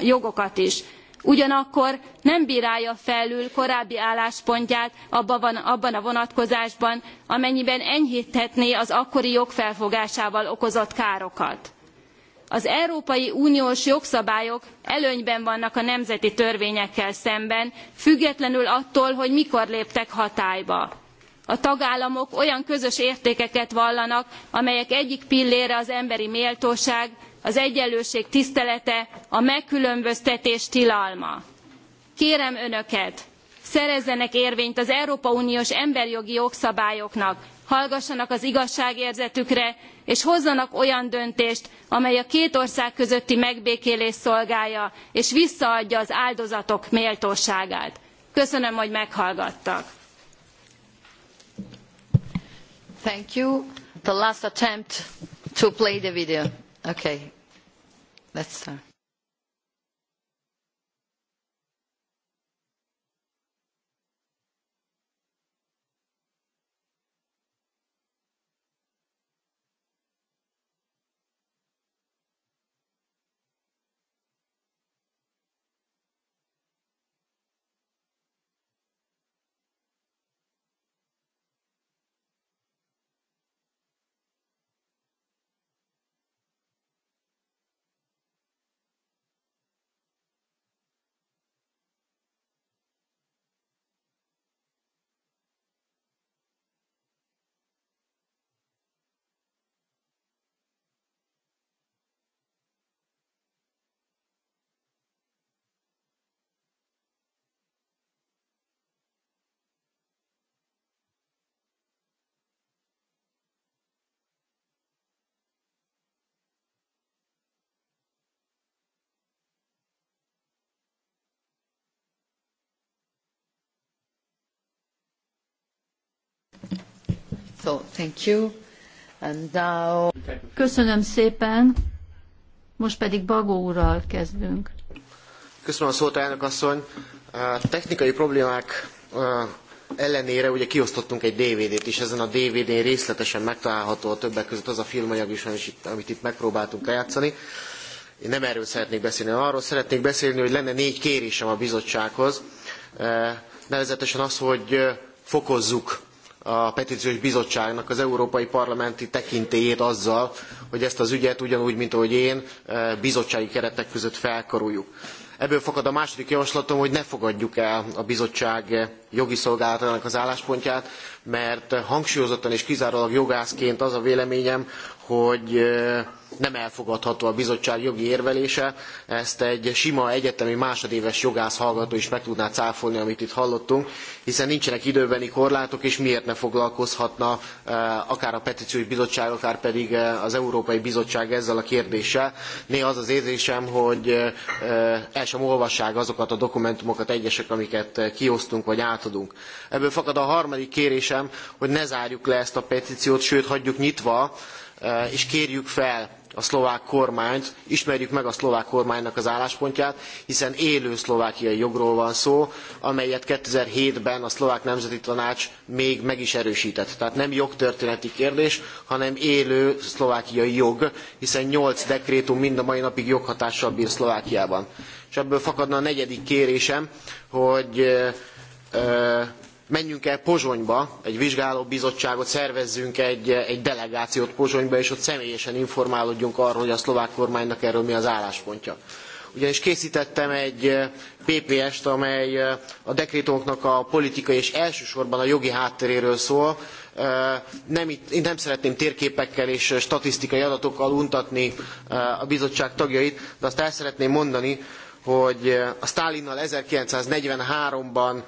Speaker 5: jogokat is ugyanakkor nem brálja felül korábbi álláspontját abban a vonatkozásban amennyiben enyhthetné az akkori jogfelfogásával okozott károkat az európai uniós jogszabályok előnyben vannak a nemzeti törvényekkel szemben függetlenül attól hogy mikor léptek hatályba. a tagállamok olyan közös értékeket vallanak amelyek egyik pillére az emberi méltóság az egyenlőség tisztelete a megkülönböztetés tilalma. kérem önöket szerezzenek érvényt az európai uniós emberi jogi jogszabályoknak hallgassanak az igazságérzetükre és hozzanak olyan döntést amely a két ország közötti megbékélést szolgálja és visszaadja az áldozatok méltóságát. köszönöm hogy meghallgattak.
Speaker 2: thank you. the last attempt to play the video. okay. let's start. So, thank you. And now... Köszönöm szépen.
Speaker 3: Most pedig Bagó úrral kezdünk.
Speaker 6: Köszönöm a szót, elnök asszony. A technikai problémák ellenére ugye kiosztottunk egy DVD-t is, ezen a DVD-n részletesen megtalálható a többek között az a filmanyag is, amit itt megpróbáltunk lejátszani. Én nem erről szeretnék beszélni, arról szeretnék beszélni, hogy lenne négy kérésem a bizottsághoz. Nevezetesen az, hogy fokozzuk a petíciós bizottságnak az európai parlamenti tekintélyét azzal, hogy ezt az ügyet ugyanúgy, mint ahogy én, e, bizottsági keretek között felkaroljuk. Ebből fakad a második javaslatom, hogy ne fogadjuk el a bizottság jogi szolgálatának az álláspontját, mert hangsúlyozottan és kizárólag jogászként az a véleményem, hogy nem elfogadható a bizottság jogi érvelése, ezt egy sima egyetemi másodéves jogász hallgató is meg tudná cáfolni, amit itt hallottunk, hiszen nincsenek időbeni korlátok, és miért ne foglalkozhatna akár a petíciós bizottság, akár pedig az Európai Bizottság ezzel a kérdéssel. Néha az az érzésem, hogy el sem olvassák azokat a dokumentumokat egyesek, amiket kiosztunk, vagy át átadunk. Ebből fakad a harmadik kérésem, hogy ne zárjuk le ezt a petíciót, sőt hagyjuk nyitva, eh, és kérjük fel a szlovák kormányt, ismerjük meg a szlovák kormánynak az álláspontját, hiszen élő szlovákiai jogról van szó, amelyet 2007-ben a szlovák nemzeti tanács még meg is erősített. Tehát nem jogtörténeti kérdés, hanem élő szlovákiai jog, hiszen 8 dekrétum mind a mai napig joghatással bír Szlovákiában. És ebből fakadna a negyedik kérésem, hogy eh, menjünk el Pozsonyba, egy vizsgálóbizottságot szervezzünk, egy, egy delegációt Pozsonyba, és ott személyesen informálódjunk arról, hogy a szlovák kormánynak erről mi az álláspontja. Ugyanis készítettem egy PPS-t, amely a dekrétumoknak a politikai és elsősorban a jogi hátteréről szól. Nem, én nem szeretném térképekkel és statisztikai adatokkal untatni a bizottság tagjait, de azt el szeretném mondani, hogy a Stálinnal 1943-ban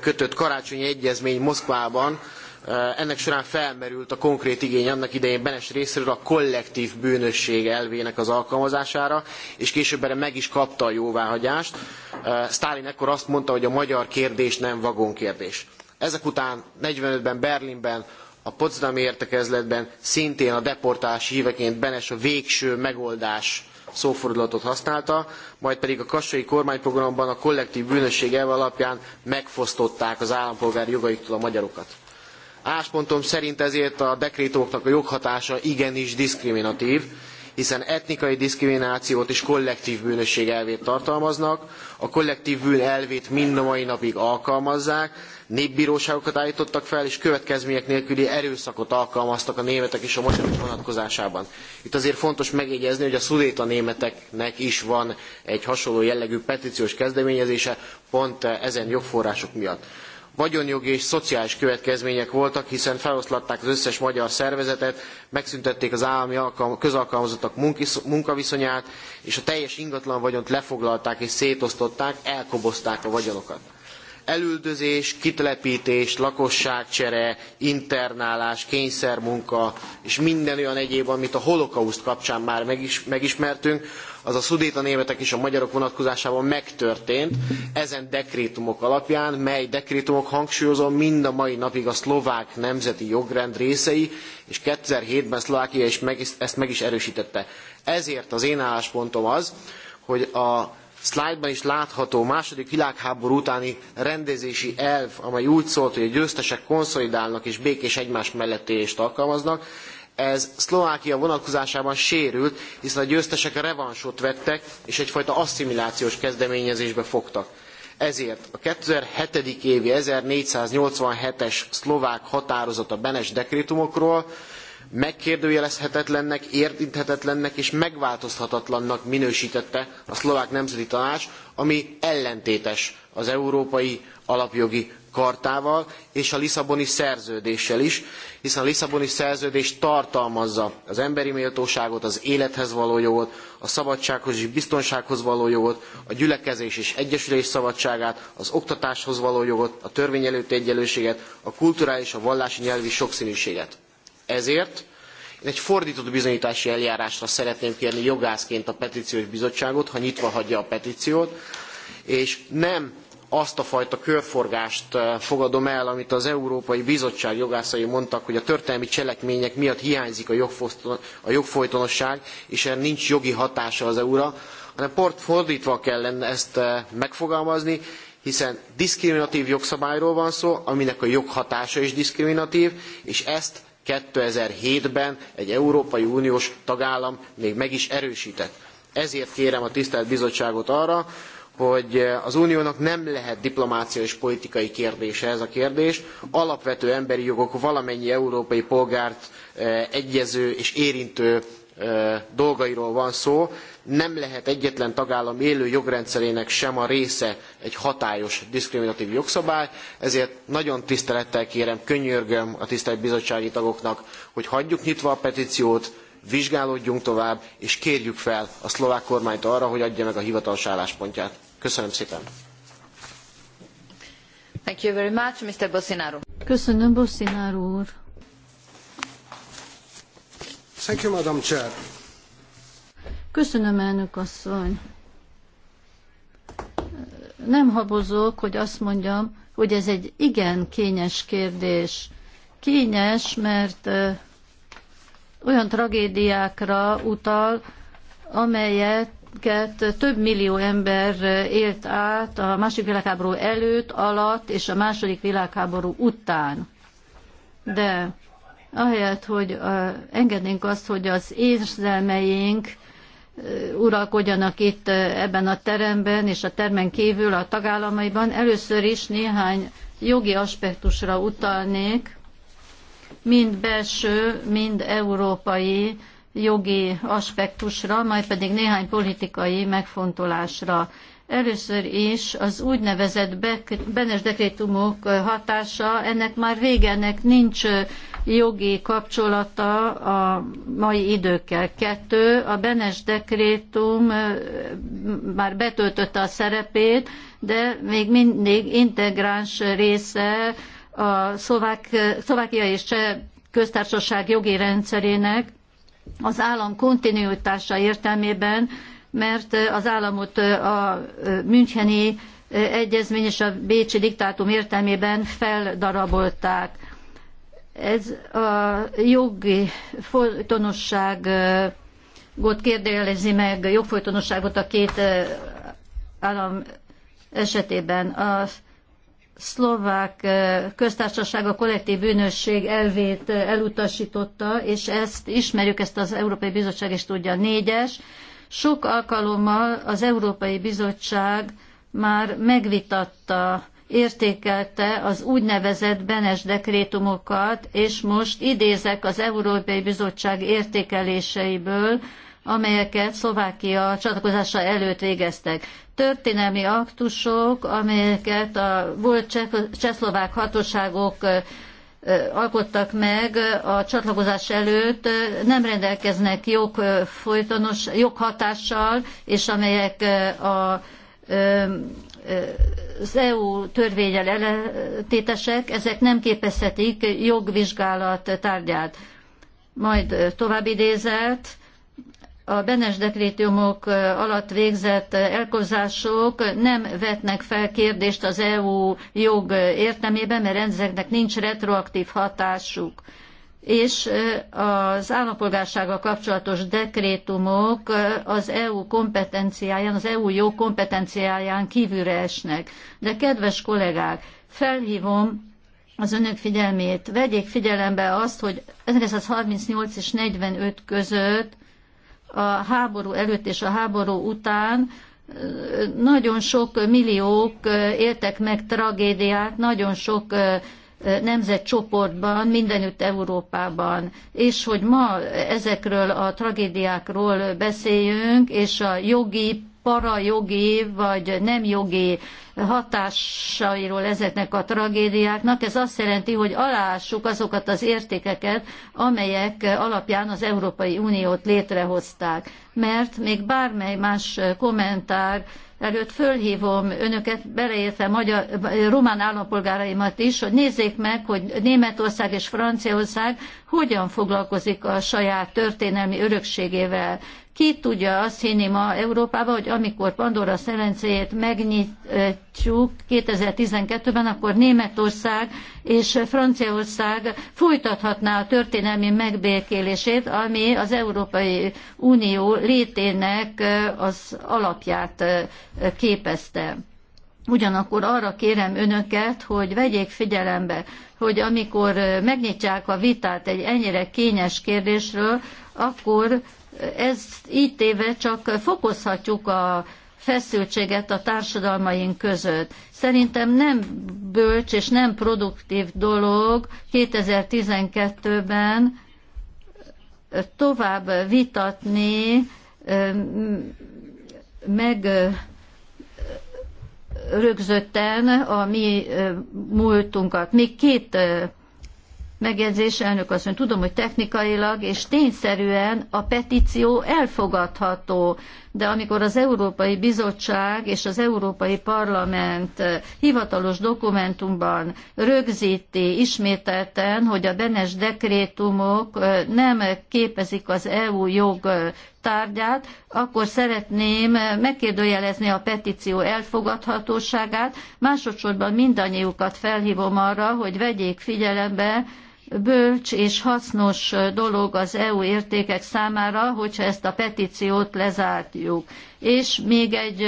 Speaker 6: kötött karácsonyi egyezmény Moszkvában, eh, ennek során felmerült a konkrét igény annak idején Benes részéről a kollektív bűnösség elvének az alkalmazására, és később erre meg is kapta a jóváhagyást. Eh, Sztálin ekkor azt mondta, hogy a magyar kérdés nem vagonkérdés. Ezek után 45-ben Berlinben a Potsdami értekezletben szintén a deportálás híveként Benes a végső megoldás szófordulatot használta, majd pedig a kassai kormányprogramban a kollektív bűnösség elve alapján megfosztották az állampolgári jogaiktól a magyarokat. Áspontom szerint ezért a dekrétumoknak a joghatása igenis diszkriminatív, hiszen etnikai diszkriminációt és kollektív bűnösség elvét tartalmaznak, a kollektív bűn elvét mind a mai napig alkalmazzák, népbíróságokat állítottak fel, és következmények nélküli erőszakot alkalmaztak a németek és a moslemek vonatkozásában. Itt azért fontos megjegyezni, hogy a szudéta németeknek is van egy hasonló jellegű petíciós kezdeményezése, pont ezen jogforrások miatt vagyonjogi és szociális következmények voltak, hiszen feloszlatták az összes magyar szervezetet, megszüntették az állami közalkalmazottak munkaviszonyát, és a teljes ingatlan vagyont lefoglalták és szétosztották, elkobozták a vagyonokat elüldözés, kitlepítés, lakosságcsere, internálás, kényszermunka és minden olyan egyéb, amit a holokauszt kapcsán már megis, megismertünk, az a szudéta németek és a magyarok vonatkozásában megtörtént ezen dekrétumok alapján, mely dekrétumok hangsúlyozom mind a mai napig a szlovák nemzeti jogrend részei, és 2007-ben Szlovákia is meg, ezt meg is erősítette. Ezért az én álláspontom az, hogy a szlájdban is látható második világháború utáni rendezési elv, amely úgy szólt, hogy a győztesek konszolidálnak és békés egymás élést alkalmaznak, ez Szlovákia vonatkozásában sérült, hiszen a győztesek revansot vettek, és egyfajta asszimilációs kezdeményezésbe fogtak. Ezért a 2007. évi 1487-es szlovák határozat a Benes dekrétumokról, megkérdőjelezhetetlennek, érinthetetlennek és megváltozhatatlannak minősítette a szlovák nemzeti tanács, ami ellentétes az európai alapjogi kartával és a Lisszaboni szerződéssel is, hiszen a Lisszaboni szerződés tartalmazza az emberi méltóságot, az élethez való jogot, a szabadsághoz és biztonsághoz való jogot, a gyülekezés és egyesülés szabadságát, az oktatáshoz való jogot, a törvény előtti egyenlőséget, a kulturális, a vallási nyelvi sokszínűséget. Ezért én egy fordított bizonyítási eljárásra szeretném kérni jogászként a petíciós bizottságot, ha nyitva hagyja a petíciót, és nem azt a fajta körforgást eh, fogadom el, amit az Európai Bizottság jogászai mondtak, hogy a történelmi cselekmények miatt hiányzik a jogfolytonosság, és erre nincs jogi hatása az EU-ra, hanem pont fordítva kellene ezt eh, megfogalmazni, hiszen diszkriminatív jogszabályról van szó, aminek a joghatása is diszkriminatív, és ezt 2007-ben egy Európai Uniós tagállam még meg is erősített. Ezért kérem a tisztelt bizottságot arra, hogy az uniónak nem lehet diplomácia és politikai kérdése ez a kérdés. Alapvető emberi jogok valamennyi európai polgárt eh, egyező és érintő eh, dolgairól van szó, nem lehet egyetlen tagállam élő jogrendszerének sem a része egy hatályos diszkriminatív jogszabály, ezért nagyon tisztelettel kérem, könyörgöm a tisztelt bizottsági tagoknak, hogy hagyjuk nyitva a petíciót, vizsgálódjunk tovább, és kérjük fel a szlovák kormányt arra, hogy adja meg a hivatalos álláspontját. Köszönöm szépen!
Speaker 2: Thank you very much, Mr. Bosszináró. Köszönöm, Bosszináró úr.
Speaker 6: Thank you, Madam Chair.
Speaker 2: Köszönöm,
Speaker 3: elnök asszony. Nem habozok, hogy azt mondjam, hogy ez egy igen kényes kérdés. Kényes, mert olyan tragédiákra utal, amelyeket több millió ember élt át a második világháború előtt, alatt és a második világháború után. De ahelyett, hogy engednénk azt, hogy az érzelmeink uralkodjanak itt ebben a teremben és a termen kívül a tagállamaiban. Először is néhány jogi aspektusra utalnék, mind belső, mind európai jogi aspektusra, majd pedig néhány politikai megfontolásra. Először is az úgynevezett benes dekrétumok hatása, ennek már vége, ennek nincs jogi kapcsolata a mai időkkel. Kettő, a Benes dekrétum már betöltötte a szerepét, de még mindig integráns része a szlovák, szlovákia és cseh köztársaság jogi rendszerének az állam kontinuitása értelmében, mert az államot a Müncheni egyezmény és a Bécsi diktátum értelmében feldarabolták. Ez a jogi folytonosságot kérdelezi meg, jogfolytonosságot a két állam esetében. A szlovák köztársaság a kollektív bűnösség elvét elutasította, és ezt ismerjük, ezt az Európai Bizottság is tudja. Négyes, sok alkalommal az Európai Bizottság már megvitatta értékelte az úgynevezett Benes dekrétumokat, és most idézek az Európai Bizottság értékeléseiből, amelyeket Szlovákia csatlakozása előtt végeztek. Történelmi aktusok, amelyeket a volt csehszlovák hatóságok alkottak meg a csatlakozás előtt, nem rendelkeznek jogfolytonos joghatással, és amelyek a az EU törvényel ellentétesek, ezek nem képezhetik jogvizsgálat tárgyát. Majd tovább idézett, a benes dekrétumok alatt végzett elkozások nem vetnek fel kérdést az EU jog értelmében, mert ezeknek nincs retroaktív hatásuk és az állampolgársággal kapcsolatos dekrétumok az EU kompetenciáján, az EU jó kompetenciáján kívülre esnek. De kedves kollégák, felhívom az önök figyelmét. Vegyék figyelembe azt, hogy 1938 és 45 között a háború előtt és a háború után nagyon sok milliók éltek meg tragédiát, nagyon sok nemzetcsoportban, mindenütt Európában. És hogy ma ezekről a tragédiákról beszéljünk, és a jogi, parajogi vagy nem jogi hatásairól ezeknek a tragédiáknak. Ez azt jelenti, hogy alássuk azokat az értékeket, amelyek alapján az Európai Uniót létrehozták. Mert még bármely más kommentár előtt fölhívom önöket, beleértve magyar, román állampolgáraimat is, hogy nézzék meg, hogy Németország és Franciaország hogyan foglalkozik a saját történelmi örökségével. Ki tudja azt hinni ma Európában, hogy amikor Pandora szerencéjét megnyitjuk 2012-ben, akkor Németország és Franciaország folytathatná a történelmi megbékélését, ami az Európai Unió létének az alapját képezte. Ugyanakkor arra kérem önöket, hogy vegyék figyelembe, hogy amikor megnyitják a vitát egy ennyire kényes kérdésről, akkor ez így téve csak fokozhatjuk a feszültséget a társadalmaink között. Szerintem nem bölcs és nem produktív dolog 2012-ben tovább vitatni, meg rögzötten a mi múltunkat. Még két megjegyzés, elnök asszony. Tudom, hogy technikailag és tényszerűen a petíció elfogadható, de amikor az Európai Bizottság és az Európai Parlament eh, hivatalos dokumentumban rögzíti ismételten, hogy a benes dekrétumok eh, nem képezik az EU jog eh, tárgyát, akkor szeretném megkérdőjelezni a petíció elfogadhatóságát. Másodszorban mindannyiukat felhívom arra, hogy vegyék figyelembe, bölcs és hasznos dolog az EU értékek számára, hogyha ezt a petíciót lezártjuk. És még egy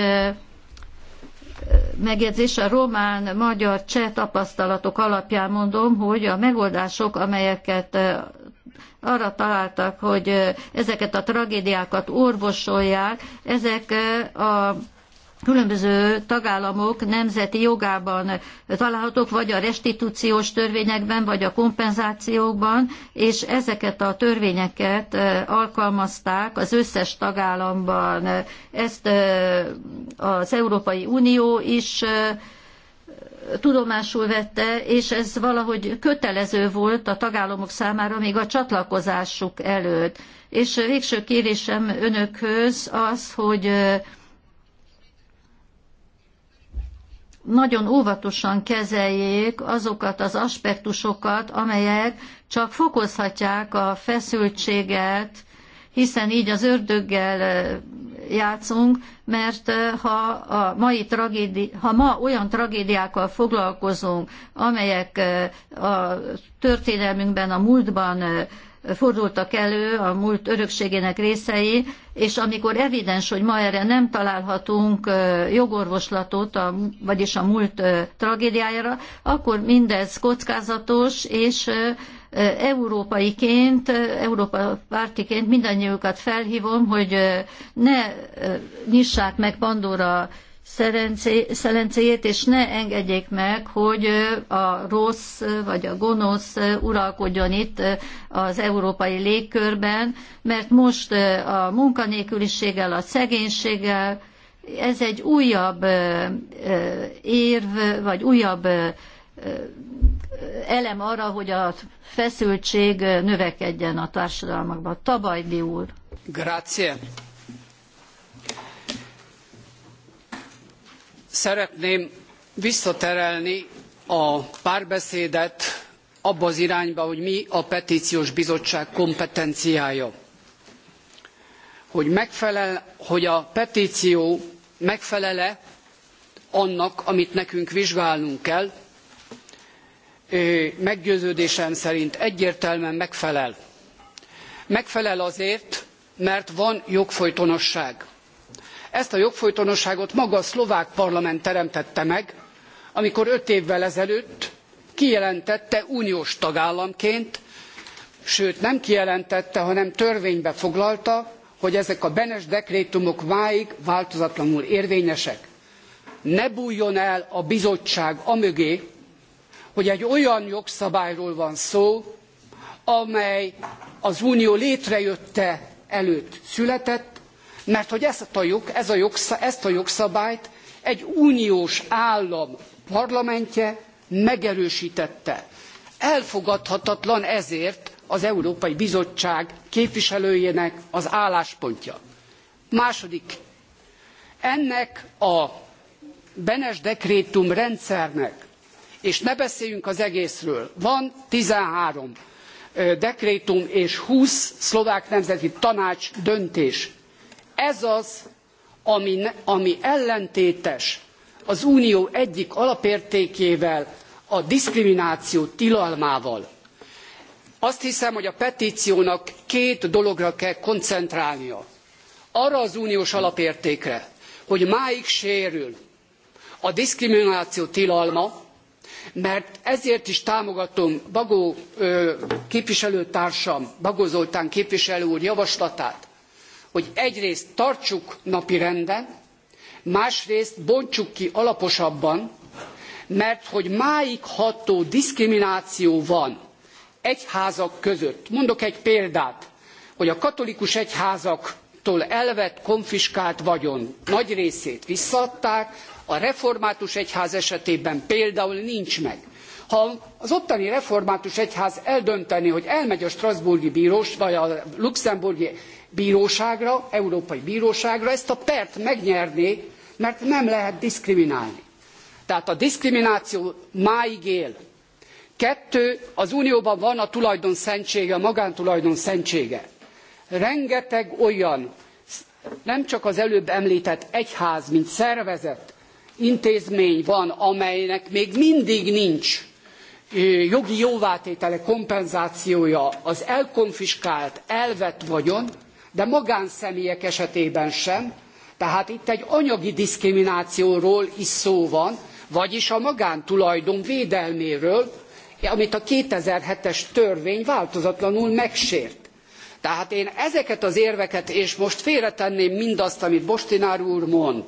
Speaker 3: megjegyzés, a román, magyar, cseh tapasztalatok alapján mondom, hogy a megoldások, amelyeket arra találtak, hogy ezeket a tragédiákat orvosolják, ezek a különböző tagállamok nemzeti jogában találhatók, vagy a restitúciós törvényekben, vagy a kompenzációkban, és ezeket a törvényeket alkalmazták az összes tagállamban. Ezt az Európai Unió is tudomásul vette, és ez valahogy kötelező volt a tagállamok számára még a csatlakozásuk előtt. És végső kérésem önökhöz az, hogy nagyon óvatosan kezeljék azokat az aspektusokat, amelyek csak fokozhatják a feszültséget, hiszen így az ördöggel játszunk, mert ha, a mai tragédi, ha ma olyan tragédiákkal foglalkozunk, amelyek a történelmünkben, a múltban fordultak elő a múlt örökségének részei, és amikor evidens, hogy ma erre nem találhatunk jogorvoslatot, a, vagyis a múlt tragédiájára, akkor mindez kockázatos, és európaiként, Európa pártiként mindannyiukat felhívom, hogy ne nyissák meg Pandora szelencéjét, és ne engedjék meg, hogy a rossz vagy a gonosz uralkodjon itt az európai légkörben, mert most a munkanélküliséggel, a szegénységgel, ez egy újabb érv, vagy újabb elem arra, hogy a feszültség növekedjen a társadalmakban. Tabajdi úr.
Speaker 7: Grazie. szeretném visszaterelni a párbeszédet abba az irányba, hogy mi a petíciós bizottság kompetenciája. Hogy, megfelel, hogy a petíció megfelele annak, amit nekünk vizsgálnunk kell, meggyőződésem szerint egyértelműen megfelel. Megfelel azért, mert van jogfolytonosság ezt a jogfolytonosságot maga a szlovák parlament teremtette meg amikor öt évvel ezelőtt kijelentette uniós tagállamként sőt nem kijelentette hanem törvénybe foglalta hogy ezek a bene dekrétumok máig változatlanul érvényesek. ne bújjon el a bizottság amögé hogy egy olyan jogszabályról van szó amely az unió létrejötte előtt született mert hogy ezt a, jog, ez a jogszab, ezt a jogszabályt egy uniós állam parlamentje megerőstette. elfogadhatatlan ezért az európai bizottság képviselőjének az álláspontja. második ennek a benes dekrétum rendszernek és ne beszéljünk az egészről van thirteen dekrétum és twenty szlovák nemzeti tanács döntés ez az, ami, ami ellentétes az unió egyik alapértékével, a diszkrimináció tilalmával. Azt hiszem, hogy a petíciónak két dologra kell koncentrálnia. Arra az uniós alapértékre, hogy máig sérül a diszkrimináció tilalma, mert ezért is támogatom Bagó ö, képviselőtársam, Bagó Zoltán képviselő úr javaslatát, hogy egyrészt tartsuk napirenden, másrészt bontsuk ki alaposabban, mert hogy máig ható diszkrimináció van egyházak között. Mondok egy példát, hogy a katolikus egyházaktól elvett, konfiskált vagyon nagy részét visszaadták, a református egyház esetében például nincs meg. Ha az ottani református egyház eldönteni, hogy elmegy a Strasburgi bírós, vagy a luxemburgi bíróságra, európai bíróságra, ezt a pert megnyerné, mert nem lehet diszkriminálni. Tehát a diszkrimináció máig él. Kettő, az Unióban van a tulajdon szentsége, a magántulajdon szentsége. Rengeteg olyan, nem csak az előbb említett egyház, mint szervezet, intézmény van, amelynek még mindig nincs jogi jóvátétele, kompenzációja az elkonfiskált, elvett vagyon, de magánszemélyek esetében sem, tehát itt egy anyagi diszkriminációról is szó van, vagyis a magántulajdon védelméről, amit a 2007-es törvény változatlanul megsért. Tehát én ezeket az érveket, és most félretenném mindazt, amit Bostinár úr mond,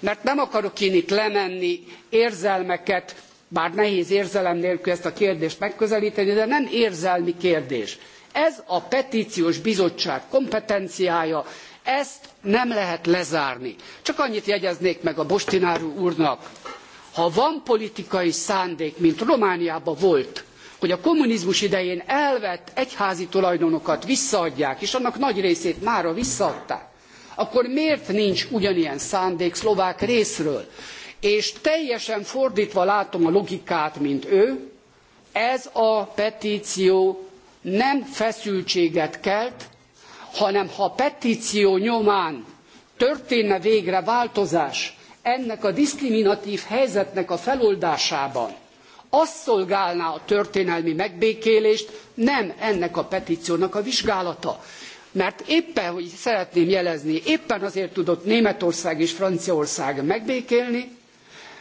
Speaker 7: mert nem akarok én itt lemenni érzelmeket, bár nehéz érzelem nélkül ezt a kérdést megközelíteni, de nem érzelmi kérdés. Ez a petíciós bizottság kompetenciája, ezt nem lehet lezárni. Csak annyit jegyeznék meg a Bostináru úrnak, ha van politikai szándék, mint Romániában volt, hogy a kommunizmus idején elvett egyházi tulajdonokat visszaadják, és annak nagy részét mára visszaadták, akkor miért nincs ugyanilyen szándék szlovák részről? És teljesen fordítva látom a logikát, mint ő, ez a petíció nem feszültséget kelt, hanem ha a petíció nyomán történne végre változás ennek a diszkriminatív helyzetnek a feloldásában, az szolgálná a történelmi megbékélést, nem ennek a petíciónak a vizsgálata. Mert éppen, hogy szeretném jelezni, éppen azért tudott Németország és Franciaország megbékélni,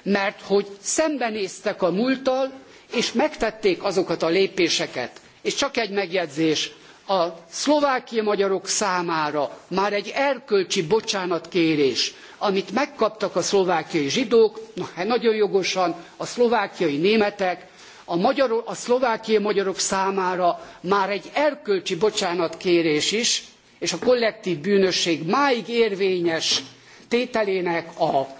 Speaker 7: mert hogy szembenéztek a múlttal, és megtették azokat a lépéseket, és csak egy megjegyzés a szlovákiai magyarok számára már egy erkölcsi bocsánatkérés amit megkaptak a szlovákiai zsidók hát nagyon jogosan a szlovákiai németek a, magyar, a szlovákiai magyarok számára már egy erkölcsi bocsánatkérés is és a kollektv bűnösség máig érvényes tételének a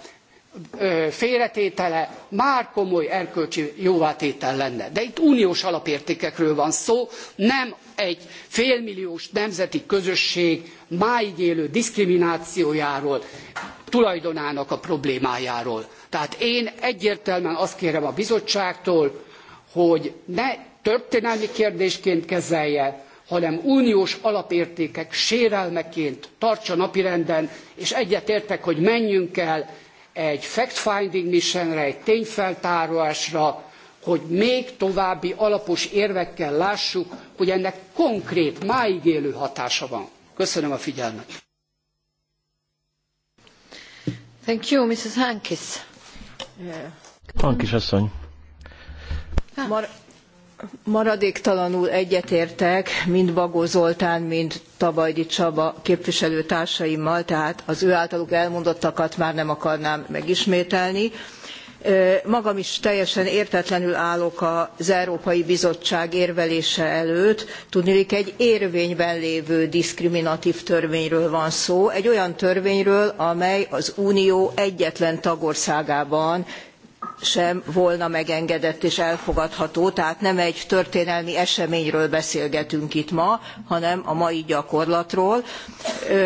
Speaker 7: félretétele már komoly erkölcsi jóvátétel lenne. De itt uniós alapértékekről van szó, nem egy félmilliós nemzeti közösség máig élő diszkriminációjáról, tulajdonának a problémájáról. Tehát én egyértelműen azt kérem a bizottságtól, hogy ne történelmi kérdésként kezelje, hanem uniós alapértékek sérelmeként tartsa napirenden, és egyetértek, hogy menjünk el egy fact-finding missionre, egy tényfeltárásra, hogy még további alapos érvekkel lássuk, hogy ennek konkrét, élő hatása van. Köszönöm a figyelmet.
Speaker 2: Thank you, Mrs. Hankis. Yeah.
Speaker 4: Hankis asszony.
Speaker 9: Mar- maradéktalanul egyetértek mind bagó zoltán mind tabajdi csaba képviselőtársaimmal tehát az ő általuk elmondottakat már nem akarnám megismételni. magam is teljesen értetlenül állok az európai bizottság érvelése előtt tudniillik egy érvényben lévő diszkriminatv törvényről van szó egy olyan törvényről amely az unió egyetlen tagországában sem volna megengedett és elfogadható, tehát nem egy történelmi eseményről beszélgetünk itt ma, hanem a mai gyakorlatról.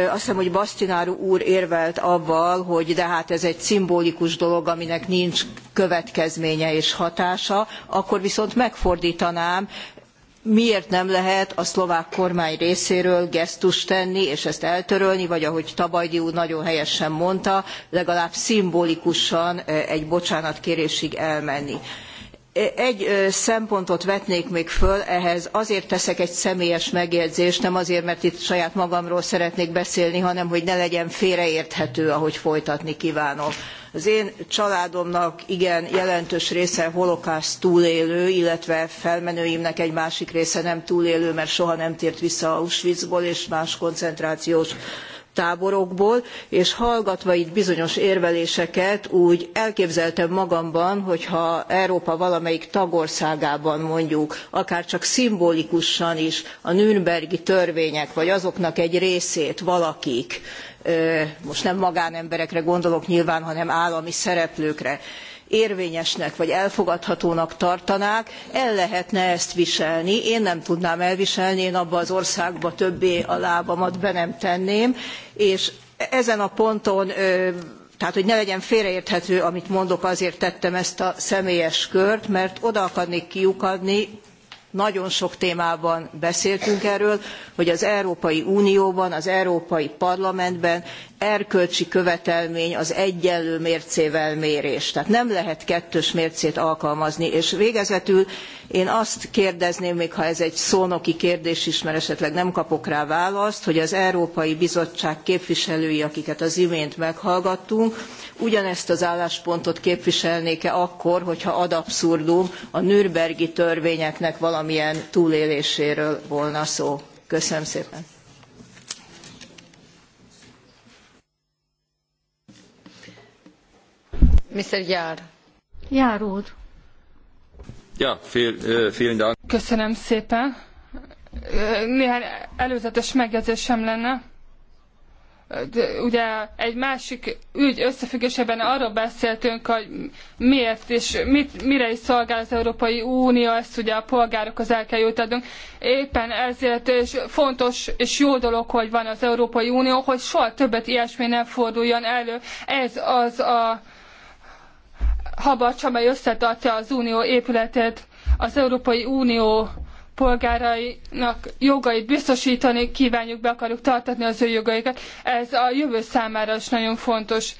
Speaker 9: Azt hiszem, hogy Bastináru úr érvelt avval, hogy de hát ez egy szimbolikus dolog, aminek nincs következménye és hatása, akkor viszont megfordítanám, miért nem lehet a szlovák kormány részéről gesztust tenni, és ezt eltörölni, vagy ahogy Tabajdi úr nagyon helyesen mondta, legalább szimbolikusan egy bocsánatkérésig elmenni. Egy szempontot vetnék még föl, ehhez azért teszek egy személyes megjegyzést, nem azért, mert itt saját magamról szeretnék beszélni, hanem hogy ne legyen félreérthető, ahogy folytatni kívánok. Az én családomnak igen jelentős része holokauszt túlélő, illetve felmenőimnek egy másik része nem túlélő, mert soha nem tért vissza Auschwitzból és más koncentrációs táborokból, és hallgatva itt bizonyos érveléseket úgy elképzeltem magamban, hogy ha Európa valamelyik tagországában mondjuk, akár csak szimbolikusan is a Nürnbergi törvények, vagy azoknak egy részét valakik, most nem magánemberekre gondolok nyilván, hanem állami szereplőkre, érvényesnek vagy elfogadhatónak tartanák el lehetne ezt viselni én nem tudnám elviselni én abba az országba többé a lábamat be nem tenném és ezen a ponton tehát hogy ne legyen félreérthető amit mondok azért tettem ezt a személyes kört mert oda akarnék kiukadni nagyon sok témában beszéltünk erről hogy az európai unióban az európai parlamentben erkölcsi követelmény az egyenlő mércével mérés tehát nem lehet kettős mércét alkalmazni és végezetül én azt kérdezném még ha ez egy szónoki kérdés is mert esetleg nem kapok rá választ hogy az európai bizottság képviselői akiket az imént meghallgattunk ugyanezt az álláspontot képviselnék-e akkor, hogyha ad abszurdum a Nürnbergi törvényeknek valamilyen túléléséről volna szó. Köszönöm szépen.
Speaker 2: Mr. Jár.
Speaker 9: Jár úr.
Speaker 1: Ja, vielen Dank. Köszönöm szépen. Néhány előzetes megjegyzésem lenne ugye egy másik ügy összefüggésében arról beszéltünk, hogy miért és mit, mire is szolgál az Európai Unió, ezt ugye a polgárokhoz el kell jutatnunk. Éppen ezért és fontos és jó dolog, hogy van az Európai Unió, hogy soha többet ilyesmi nem forduljon elő. Ez az a habacs, amely összetartja az unió épületét, az Európai Unió polgárainak jogait biztosítani kívánjuk, be akarjuk tartatni az ő jogaikat. Ez a jövő számára is nagyon fontos.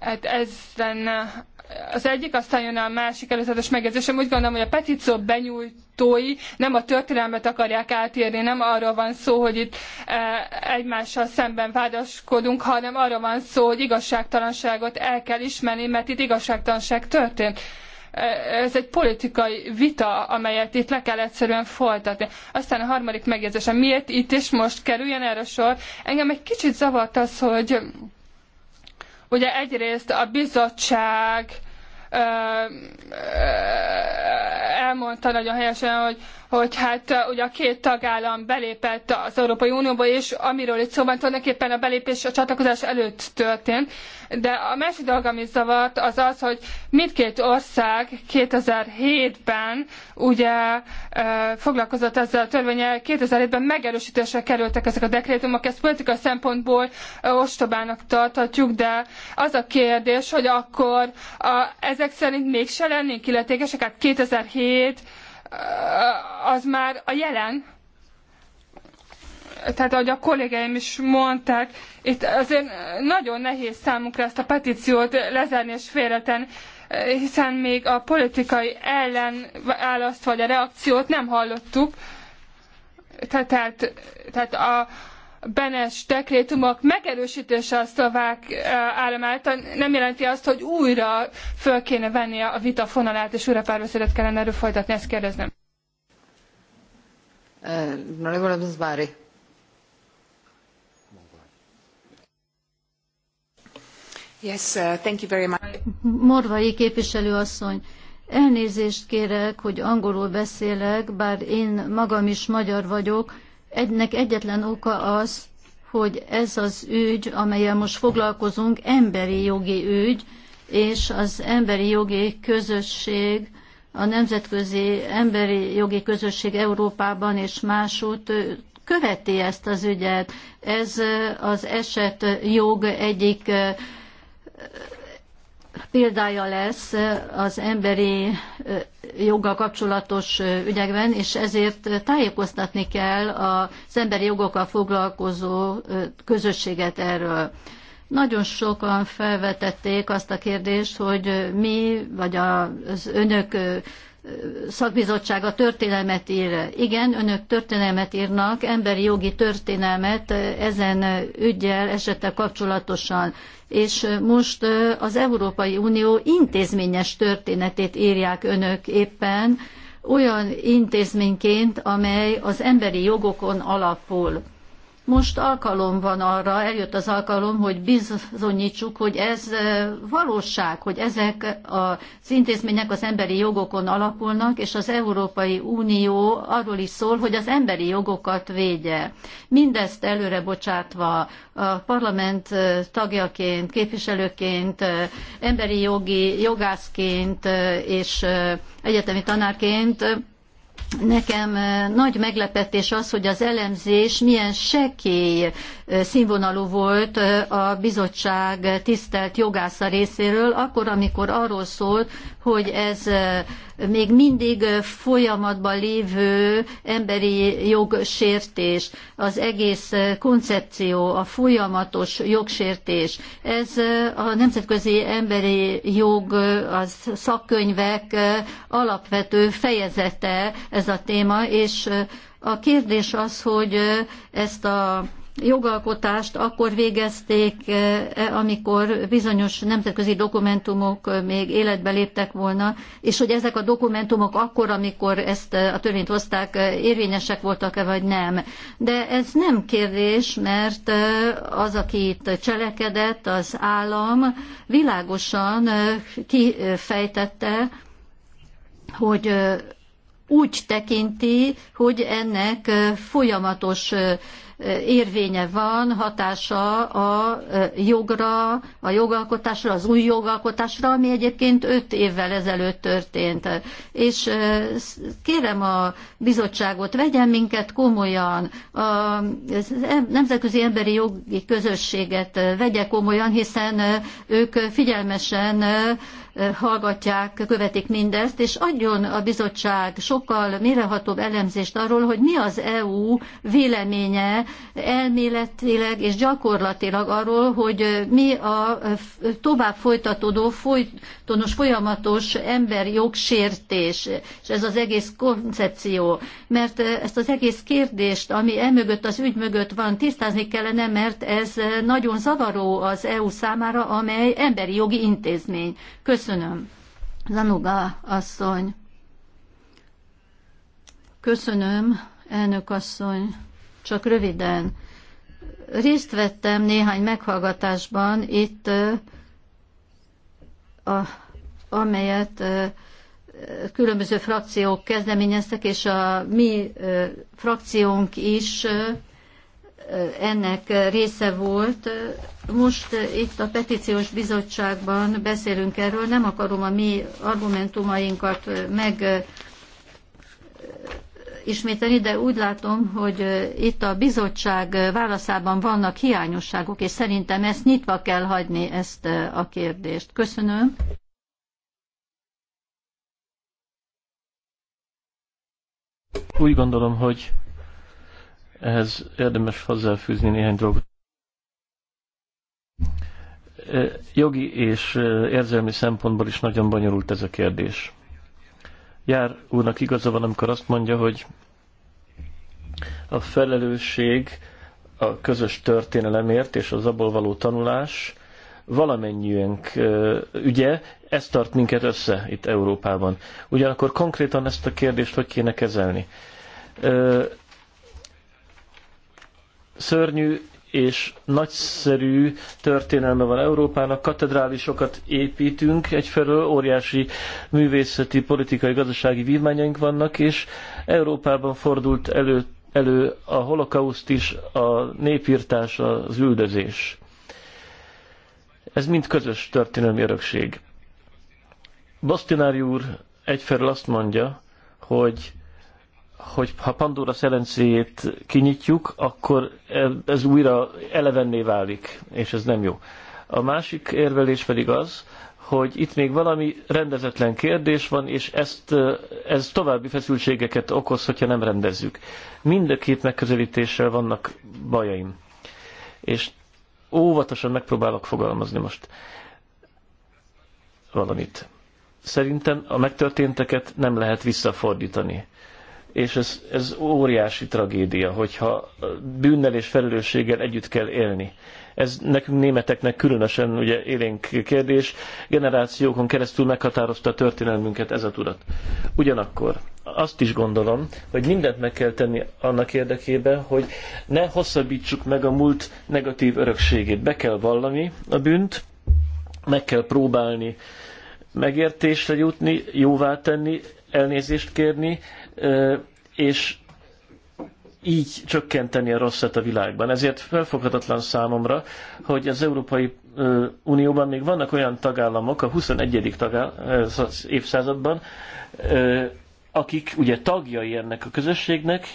Speaker 1: Hát ez lenne az egyik, aztán jön a másik előzetes megjegyzésem. Úgy gondolom, hogy a petíció benyújtói nem a történelmet akarják átérni, nem arról van szó, hogy itt e, egymással szemben vádaskodunk, hanem arról van szó, hogy igazságtalanságot el kell ismerni, mert itt igazságtalanság történt ez egy politikai vita, amelyet itt le kell egyszerűen folytatni. Aztán a harmadik megjegyzésem, miért itt és most kerüljen erre sor? Engem egy kicsit zavart az, hogy ugye egyrészt a bizottság elmondta nagyon helyesen, hogy, hogy hát ugye a két tagállam belépett az Európai Unióba, és amiről itt szó van, tulajdonképpen a belépés a csatlakozás előtt történt. De a másik dolog, ami zavart, az az, hogy mindkét ország 2007-ben ugye foglalkozott ezzel a törvényel, 2007-ben megerősítésre kerültek ezek a dekrétumok, ezt politikai szempontból ostobának tarthatjuk, de az a kérdés, hogy akkor a, ezek szerint mégse lennénk illetékesek, hát 2007 az már a jelen, tehát ahogy a kollégáim is mondták, itt azért nagyon nehéz számukra ezt a petíciót lezárni és félreten, hiszen még a politikai ellenállaszt vagy a reakciót nem hallottuk. Tehát, tehát a, Benes dekrétumok megerősítése a szlovák állam által nem jelenti azt, hogy újra föl kéne venni a vita fonalát, és újra párbeszédet kellene erről folytatni, ezt kérdezem.
Speaker 2: Eh,
Speaker 9: yes, uh, thank you very much.
Speaker 3: Morvai képviselő asszony, elnézést kérek, hogy angolul beszélek, bár én magam is magyar vagyok, ennek egyetlen oka az, hogy ez az ügy, amelyel most foglalkozunk, emberi jogi ügy, és az emberi jogi közösség, a nemzetközi emberi jogi közösség Európában és másút követi ezt az ügyet. Ez az eset jog egyik példája lesz az emberi joggal kapcsolatos ügyekben, és ezért tájékoztatni kell az emberi jogokkal foglalkozó közösséget erről. Nagyon sokan felvetették azt a kérdést, hogy mi, vagy az önök szakbizottsága történelmet ír. Igen, önök történelmet írnak, emberi jogi történelmet ezen ügyel, esettel kapcsolatosan. És most az Európai Unió intézményes történetét írják önök éppen, olyan intézményként, amely az emberi jogokon alapul. Most alkalom van arra, eljött az alkalom, hogy bizonyítsuk, hogy ez valóság, hogy ezek az intézmények az emberi jogokon alapulnak, és az Európai Unió arról is szól, hogy az emberi jogokat védje. Mindezt előre bocsátva a parlament tagjaként, képviselőként, emberi jogi jogászként és egyetemi tanárként Nekem nagy meglepetés az, hogy az elemzés milyen sekély színvonalú volt a bizottság tisztelt jogásza részéről, akkor, amikor arról szólt, hogy ez még mindig folyamatban lévő emberi jogsértés, az egész koncepció, a folyamatos jogsértés. Ez a nemzetközi emberi jog, a szakkönyvek alapvető fejezete ez a téma, és a kérdés az, hogy ezt a jogalkotást akkor végezték, eh, eh, amikor bizonyos nemzetközi dokumentumok eh, még életbe léptek volna, és hogy ezek a dokumentumok akkor, amikor ezt a törvényt hozták, érvényesek voltak-e vagy nem. De ez nem kérdés, mert az, aki itt cselekedett, az állam világosan kifejtette, hogy úgy tekinti, hogy ennek folyamatos érvénye van, hatása a jogra, a jogalkotásra, az új jogalkotásra, ami egyébként öt évvel ezelőtt történt. És kérem a bizottságot, vegyen minket komolyan, a nemzetközi emberi jogi közösséget vegye komolyan, hiszen ők figyelmesen hallgatják, követik mindezt, és adjon a bizottság sokkal mérehatóbb elemzést arról, hogy mi az EU véleménye elméletileg és gyakorlatilag arról, hogy mi a tovább folytatódó, folytonos, folyamatos emberi jogsértés, és ez az egész koncepció. Mert ezt az egész kérdést, ami emögött, az ügy mögött van, tisztázni kellene, mert ez nagyon zavaró az EU számára, amely emberi jogi intézmény. Köszönöm. Köszönöm. Zanuga asszony. Köszönöm, elnök asszony. Csak röviden. Részt vettem néhány meghallgatásban itt, a, amelyet különböző frakciók kezdeményeztek, és a mi frakciónk is ennek része volt. Most itt a petíciós bizottságban beszélünk erről, nem akarom a mi argumentumainkat meg ismételni, de úgy látom, hogy itt a bizottság válaszában vannak hiányosságok, és szerintem ezt nyitva kell hagyni, ezt a kérdést. Köszönöm.
Speaker 4: Úgy gondolom, hogy ehhez érdemes hozzáfűzni néhány dolgot. Jogi és érzelmi szempontból is nagyon bonyolult ez a kérdés. Jár úrnak igaza van, amikor azt mondja, hogy a felelősség a közös történelemért és az abból való tanulás valamennyiünk ügye, ez tart minket össze itt Európában. Ugyanakkor konkrétan ezt a kérdést hogy kéne kezelni? szörnyű és nagyszerű történelme van Európának, katedrálisokat építünk, egyfelől óriási művészeti, politikai, gazdasági vívmányaink vannak, és Európában fordult elő, elő a holokauszt is, a népírtás, az üldözés. Ez mind közös történelmi örökség. Bosztinári úr egyfelől azt mondja, hogy hogy ha Pandora szelencéjét kinyitjuk, akkor ez újra elevenné válik, és ez nem jó. A másik érvelés pedig az, hogy itt még valami rendezetlen kérdés van, és ezt, ez további feszültségeket okoz, hogyha nem rendezzük. Mind a két megközelítéssel vannak bajaim. És óvatosan megpróbálok fogalmazni most valamit. Szerintem a megtörténteket nem lehet visszafordítani és ez, ez óriási tragédia, hogyha bűnnel és felelősséggel együtt kell élni. Ez nekünk németeknek különösen ugye élénk kérdés, generációkon keresztül meghatározta a történelmünket ez a tudat. Ugyanakkor azt is gondolom, hogy mindent meg kell tenni annak érdekében, hogy ne hosszabbítsuk meg a múlt negatív örökségét. Be kell vallani a bűnt, meg kell próbálni megértésre jutni, jóvá tenni, elnézést kérni, és így csökkenteni a rosszat a világban. Ezért felfoghatatlan számomra, hogy az Európai Unióban még vannak olyan tagállamok a 21. Tagáll, az évszázadban, akik ugye tagjai ennek a közösségnek,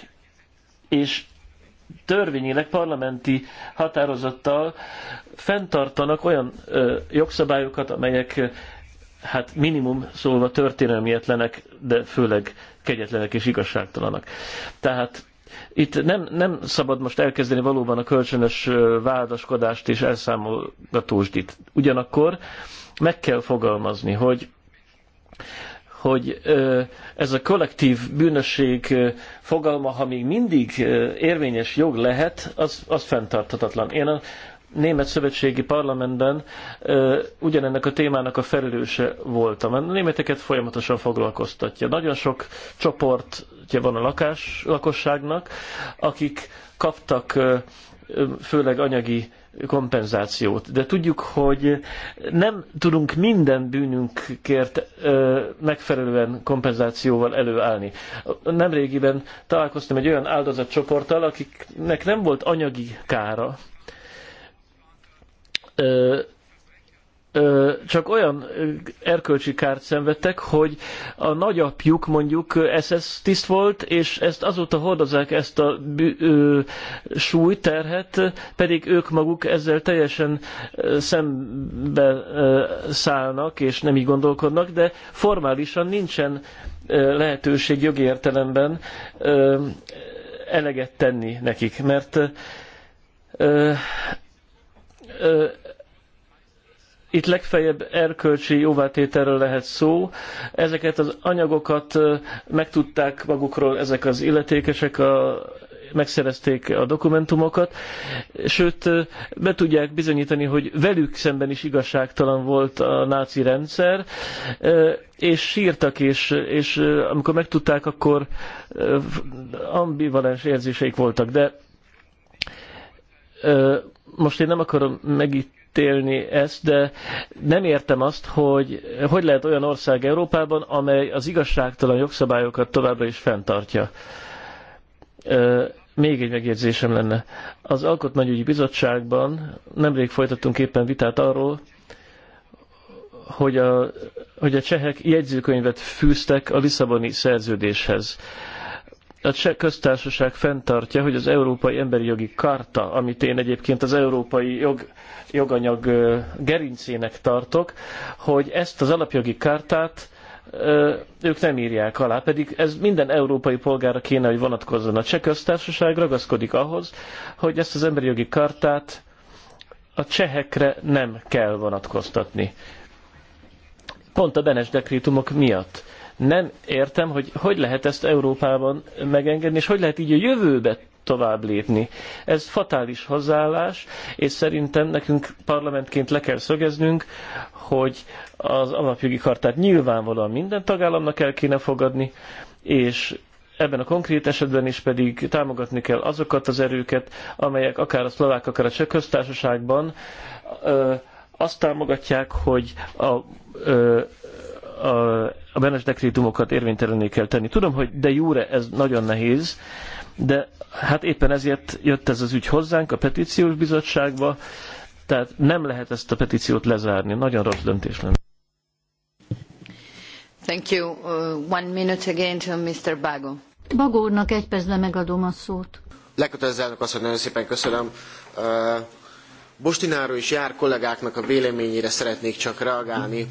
Speaker 4: és törvényileg parlamenti határozattal fenntartanak olyan jogszabályokat, amelyek hát minimum szólva történelmietlenek, de főleg kegyetlenek és igazságtalanak. Tehát itt nem, nem szabad most elkezdeni valóban a kölcsönös vádaskodást és elszámolgatósdit. Ugyanakkor meg kell fogalmazni, hogy hogy ez a kollektív bűnösség fogalma, ha még mindig érvényes jog lehet, az, az fenntarthatatlan. Én a német szövetségi parlamentben ö, ugyanennek a témának a felelőse voltam. A németeket folyamatosan foglalkoztatja. Nagyon sok csoportja van a lakás, lakosságnak, akik kaptak ö, főleg anyagi kompenzációt. De tudjuk, hogy nem tudunk minden bűnünkért ö, megfelelően kompenzációval előállni. Nemrégiben találkoztam egy olyan áldozatcsoporttal, akiknek nem volt anyagi kára, ö, ö, csak olyan erkölcsi kárt szenvedtek, hogy a nagyapjuk mondjuk SS tiszt volt, és ezt azóta hordozák ezt a ö, terhet, pedig ők maguk ezzel teljesen szembe szállnak, és nem így gondolkodnak, de formálisan nincsen lehetőség jogi értelemben eleget tenni nekik, mert ö, ö, itt legfeljebb erkölcsi jóvátételről lehet szó. Ezeket az anyagokat megtudták magukról ezek az illetékesek, a, megszerezték a dokumentumokat, sőt be tudják bizonyítani, hogy velük szemben is igazságtalan volt a náci rendszer, és sírtak, és, és amikor megtudták, akkor ambivalens érzéseik voltak, de most én nem akarom megít megítélni ezt, de nem értem azt, hogy hogy lehet olyan ország Európában, amely az igazságtalan jogszabályokat továbbra is fenntartja. Még egy megjegyzésem lenne. Az Alkotmányügyi Bizottságban nemrég folytattunk éppen vitát arról, hogy a, hogy a csehek jegyzőkönyvet fűztek a Lisszaboni szerződéshez a cseh köztársaság fenntartja, hogy az Európai Emberi Jogi Karta, amit én egyébként az európai jog, joganyag gerincének tartok, hogy ezt az alapjogi kartát ők nem írják alá, pedig ez minden európai polgára kéne, hogy vonatkozzon. A cseh köztársaság ragaszkodik ahhoz, hogy ezt az emberi jogi kartát a csehekre nem kell vonatkoztatni. Pont a Benes dekrétumok miatt nem értem, hogy hogy lehet ezt Európában megengedni, és hogy lehet így a jövőbe tovább lépni. Ez fatális hozzáállás, és szerintem nekünk parlamentként le kell szögeznünk, hogy az alapjogi kartát nyilvánvalóan minden tagállamnak el kéne fogadni, és ebben a konkrét esetben is pedig támogatni kell azokat az erőket, amelyek akár a szlovák, akár a cseh köztársaságban ö, azt támogatják, hogy a ö, a, a benes dekrétumokat érvénytelené kell tenni. Tudom, hogy de jóre ez nagyon nehéz, de hát éppen ezért jött ez az ügy hozzánk a petíciós bizottságba, tehát nem lehet ezt a petíciót lezárni.
Speaker 6: Nagyon rossz döntés lenne.
Speaker 2: Thank you. Uh, one minute again to Mr. Bago. Bago,
Speaker 3: úrnak egy percre megadom a szót.
Speaker 6: Lekötelező azt, hogy nagyon szépen köszönöm. Uh, Bostináról és jár kollégáknak a véleményére szeretnék csak reagálni,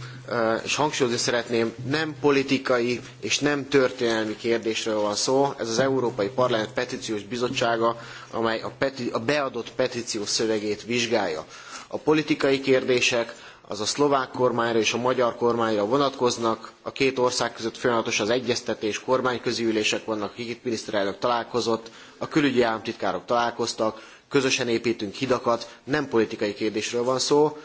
Speaker 6: és hangsúlyozni szeretném, nem politikai és nem történelmi kérdésről van szó. Ez az Európai Parlament Petíciós Bizottsága, amely a, peti, a beadott petíció szövegét vizsgálja. A politikai kérdések az a szlovák kormányra és a magyar kormányra vonatkoznak. A két ország között folyamatos az egyeztetés, kormányközi ülések vannak, akik itt miniszterelnök találkozott, a külügyi államtitkárok találkoztak, közösen építünk hidakat, nem politikai kérdésről van szó,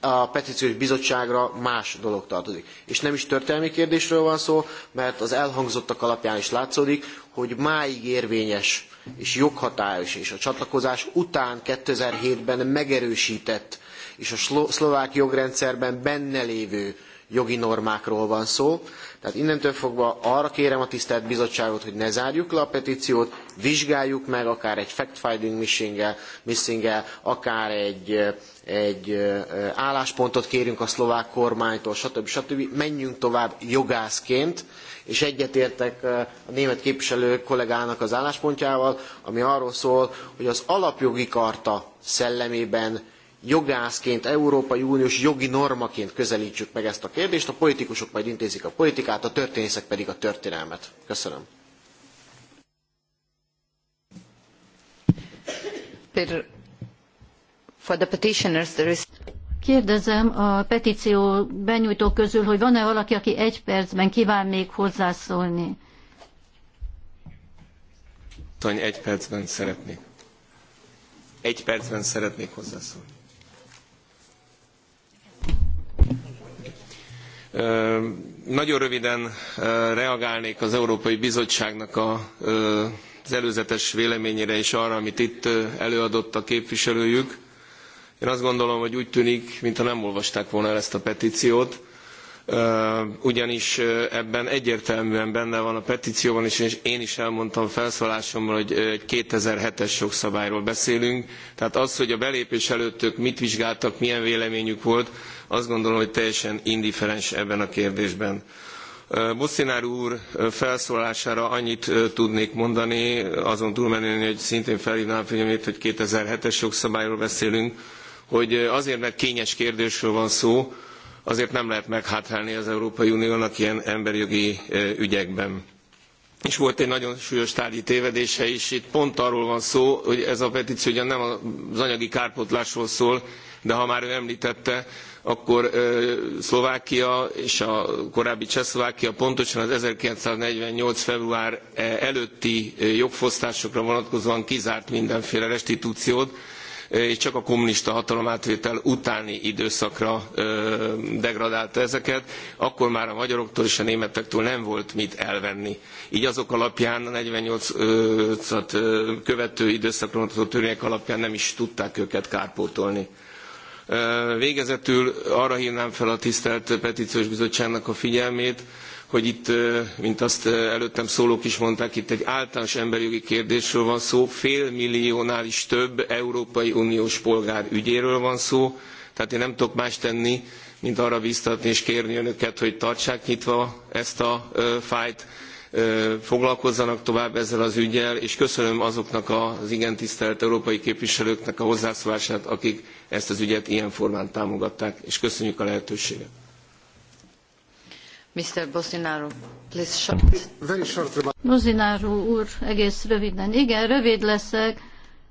Speaker 6: a petíciós bizottságra más dolog tartozik. És nem is történelmi kérdésről van szó, mert az elhangzottak alapján is látszódik, hogy máig érvényes és joghatályos és a csatlakozás után 2007-ben megerősített és a szlovák jogrendszerben benne lévő jogi normákról van szó. Tehát innentől fogva arra kérem a tisztelt bizottságot, hogy ne zárjuk le a petíciót, vizsgáljuk meg, akár egy fact-finding missing akár egy, egy álláspontot kérünk a szlovák kormánytól, stb. stb. Menjünk tovább jogászként, és egyetértek a német képviselő kollégának az álláspontjával, ami arról szól, hogy az alapjogi karta szellemében jogászként, Európai Uniós jogi normaként közelítsük meg ezt a kérdést, a politikusok majd intézik a politikát, a történészek pedig a történelmet. Köszönöm.
Speaker 2: Kérdezem a
Speaker 3: petíció benyújtók közül, hogy van-e valaki, aki egy percben kíván még hozzászólni?
Speaker 8: Tony, egy percben szeretnék. Egy percben szeretnék hozzászólni. Nagyon röviden reagálnék az Európai Bizottságnak a az előzetes véleményére és arra, amit itt előadott a képviselőjük. Én azt gondolom, hogy úgy tűnik, mintha nem olvasták volna el ezt a petíciót, ugyanis ebben egyértelműen benne van a petícióban is, és én is elmondtam felszólásomban, hogy egy 2007-es jogszabályról beszélünk. Tehát az, hogy a belépés előtt ők mit vizsgáltak, milyen véleményük volt, azt gondolom, hogy teljesen indiferens ebben a kérdésben. Bosszinár úr felszólására annyit tudnék mondani, azon túlmenően, hogy szintén felhívnám figyelmét, hogy 2007-es jogszabályról beszélünk, hogy azért, mert kényes kérdésről van szó, azért nem lehet meghátrálni az Európai Uniónak ilyen emberi jogi ügyekben. És volt egy nagyon súlyos tárgyi tévedése is, itt pont arról van szó, hogy ez a petíció ugyan nem az anyagi kárpótlásról szól, de ha már ő említette, akkor Szlovákia és a korábbi Csehszlovákia pontosan az 1948. február előtti jogfosztásokra vonatkozóan kizárt mindenféle restitúciót, és csak a kommunista hatalomátvétel utáni időszakra degradálta ezeket, akkor már a magyaroktól és a németektől nem volt mit elvenni. Így azok alapján, a 48-at követő időszakra vonatkozó törvények alapján nem is tudták őket kárpótolni. Végezetül arra hívnám fel a tisztelt Petíciós Bizottságnak a figyelmét, hogy itt, mint azt előttem szólók is mondták, itt egy általános emberi jogi kérdésről van szó, félmilliónál is több Európai Uniós polgár ügyéről van szó, tehát én nem tudok más tenni, mint arra biztatni és kérni önöket, hogy tartsák nyitva ezt a fájt, foglalkozzanak tovább ezzel az ügyel, és köszönöm azoknak az igen tisztelt európai képviselőknek a hozzászólását, akik ezt az ügyet ilyen formán támogatták, és köszönjük a lehetőséget.
Speaker 2: Mr. Bosinaru,
Speaker 8: please short.
Speaker 7: Very short.
Speaker 3: Bosinaru úr, egész röviden. Igen, rövid leszek.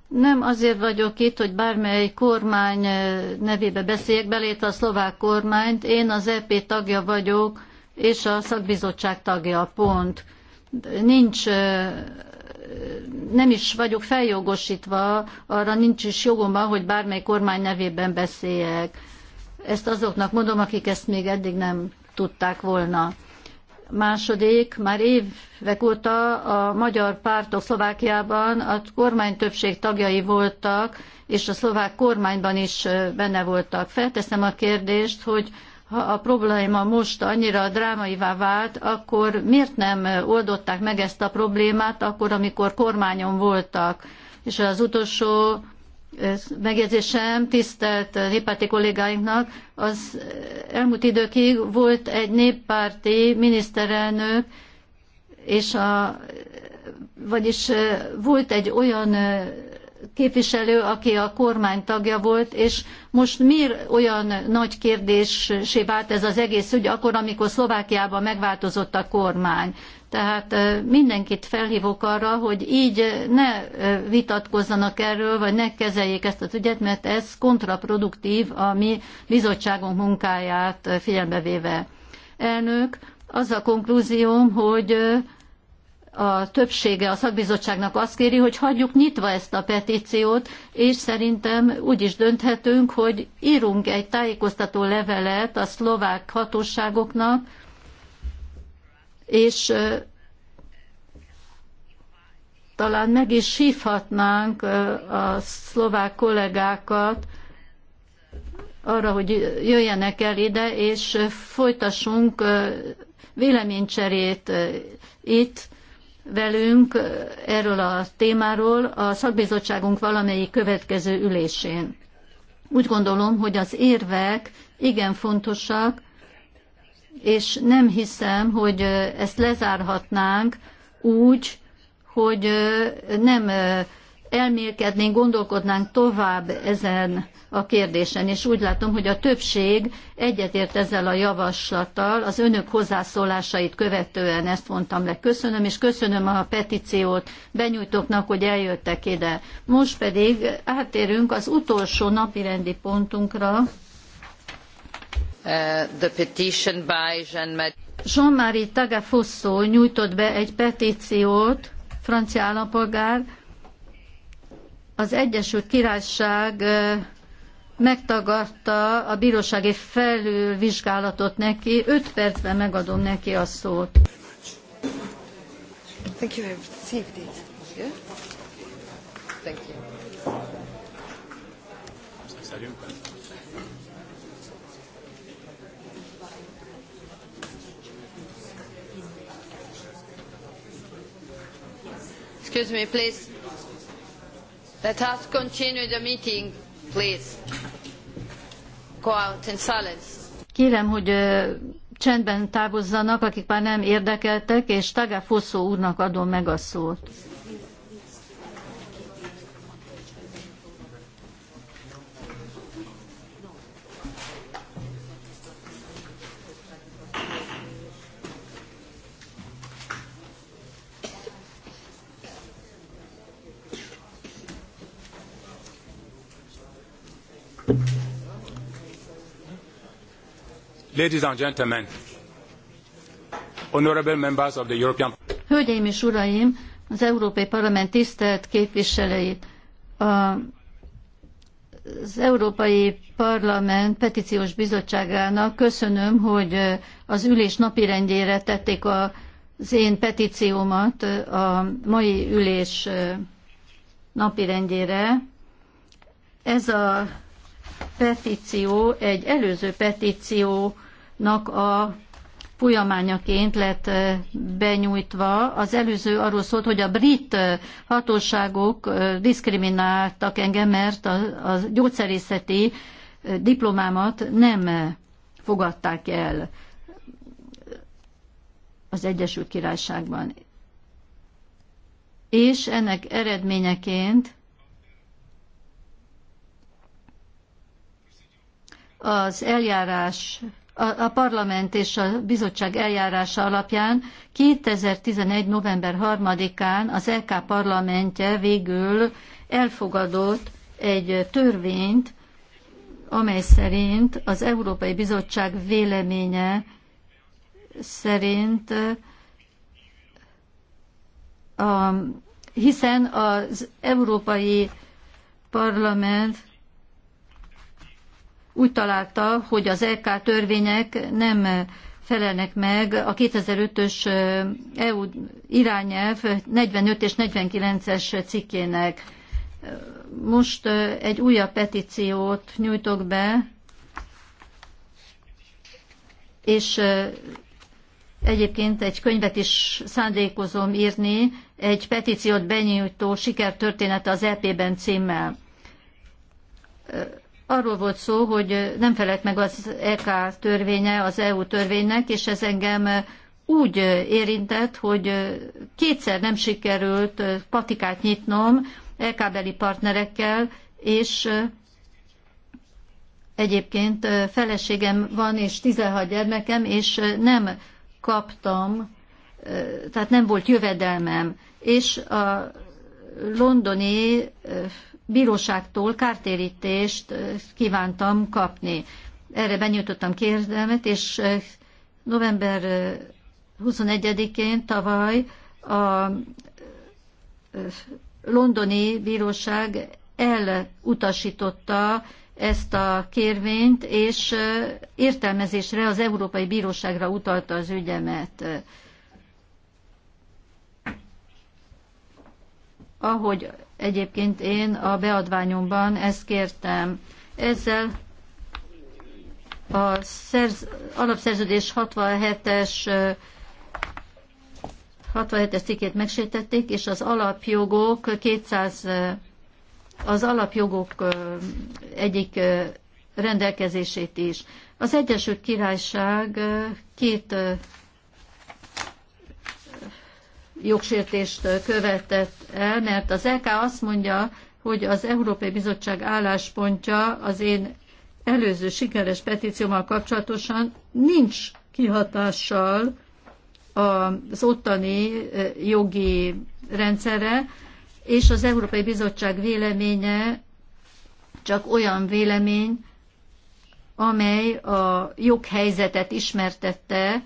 Speaker 3: Nem azért vagyok itt, hogy bármely kormány eh, nevébe beszéljek, belét a szlovák kormányt. Én az EP tagja vagyok, és a szakbizottság tagja, pont. Nincs, nem is vagyok feljogosítva, arra nincs is jogom, hogy bármely kormány nevében beszéljek. Ezt azoknak mondom, akik ezt még eddig nem tudták volna. Második, már évek óta a magyar pártok Szlovákiában a kormány többség tagjai voltak, és a szlovák kormányban is benne voltak. Felteszem a kérdést, hogy ha a probléma most annyira drámaivá vált, akkor miért nem oldották meg ezt a problémát akkor, amikor kormányon voltak? És az utolsó megjegyzésem tisztelt néppárti kollégáinknak, az elmúlt időkig volt egy néppárti miniszterelnök, és a, vagyis volt egy olyan képviselő, aki a kormány tagja volt, és most miért olyan nagy kérdésé vált ez az egész ügy, akkor, amikor Szlovákiában megváltozott a kormány. Tehát mindenkit felhívok arra, hogy így ne vitatkozzanak erről, vagy ne kezeljék ezt a ügyet, mert ez kontraproduktív a mi bizottságunk munkáját figyelembe véve. Elnök, az a konklúzióm, hogy a többsége a szakbizottságnak azt kéri, hogy hagyjuk nyitva ezt a petíciót, és szerintem úgy is dönthetünk, hogy írunk egy tájékoztató levelet a szlovák hatóságoknak, és talán meg is hívhatnánk a szlovák kollégákat arra, hogy jöjjenek el ide, és folytassunk véleménycserét itt, velünk erről a témáról a szakbizottságunk valamelyik következő ülésén. Úgy gondolom, hogy az érvek igen fontosak, és nem hiszem, hogy ezt lezárhatnánk úgy, hogy nem elmélkednénk, gondolkodnánk tovább ezen a kérdésen, és úgy látom, hogy a többség egyetért ezzel a javaslattal, az önök hozzászólásait követően ezt mondtam le. Köszönöm, és köszönöm a petíciót benyújtóknak, hogy eljöttek ide. Most pedig átérünk az utolsó napirendi pontunkra.
Speaker 2: Uh, the petition by
Speaker 3: Jean-Marie Tagafosso nyújtott be egy petíciót, francia állampolgár, az Egyesült Királyság megtagadta a bírósági felülvizsgálatot neki. Öt percben megadom neki a szót.
Speaker 2: Thank you. I've received Thank you. Excuse me, please. Let us continue the meeting, please. Go out in silence.
Speaker 3: Kérem, hogy csendben távozzanak, akik már nem érdekeltek, és Tagafoszó úrnak adom meg a szót.
Speaker 5: Ladies and gentlemen, honorable members of the European
Speaker 3: Hölgyeim és uraim, az Európai Parlament tisztelt képviselői, az Európai Parlament petíciós bizottságának köszönöm, hogy az ülés napirendjére tették a, az én petíciómat a mai ülés napirendjére. Ez a petíció egy előző petíciónak a folyamányaként lett benyújtva. Az előző arról szólt, hogy a brit hatóságok diszkrimináltak engem, mert a, a gyógyszerészeti diplomámat nem fogadták el az Egyesült Királyságban. És ennek eredményeként az eljárás, a, parlament és a bizottság eljárása alapján 2011. november 3-án az LK parlamentje végül elfogadott egy törvényt, amely szerint az Európai Bizottság véleménye szerint a, hiszen az Európai Parlament úgy találta, hogy az EK törvények nem felelnek meg a 2005-ös EU irányelv 45 és 49-es cikkének. Most egy újabb petíciót nyújtok be, és egyébként egy könyvet is szándékozom írni, egy petíciót benyújtó sikertörténete az EP-ben címmel arról volt szó, hogy nem felelt meg az EK törvénye az EU törvénynek, és ez engem úgy érintett, hogy kétszer nem sikerült patikát nyitnom EK-beli partnerekkel, és egyébként feleségem van, és 16 gyermekem, és nem kaptam, tehát nem volt jövedelmem. És a londoni bíróságtól kártérítést kívántam kapni. Erre benyújtottam kérdelmet, és november 21-én tavaly a londoni bíróság elutasította ezt a kérvényt, és értelmezésre az Európai Bíróságra utalta az ügyemet. Ahogy Egyébként én a beadványomban ezt kértem. Ezzel a szerz, alapszerződés 67-es 67-es cikkét megsértették, és az alapjogok 200 az alapjogok egyik rendelkezését is. Az Egyesült Királyság két jogsértést követett el, mert az LK azt mondja, hogy az Európai Bizottság álláspontja az én előző sikeres petíciómmal kapcsolatosan nincs kihatással az ottani jogi rendszerre, és az Európai Bizottság véleménye csak olyan vélemény, amely a joghelyzetet ismertette,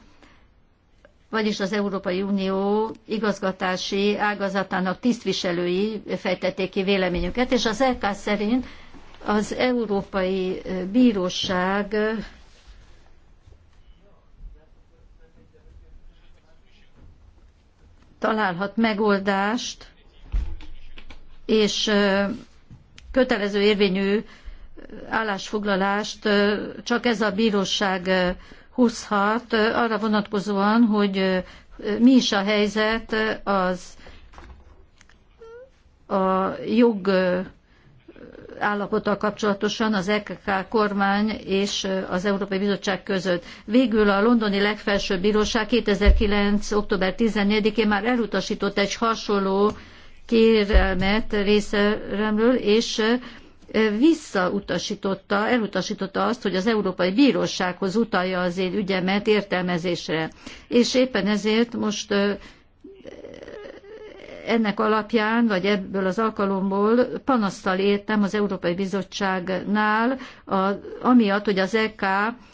Speaker 3: vagyis az Európai Unió igazgatási ágazatának tisztviselői fejtették ki véleményüket, és az LK szerint az Európai Bíróság találhat megoldást, és kötelező érvényű állásfoglalást csak ez a bíróság 26 arra vonatkozóan, hogy mi is a helyzet az a jog állapota kapcsolatosan az EKK kormány és az Európai Bizottság között. Végül a londoni legfelsőbb bíróság 2009. október 14-én már elutasított egy hasonló kérelmet részeremről, és visszautasította, elutasította azt, hogy az Európai Bírósághoz utalja az én ügyemet értelmezésre. És éppen ezért most ennek alapján, vagy ebből az alkalomból panasztal értem az Európai Bizottságnál, a, amiatt, hogy az EK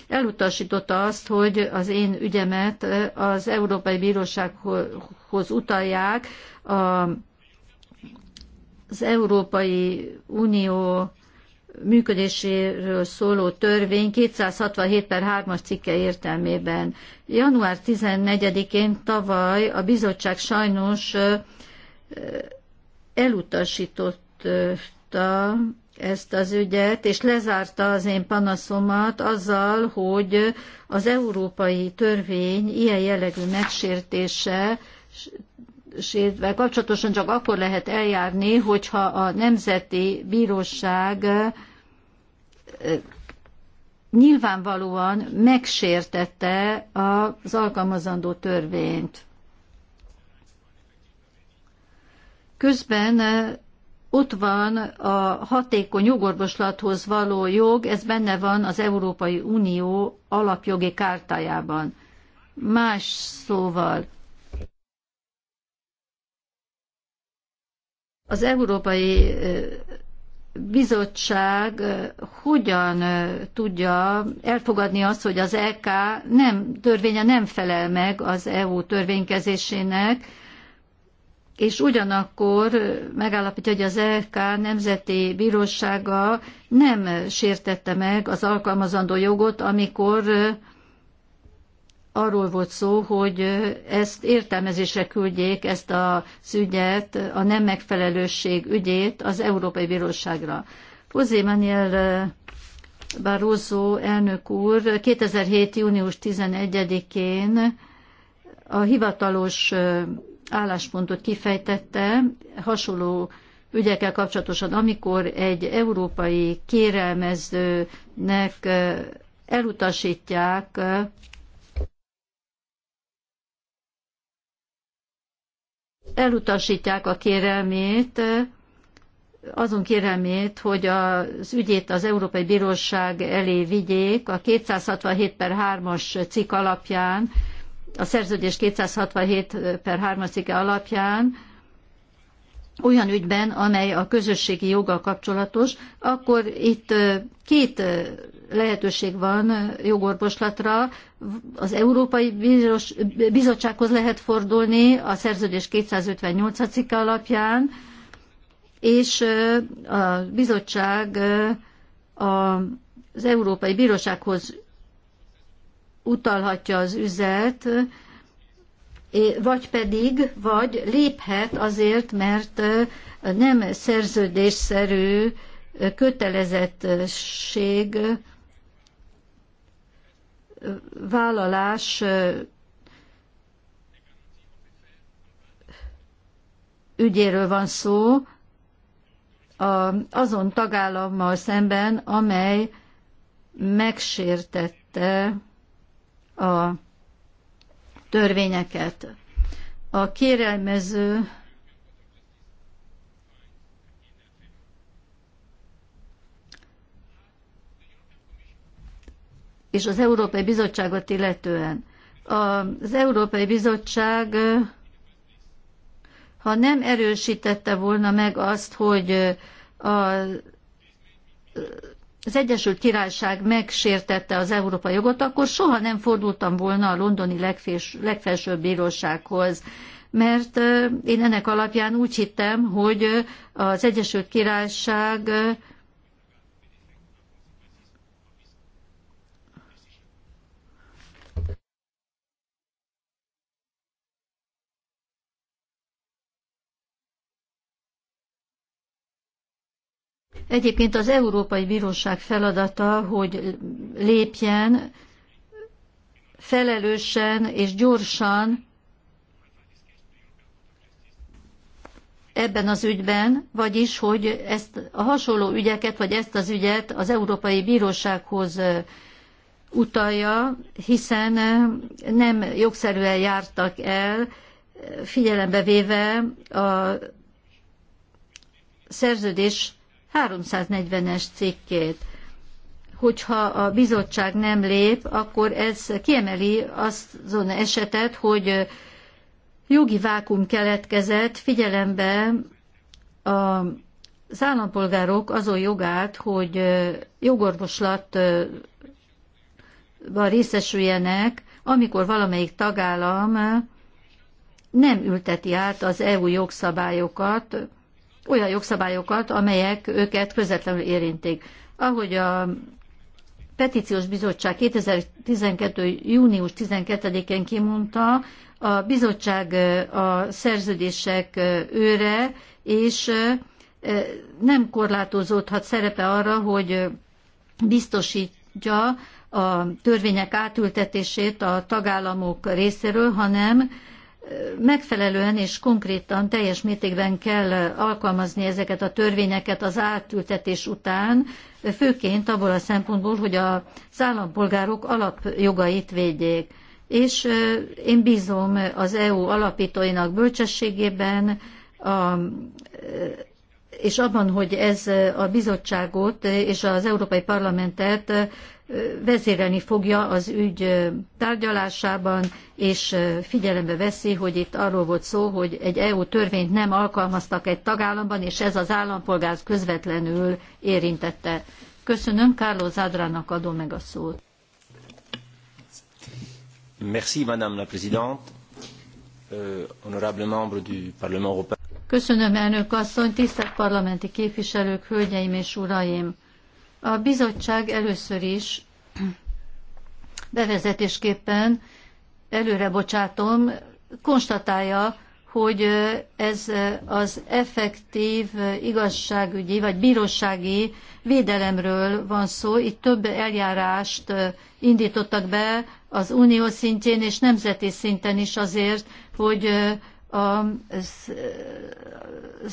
Speaker 3: elutasította azt, hogy az én ügyemet az Európai Bírósághoz utalják a az Európai Unió működéséről szóló törvény 267 per 3-as cikke értelmében. Január 14-én tavaly a bizottság sajnos elutasította ezt az ügyet, és lezárta az én panaszomat azzal, hogy az európai törvény ilyen jellegű megsértése sértvel kapcsolatosan csak akkor lehet eljárni, hogyha a Nemzeti Bíróság nyilvánvalóan megsértette az alkalmazandó törvényt. Közben ott van a hatékony jogorvoslathoz való jog, ez benne van az Európai Unió alapjogi kártájában. Más szóval, az Európai Bizottság hogyan tudja elfogadni azt, hogy az EK nem, törvénye nem felel meg az EU törvénykezésének, és ugyanakkor megállapítja, hogy az LK e Nemzeti Bírósága nem sértette meg az alkalmazandó jogot, amikor arról volt szó, hogy ezt értelmezésre küldjék, ezt az ügyet, a nem megfelelőség ügyét az Európai Bíróságra. José Manuel Barroso elnök úr 2007. június 11-én a hivatalos álláspontot kifejtette hasonló ügyekkel kapcsolatosan, amikor egy európai kérelmezőnek elutasítják elutasítják a kérelmét, azon kérelmét, hogy az ügyét az Európai Bíróság elé vigyék a 267 per 3-as cikk alapján, a szerződés 267 per 3-as cikke alapján, olyan ügyben, amely a közösségi joggal kapcsolatos, akkor itt két lehetőség van jogorvoslatra, az Európai Bizos, Bizottsághoz lehet fordulni a szerződés 258 cikke alapján, és a bizottság az Európai Bírósághoz utalhatja az üzet, vagy pedig, vagy léphet azért, mert nem szerződésszerű kötelezettség vállalás ügyéről van szó azon tagállammal szemben, amely megsértette a törvényeket. A kérelmező és az Európai Bizottságot illetően. Az Európai Bizottság, ha nem erősítette volna meg azt, hogy a, az Egyesült Királyság megsértette az európai jogot, akkor soha nem fordultam volna a londoni legfés, legfelsőbb bírósághoz, mert én ennek alapján úgy hittem, hogy az Egyesült Királyság Egyébként az Európai Bíróság feladata, hogy lépjen felelősen és gyorsan ebben az ügyben, vagyis, hogy ezt a hasonló ügyeket, vagy ezt az ügyet az Európai Bírósághoz utalja, hiszen nem jogszerűen jártak el, figyelembe véve a szerződés 340-es cikkét. Hogyha a bizottság nem lép, akkor ez kiemeli azon esetet, hogy jogi vákum keletkezett, figyelembe a az állampolgárok azon jogát, hogy jogorvoslatban részesüljenek, amikor valamelyik tagállam nem ülteti át az EU jogszabályokat, olyan jogszabályokat, amelyek őket közvetlenül érintik. Ahogy a Petíciós Bizottság 2012. június 12-én kimondta, a bizottság a szerződések őre, és nem korlátozódhat szerepe arra, hogy biztosítja a törvények átültetését a tagállamok részéről, hanem megfelelően és konkrétan teljes mértékben kell alkalmazni ezeket a törvényeket az átültetés után, főként abból a szempontból, hogy az állampolgárok alapjogait védjék. És én bízom az EU alapítóinak bölcsességében, a, és abban, hogy ez a bizottságot és az Európai Parlamentet vezérelni fogja az ügy tárgyalásában, és figyelembe veszi, hogy itt arról volt szó, hogy egy EU törvényt nem alkalmaztak egy tagállamban, és ez az állampolgár közvetlenül érintette. Köszönöm, Carlo Zádrának adom meg a szót.
Speaker 8: Merci, Madame la Présidente, euh, honorable membre du Parlement européen.
Speaker 3: Köszönöm, elnök asszony, tisztelt parlamenti képviselők, hölgyeim és uraim! A bizottság először is bevezetésképpen előre bocsátom, konstatálja, hogy ez az effektív igazságügyi vagy bírósági védelemről van szó. Itt több eljárást indítottak be az unió szintjén és nemzeti szinten is azért, hogy az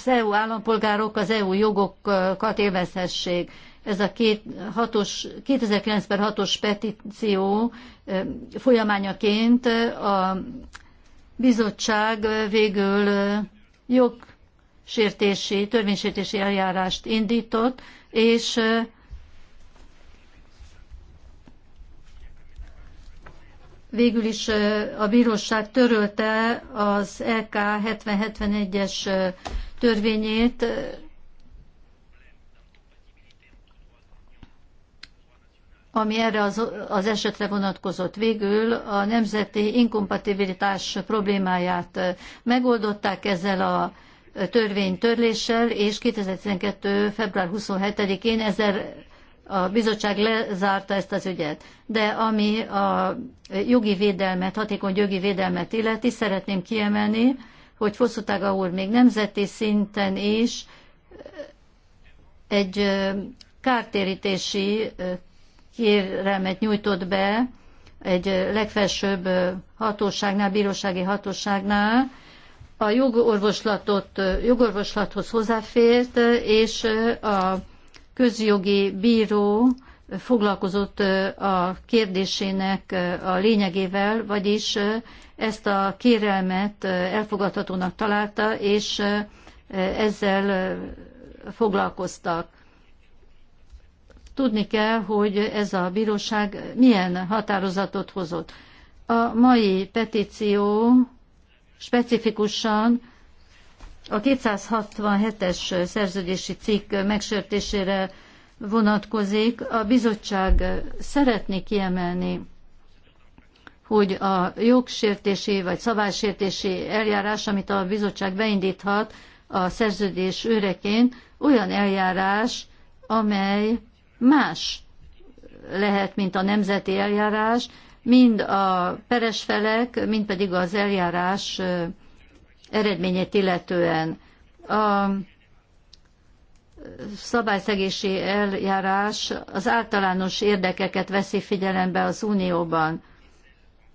Speaker 3: EU állampolgárok az EU jogokat élvezhessék ez a két, hatos, 2009 per 6-os petíció folyamányaként a bizottság végül jogsértési, törvénysértési eljárást indított, és végül is a bíróság törölte az EK 7071-es törvényét, ami erre az, az esetre vonatkozott. Végül a nemzeti inkompatibilitás problémáját megoldották ezzel a törvény törléssel, és 2012. február 27-én ezzel a bizottság lezárta ezt az ügyet. De ami a jogi védelmet, hatékony jogi védelmet illeti, szeretném kiemelni, hogy Fosszutága úr még nemzeti szinten is egy kártérítési kérelmet nyújtott be egy legfelsőbb hatóságnál, bírósági hatóságnál, a jogorvoslatot, jogorvoslathoz hozzáfért, és a közjogi bíró foglalkozott a kérdésének a lényegével, vagyis ezt a kérelmet elfogadhatónak találta, és ezzel foglalkoztak tudni kell, hogy ez a bíróság milyen határozatot hozott. A mai petíció specifikusan a 267-es szerződési cikk megsértésére vonatkozik. A bizottság szeretné kiemelni, hogy a jogsértési vagy szabálysértési eljárás, amit a bizottság beindíthat a szerződés őreként, olyan eljárás, amely más lehet, mint a nemzeti eljárás, mind a peresfelek, mind pedig az eljárás eredményét illetően. A szabályszegési eljárás az általános érdekeket veszi figyelembe az Unióban.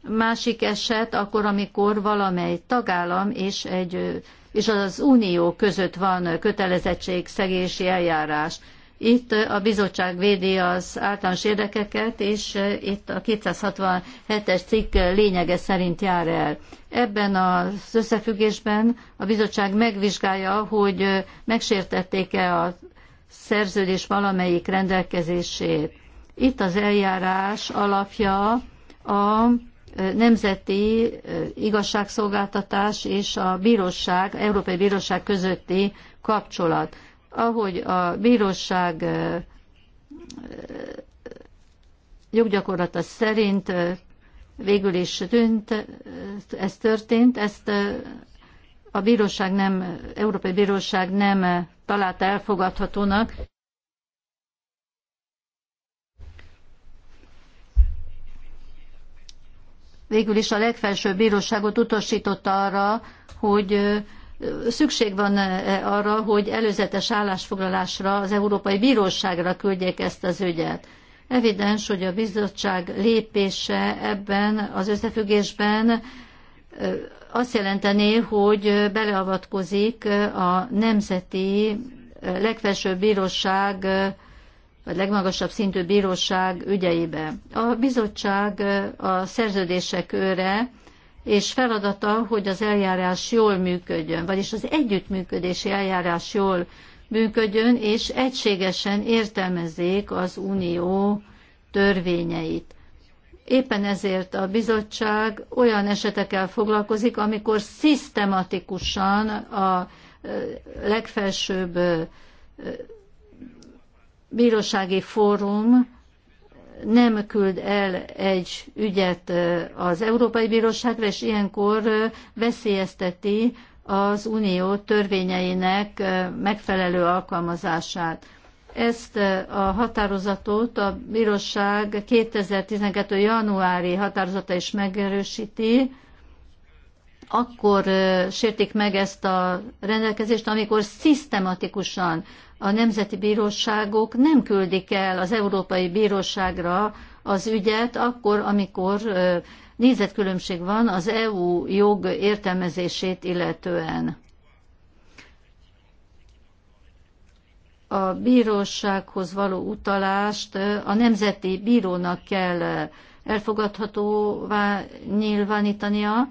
Speaker 3: Másik eset akkor, amikor valamely tagállam és, egy, és az Unió között van kötelezettségszegési eljárás. Itt a bizottság védi az általános érdekeket, és eh, itt a 267-es cikk eh, lényege szerint jár el. Ebben az összefüggésben a bizottság megvizsgálja, hogy eh, megsértették-e a szerződés valamelyik rendelkezését. Itt az eljárás alapja a nemzeti igazságszolgáltatás és a bíróság, Európai Bíróság közötti kapcsolat ahogy a bíróság joggyakorlata szerint végül is tűnt, ez történt, ezt a bíróság nem, Európai Bíróság nem találta elfogadhatónak. Végül is a legfelsőbb bíróságot utasította arra, hogy szükség van e, e, arra, hogy előzetes állásfoglalásra, az Európai Bíróságra küldjék ezt az ügyet. Evidens, hogy a bizottság lépése ebben az összefüggésben e, azt jelenteni, hogy beleavatkozik a nemzeti legfelsőbb bíróság vagy legmagasabb szintű bíróság ügyeibe. A bizottság a szerződések őre, és feladata, hogy az eljárás jól működjön, vagyis az együttműködési eljárás jól működjön, és egységesen értelmezzék az unió törvényeit. Éppen ezért a bizottság olyan esetekkel foglalkozik, amikor szisztematikusan a legfelsőbb bírósági fórum nem küld el egy ügyet az Európai Bíróságra, és ilyenkor veszélyezteti az unió törvényeinek megfelelő alkalmazását. Ezt a határozatot a bíróság 2012. januári határozata is megerősíti, akkor sértik meg ezt a rendelkezést, amikor szisztematikusan a nemzeti bíróságok nem küldik el az Európai Bíróságra az ügyet, akkor, amikor nézetkülönbség van az EU jog értelmezését illetően. A bírósághoz való utalást a nemzeti bírónak kell elfogadhatóvá nyilvánítania,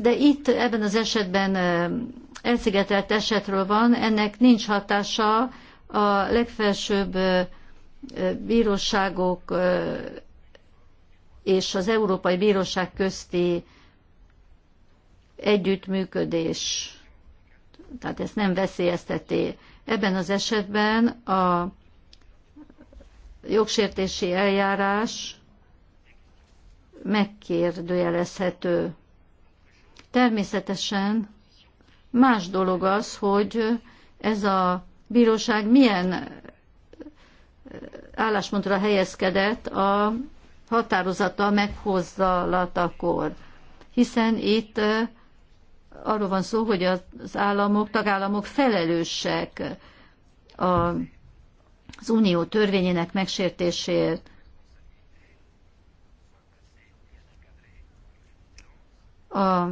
Speaker 3: de itt ebben az esetben elszigetelt esetről van, ennek nincs hatása a legfelsőbb bíróságok és az Európai Bíróság közti együttműködés, tehát ezt nem veszélyezteti. Ebben az esetben a jogsértési eljárás megkérdőjelezhető. Természetesen Más dolog az, hogy ez a bíróság milyen álláspontra helyezkedett a határozata meghozzalatakor. Hiszen itt arról van szó, hogy az államok, tagállamok felelősek az unió törvényének megsértéséért. A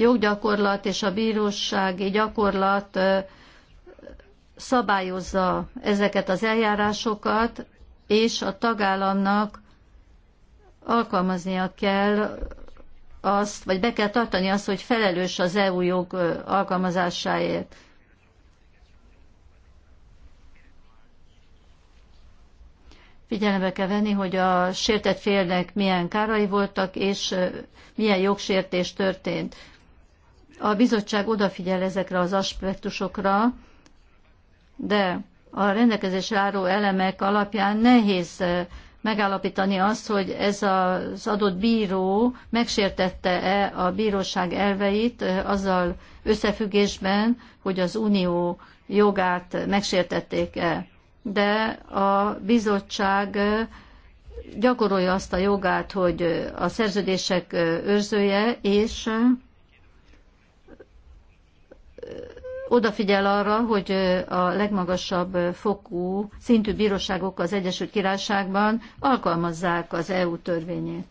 Speaker 3: joggyakorlat és a bírósági gyakorlat szabályozza ezeket az eljárásokat, és a tagállamnak alkalmaznia kell azt, vagy be kell tartani azt, hogy felelős az EU jog alkalmazásáért. Figyelembe kell venni, hogy a sértett félnek milyen kárai voltak, és milyen jogsértés történt. A bizottság odafigyel ezekre az aspektusokra, de a rendelkezésre álló elemek alapján nehéz eh, megállapítani azt, hogy ez az adott bíró megsértette-e a bíróság elveit eh, azzal összefüggésben, hogy az unió jogát megsértették-e. De a bizottság eh, gyakorolja azt a jogát, hogy a szerződések őrzője, és odafigyel arra, hogy a legmagasabb fokú szintű bíróságok az Egyesült Királyságban alkalmazzák az EU törvényét.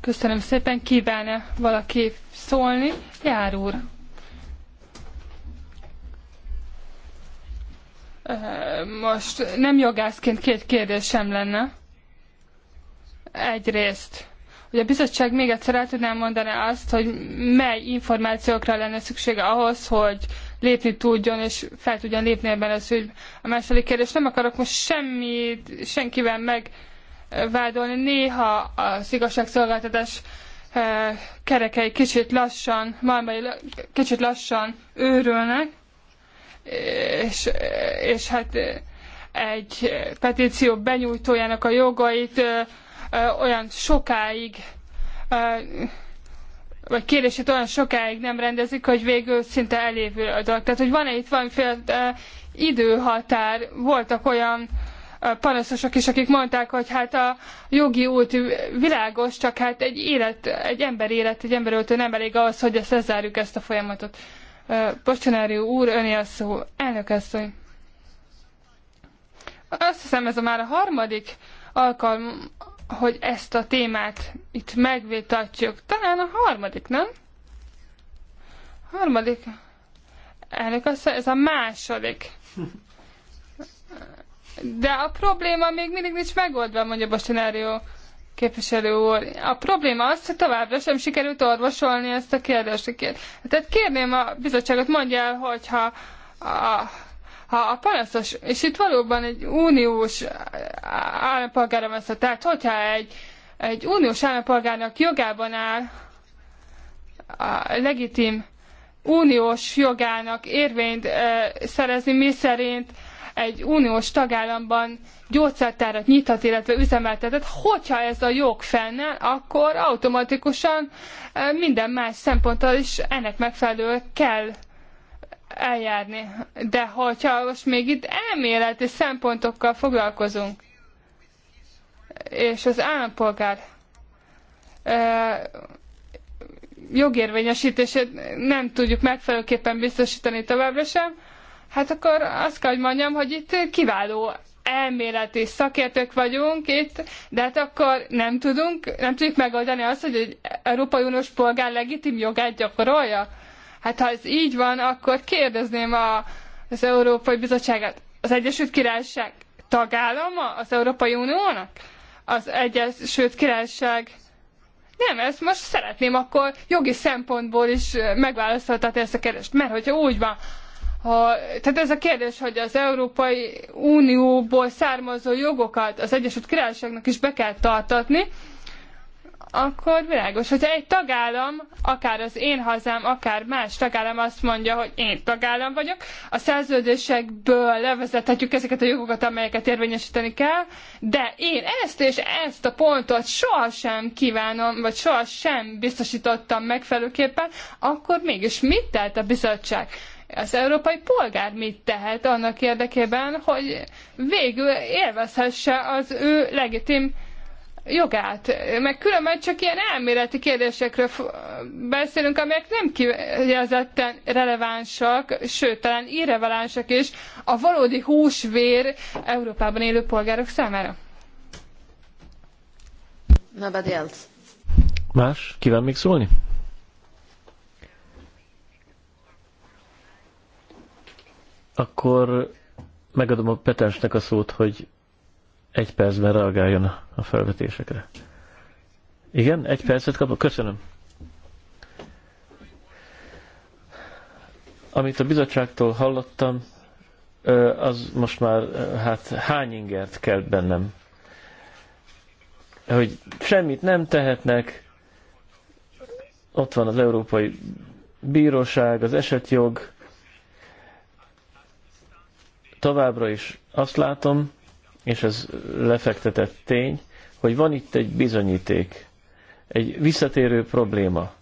Speaker 1: Köszönöm szépen, kívánja valaki szólni? Jár úr. Most nem jogászként két kérdésem lenne. Egyrészt hogy a bizottság még egyszer el tudná mondani azt, hogy mely információkra lenne szüksége ahhoz, hogy lépni tudjon, és fel tudjon lépni ebben az ügyben. A második kérdés, nem akarok most semmit, senkivel megvádolni. Néha az igazságszolgáltatás eh, kerekei kicsit lassan, malmai kicsit lassan őrülnek, és, és hát egy petíció benyújtójának a jogait eh, olyan sokáig vagy kérését olyan sokáig nem rendezik, hogy végül szinte elévül a dolog. Tehát, hogy van-e itt valamiféle időhatár, voltak olyan panaszosok is, akik mondták, hogy hát a jogi út világos, csak hát egy élet, egy ember élet, egy ember öltő nem elég ahhoz, hogy ezt lezárjuk ezt a folyamatot. Bocsonári úr, öné a szó. Elnök asszony. Azt hiszem ez a már a harmadik alkalom hogy ezt a témát itt megvitatjuk. Talán a harmadik, nem? A harmadik. Elnök asszony, ez a második. De a probléma még mindig nincs megoldva, mondja Bostonárió képviselő úr. A probléma az, hogy továbbra sem sikerült orvosolni ezt a kérdést. Tehát kérném a bizottságot, mondja el, hogyha a ha a panaszos, és itt valóban egy uniós állampolgára van szó, tehát hogyha egy, egy uniós állampolgárnak jogában áll a legitim uniós jogának érvényt e, szerezni, mi szerint egy uniós tagállamban gyógyszertárat nyithat illetve üzemeltetett, hogyha ez a jog fennáll, akkor automatikusan minden más szemponttal is ennek megfelelően kell eljárni. De hogyha most még itt elméleti szempontokkal foglalkozunk, és az állampolgár jogérvényesítését nem tudjuk megfelelőképpen biztosítani továbbra sem, hát akkor azt kell, hogy mondjam, hogy itt kiváló elméleti szakértők vagyunk itt, de hát akkor nem tudunk, nem tudjuk megoldani azt, hogy egy Európai Uniós polgár legitim jogát gyakorolja? Hát ha ez így van, akkor kérdezném a, az Európai Bizottságát, az Egyesült Királyság tagállama az Európai Uniónak? Az Egyesült Királyság nem, ezt most szeretném akkor jogi szempontból is megválaszoltatni ezt a kérdést. Mert hogyha úgy van, ha, tehát ez a kérdés, hogy az Európai Unióból származó jogokat az Egyesült Királyságnak is be kell tartatni, akkor világos, hogyha egy tagállam, akár az én hazám, akár más tagállam azt mondja, hogy én tagállam vagyok, a szerződésekből levezethetjük ezeket a jogokat, amelyeket érvényesíteni kell, de én ezt és ezt a pontot sohasem kívánom, vagy sohasem biztosítottam megfelelőképpen, akkor mégis mit telt a bizottság? az európai polgár mit tehet annak érdekében, hogy végül élvezhesse az ő legitim jogát. Meg különben csak ilyen elméleti kérdésekről beszélünk, amelyek nem kifejezetten relevánsak, sőt, talán irrelevánsak is a valódi húsvér Európában élő polgárok számára.
Speaker 2: Nobody else.
Speaker 4: Más? Kíván még szólni? Akkor megadom a Petensnek a szót, hogy egy percben reagáljon a felvetésekre. Igen, egy percet kapok. Köszönöm. Amit a bizottságtól hallottam, az most már hát hány ingert kelt bennem. Hogy semmit nem tehetnek, ott van az Európai Bíróság, az esetjog. Továbbra is azt látom, és ez lefektetett tény, hogy van itt egy bizonyíték, egy visszatérő probléma,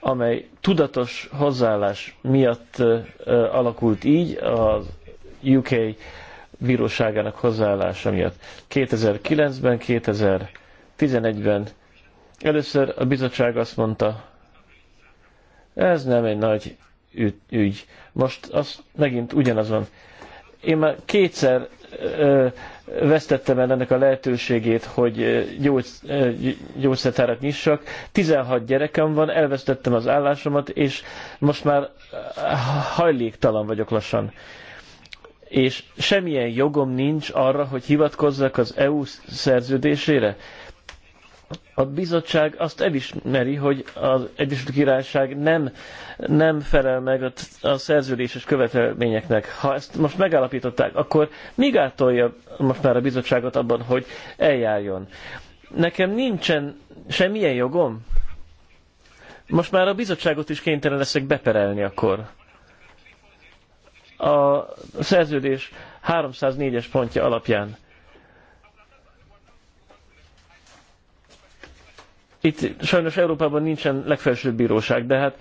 Speaker 4: amely tudatos hozzáállás miatt alakult így az UK bíróságának hozzáállása miatt. 2009-ben, 2011-ben először a bizottság azt mondta, ez nem egy nagy ügy. Most azt megint ugyanazon én már kétszer ö, vesztettem el ennek a lehetőségét, hogy gyógy, gyógyszertárat nyissak. 16 gyerekem van, elvesztettem az állásomat, és most már hajléktalan vagyok lassan. És semmilyen jogom nincs arra, hogy hivatkozzak az EU szerződésére a bizottság azt elismeri, hogy az Egyesült Királyság nem, nem felel meg a, a szerződéses követelményeknek. Ha ezt most megállapították, akkor mi gátolja most már a bizottságot abban, hogy eljárjon? Nekem nincsen semmilyen jogom. Most már a bizottságot is kénytelen leszek beperelni akkor. A szerződés 304-es pontja alapján. Itt sajnos Európában nincsen legfelsőbb bíróság, de hát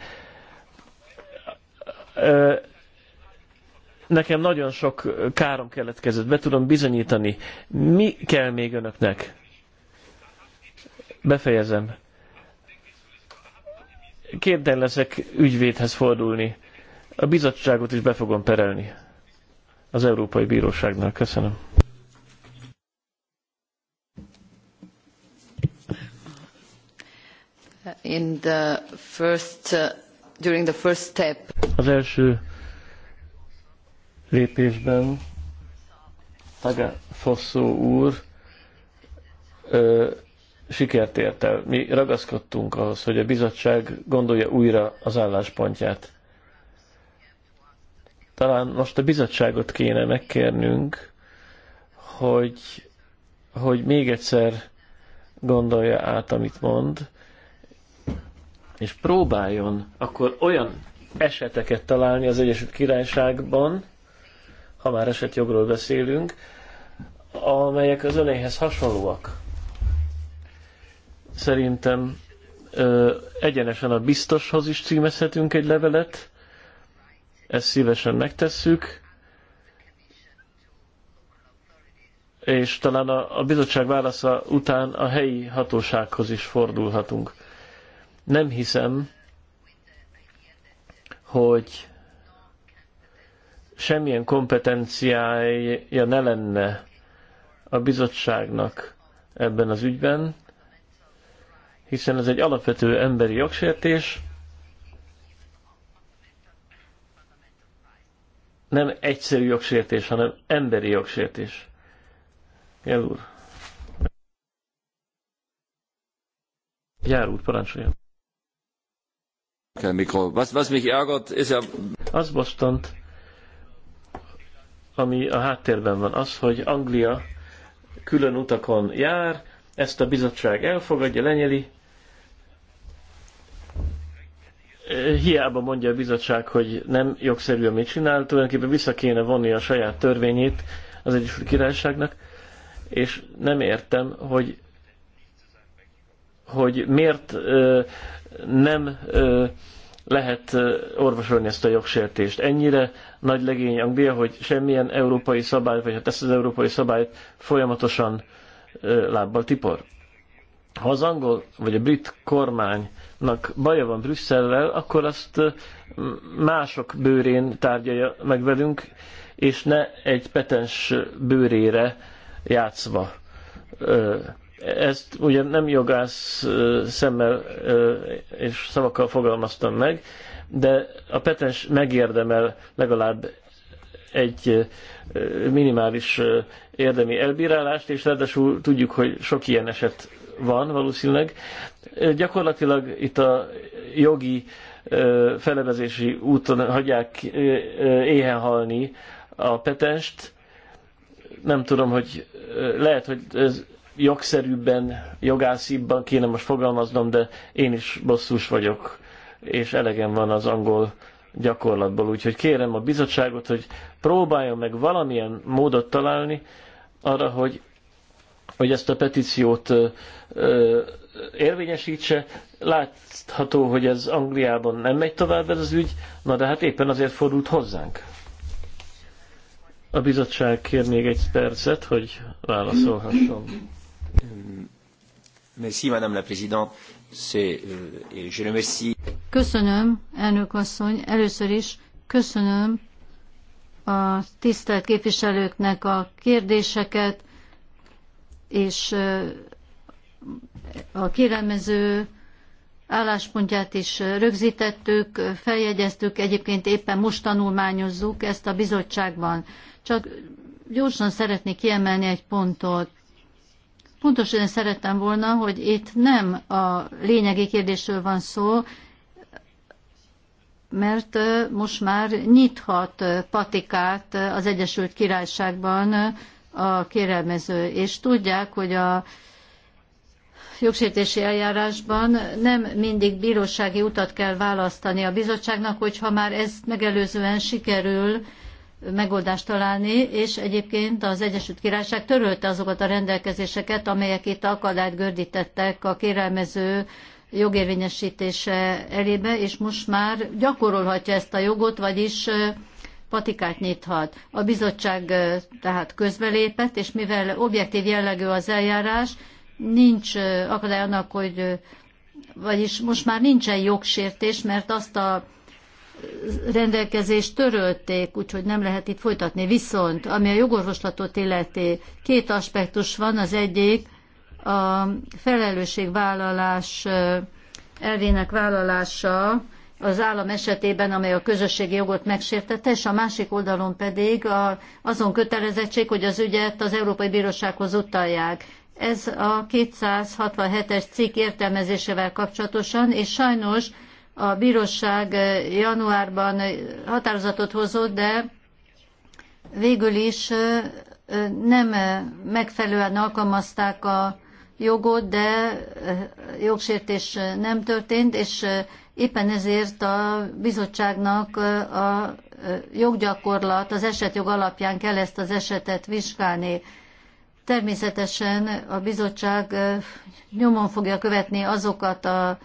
Speaker 4: nekem nagyon sok károm keletkezett, be tudom bizonyítani. Mi kell még önöknek? Befejezem. Kérden leszek ügyvédhez fordulni. A bizottságot is be fogom perelni. Az Európai Bíróságnál. Köszönöm.
Speaker 2: in the first, uh, during the first step.
Speaker 4: Az első lépésben Taga Fosszó úr ö, sikert ért el. Mi ragaszkodtunk ahhoz, hogy a bizottság gondolja újra az álláspontját. Talán most a bizottságot kéne megkérnünk, hogy, hogy még egyszer gondolja át, amit mond, és próbáljon akkor olyan eseteket találni az Egyesült Királyságban, ha már esetjogról beszélünk, amelyek az önéhez hasonlóak. Szerintem ö, egyenesen a biztoshoz is címezhetünk egy levelet, ezt szívesen megtesszük, és talán a, a bizottság válasza után a helyi hatósághoz is fordulhatunk. Nem hiszem, hogy semmilyen kompetenciája ne lenne a bizottságnak ebben az ügyben, hiszen ez egy alapvető emberi jogsértés, nem egyszerű jogsértés, hanem emberi jogsértés. Jel úr. Jár úr, parancsoljon. Was, was mich ärgert, ist ja... Az bosszant, ami a háttérben van, az, hogy Anglia külön utakon jár, ezt a bizottság elfogadja, lenyeli. Hiába mondja a bizottság, hogy nem jogszerű, amit csinál, tulajdonképpen vissza kéne vonni a saját törvényét az Egyesült Királyságnak, és nem értem, hogy hogy miért nem lehet orvosolni ezt a jogsértést. Ennyire nagy legény Anglia, hogy semmilyen európai szabály, vagy hát ezt az európai szabályt folyamatosan lábbal tipor. Ha az angol vagy a brit kormánynak baja van Brüsszellel, akkor azt mások bőrén tárgyalja meg velünk, és ne egy petens bőrére játszva ezt ugye nem jogász szemmel és szavakkal fogalmaztam meg, de a petens megérdemel legalább egy minimális érdemi elbírálást, és ráadásul tudjuk, hogy sok ilyen eset van valószínűleg. Gyakorlatilag itt a jogi felevezési úton hagyják éhen halni a petenst. Nem tudom, hogy lehet, hogy ez jogszerűbben, jogászibban kéne most fogalmaznom, de én is bosszus vagyok, és elegem van az angol gyakorlatból. Úgyhogy kérem a bizottságot, hogy próbáljon meg valamilyen módot találni arra, hogy, hogy ezt a petíciót ö, ö, érvényesítse. Látható, hogy ez Angliában nem megy tovább ez az ügy, na de hát éppen azért fordult hozzánk. A bizottság kér még egy percet, hogy válaszolhasson. Euh, merci, Madame la Présidente. Euh,
Speaker 3: köszönöm, elnök asszony. Először is köszönöm a tisztelt képviselőknek a kérdéseket, és a kérelmező álláspontját is rögzítettük, feljegyeztük, egyébként éppen most tanulmányozzuk ezt a bizottságban. Csak gyorsan szeretnék kiemelni egy pontot. Pontosan szerettem volna, hogy itt nem a lényegi kérdésről van szó, mert most már nyithat patikát az Egyesült Királyságban a kérelmező, és tudják, hogy a jogsértési eljárásban nem mindig bírósági utat kell választani a bizottságnak, hogyha már ezt megelőzően sikerül megoldást találni, és egyébként az Egyesült Királyság törölte azokat a rendelkezéseket, amelyek itt akadályt gördítettek a kérelmező jogérvényesítése elébe, és most már gyakorolhatja ezt a jogot, vagyis patikát nyithat. A bizottság tehát közbelépett, és mivel objektív jellegű az eljárás, nincs akadály annak, hogy vagyis most már nincsen jogsértés, mert azt a rendelkezést törölték, úgyhogy nem lehet itt folytatni. Viszont, ami a jogorvoslatot illeti, két aspektus van. Az egyik a felelősségvállalás elvének vállalása az állam esetében, amely a közösségi jogot megsértette, és a másik oldalon pedig a, azon kötelezettség, hogy az ügyet az Európai Bírósághoz utalják. Ez a 267-es cikk értelmezésével kapcsolatosan, és sajnos a bíróság eh, januárban eh, határozatot hozott, de végül is eh, nem megfelelően alkalmazták a jogot, de jogsértés nem történt, és éppen ezért a bizottságnak a joggyakorlat, az esetjog alapján kell ezt az esetet vizsgálni. Természetesen a bizottság nyomon fogja követni azokat a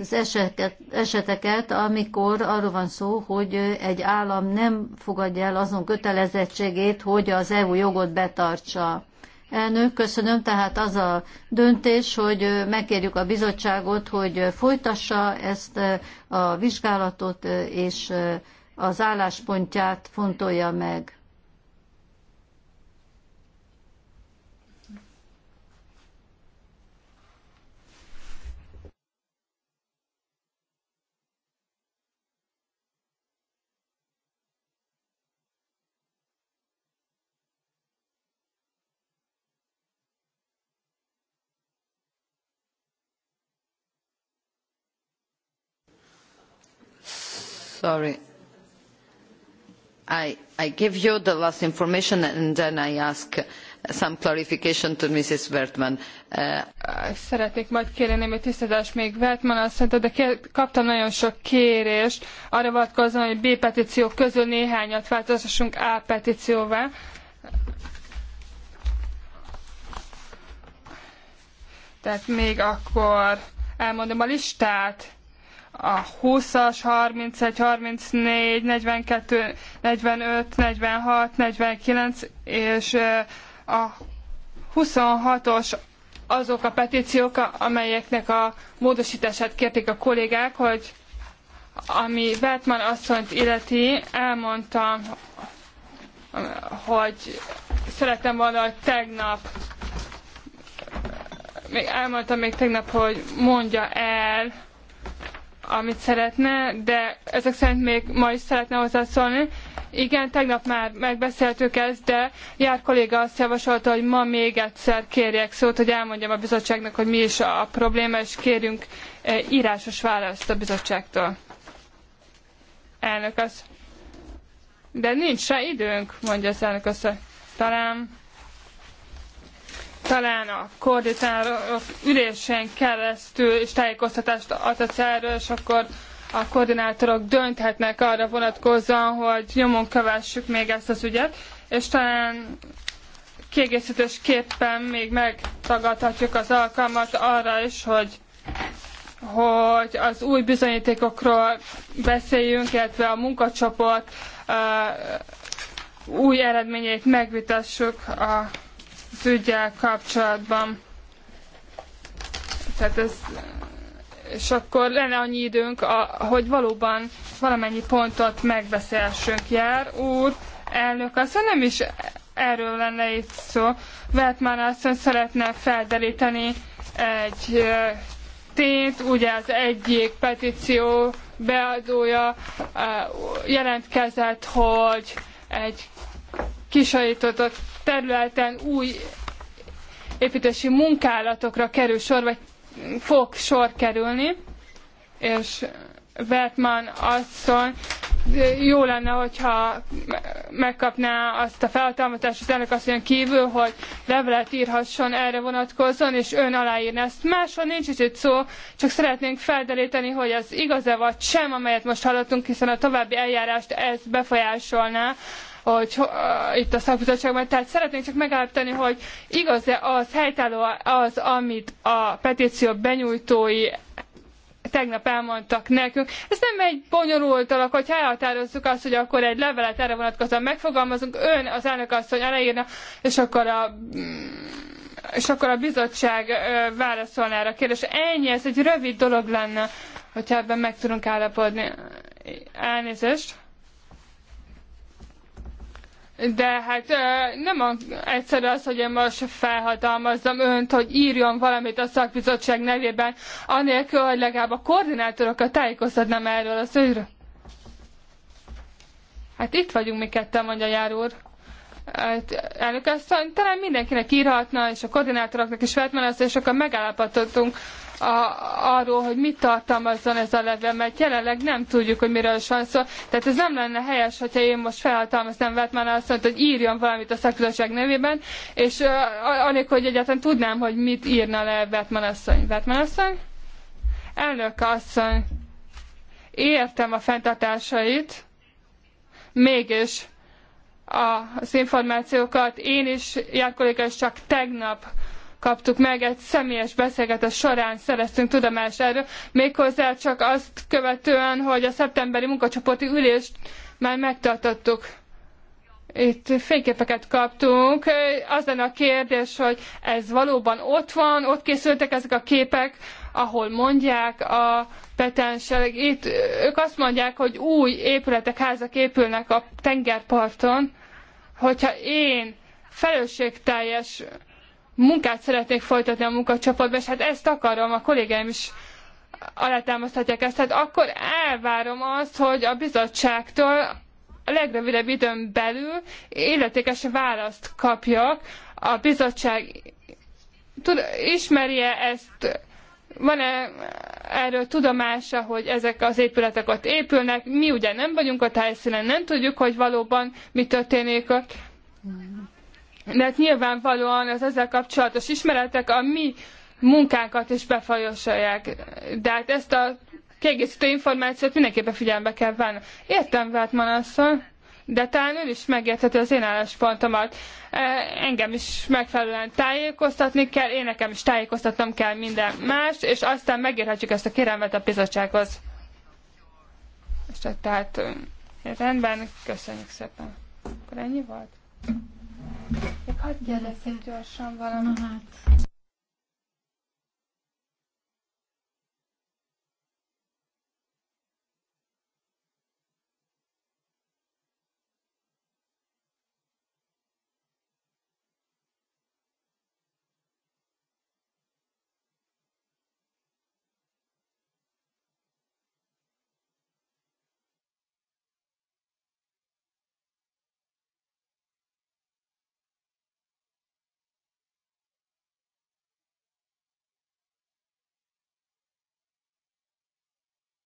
Speaker 3: az eseket, eseteket, amikor arról van szó, hogy egy állam nem fogadja el azon kötelezettségét, hogy az EU jogot betartsa. Elnök, köszönöm. Tehát az a döntés, hogy megkérjük a bizottságot, hogy folytassa ezt eh, a vizsgálatot, eh, és eh, az álláspontját fontolja meg.
Speaker 2: Sorry. I, I give you the last information and then I ask some clarification to Mrs. Wertmann. Uh... Szeretnék majd kérni némi tisztázást még Wertmann asszonyt, de kér, kaptam nagyon sok kérést
Speaker 1: arra vonatkozóan, hogy B petíció közül néhányat változtassunk A petícióvá. Tehát még akkor elmondom a listát a 20-as, 31, 34, 42, 45, 46, 49 és a 26-os azok a petíciók, amelyeknek a módosítását kérték a kollégák, hogy ami Bertman asszonyt illeti, elmondtam, hogy szerettem volna, hogy tegnap még elmondtam még tegnap, hogy mondja el, amit szeretne, de ezek szerint még ma is szeretne hozzászólni. Igen, tegnap már megbeszéltük ezt, de Jár kolléga azt javasolta, hogy ma még egyszer kérjek szót, hogy elmondjam a bizottságnak, hogy mi is a probléma, és kérjünk eh, írásos választ a bizottságtól. Elnök az. De nincs se időnk, mondja az elnök azt, talán talán a koordinátorok ülésen keresztül is tájékoztatást adhatsz erről, és akkor a koordinátorok dönthetnek arra vonatkozóan, hogy nyomon kövessük még ezt az ügyet, és talán kiegészítésképpen még megtagadhatjuk az alkalmat arra is, hogy hogy az új bizonyítékokról beszéljünk, illetve a munkacsoport uh, új eredményeit megvitassuk a az ügyel kapcsolatban. Tehát ez, és akkor lenne annyi időnk, a, hogy valóban valamennyi pontot megbeszélsünk. Jár úr, elnök, aztán nem is erről lenne itt szó. azt, asszony szeretne felderíteni egy tényt, ugye az egyik petíció beadója jelentkezett, hogy egy kisajtotott területen új építési munkálatokra kerül sor, vagy fog sor kerülni, és Vertman asszony jó lenne, hogyha megkapná azt a feltámadást az elnök asszonyon kívül, hogy levelet írhasson erre vonatkozóan, és ön aláírna ezt. Máshol nincs is itt szó, csak szeretnénk felderíteni, hogy ez igaz-e vagy sem, amelyet most hallottunk, hiszen a további eljárást ez befolyásolná hogy uh, itt a szakbizottságban. Tehát szeretnénk csak megállapítani, hogy igaz-e az helytálló az, amit a petíció benyújtói tegnap elmondtak nekünk. Ez nem egy bonyolult dolog, hogy elhatározzuk azt, hogy akkor egy levelet erre vonatkozóan megfogalmazunk, ön az elnök asszony aláírna, és akkor a mm, és akkor a bizottság válaszolná erre a kérdésre. Ennyi, ez egy rövid dolog lenne, hogyha ebben meg tudunk állapodni. Elnézést. De hát nem a, egyszerű az, hogy én most felhatalmazzam önt, hogy írjon valamit a szakbizottság nevében, anélkül, hogy legalább a koordinátorokat tájékoztatnám erről az szőről. Hát itt vagyunk mi ketten, mondja Jár úr. Hát, elnök asszony, talán mindenkinek írhatna, és a koordinátoroknak is feltmenezte, és akkor megállapodhatunk a, arról, hogy mit tartalmazzon ez a levél, mert jelenleg nem tudjuk, hogy miről is van szó. Tehát ez nem lenne helyes, hogyha én most felhatalmaznám Vetmán azt mondta, hogy írjon valamit a szakbizottság nevében, és uh, anélkül, hogy egyáltalán tudnám, hogy mit írna le Vetmán asszony. Vetmán asszony? Elnök asszony, értem a fenntartásait, mégis az információkat én is, Jár és csak tegnap kaptuk meg, egy személyes beszélgetés során szereztünk tudomást erről, méghozzá csak azt követően, hogy a szeptemberi munkacsoporti ülést már megtartottuk. Itt fényképeket kaptunk. Az lenne a kérdés, hogy ez valóban ott van, ott készültek ezek a képek, ahol mondják a petensereg. Itt ők azt mondják, hogy új épületek, házak épülnek a tengerparton. Hogyha én felelősségteljes munkát szeretnék folytatni a munkacsoportban, és hát ezt akarom, a kollégáim is alátámaszthatják ezt, tehát akkor elvárom azt, hogy a bizottságtól a legrövidebb időn belül illetékes választ kapjak. A bizottság tud, ismerje ezt, van-e erről tudomása, hogy ezek az épületek ott épülnek, mi ugye nem vagyunk a helyszínen, nem tudjuk, hogy valóban mi történik ott mert nyilvánvalóan az ezzel kapcsolatos ismeretek a mi munkánkat is befolyásolják. De hát ezt a kiegészítő információt mindenképpen figyelembe kell venni. Értem, Vátman asszony, de talán ön is megértheti az én álláspontomat. E, engem is megfelelően tájékoztatni kell, én nekem is tájékoztatnom kell minden más, és aztán megérhetjük ezt a kérelmet a bizottsághoz. És tehát rendben, köszönjük szépen. Akkor ennyi volt? Még hadd gyere gyorsan valamit. Na hát.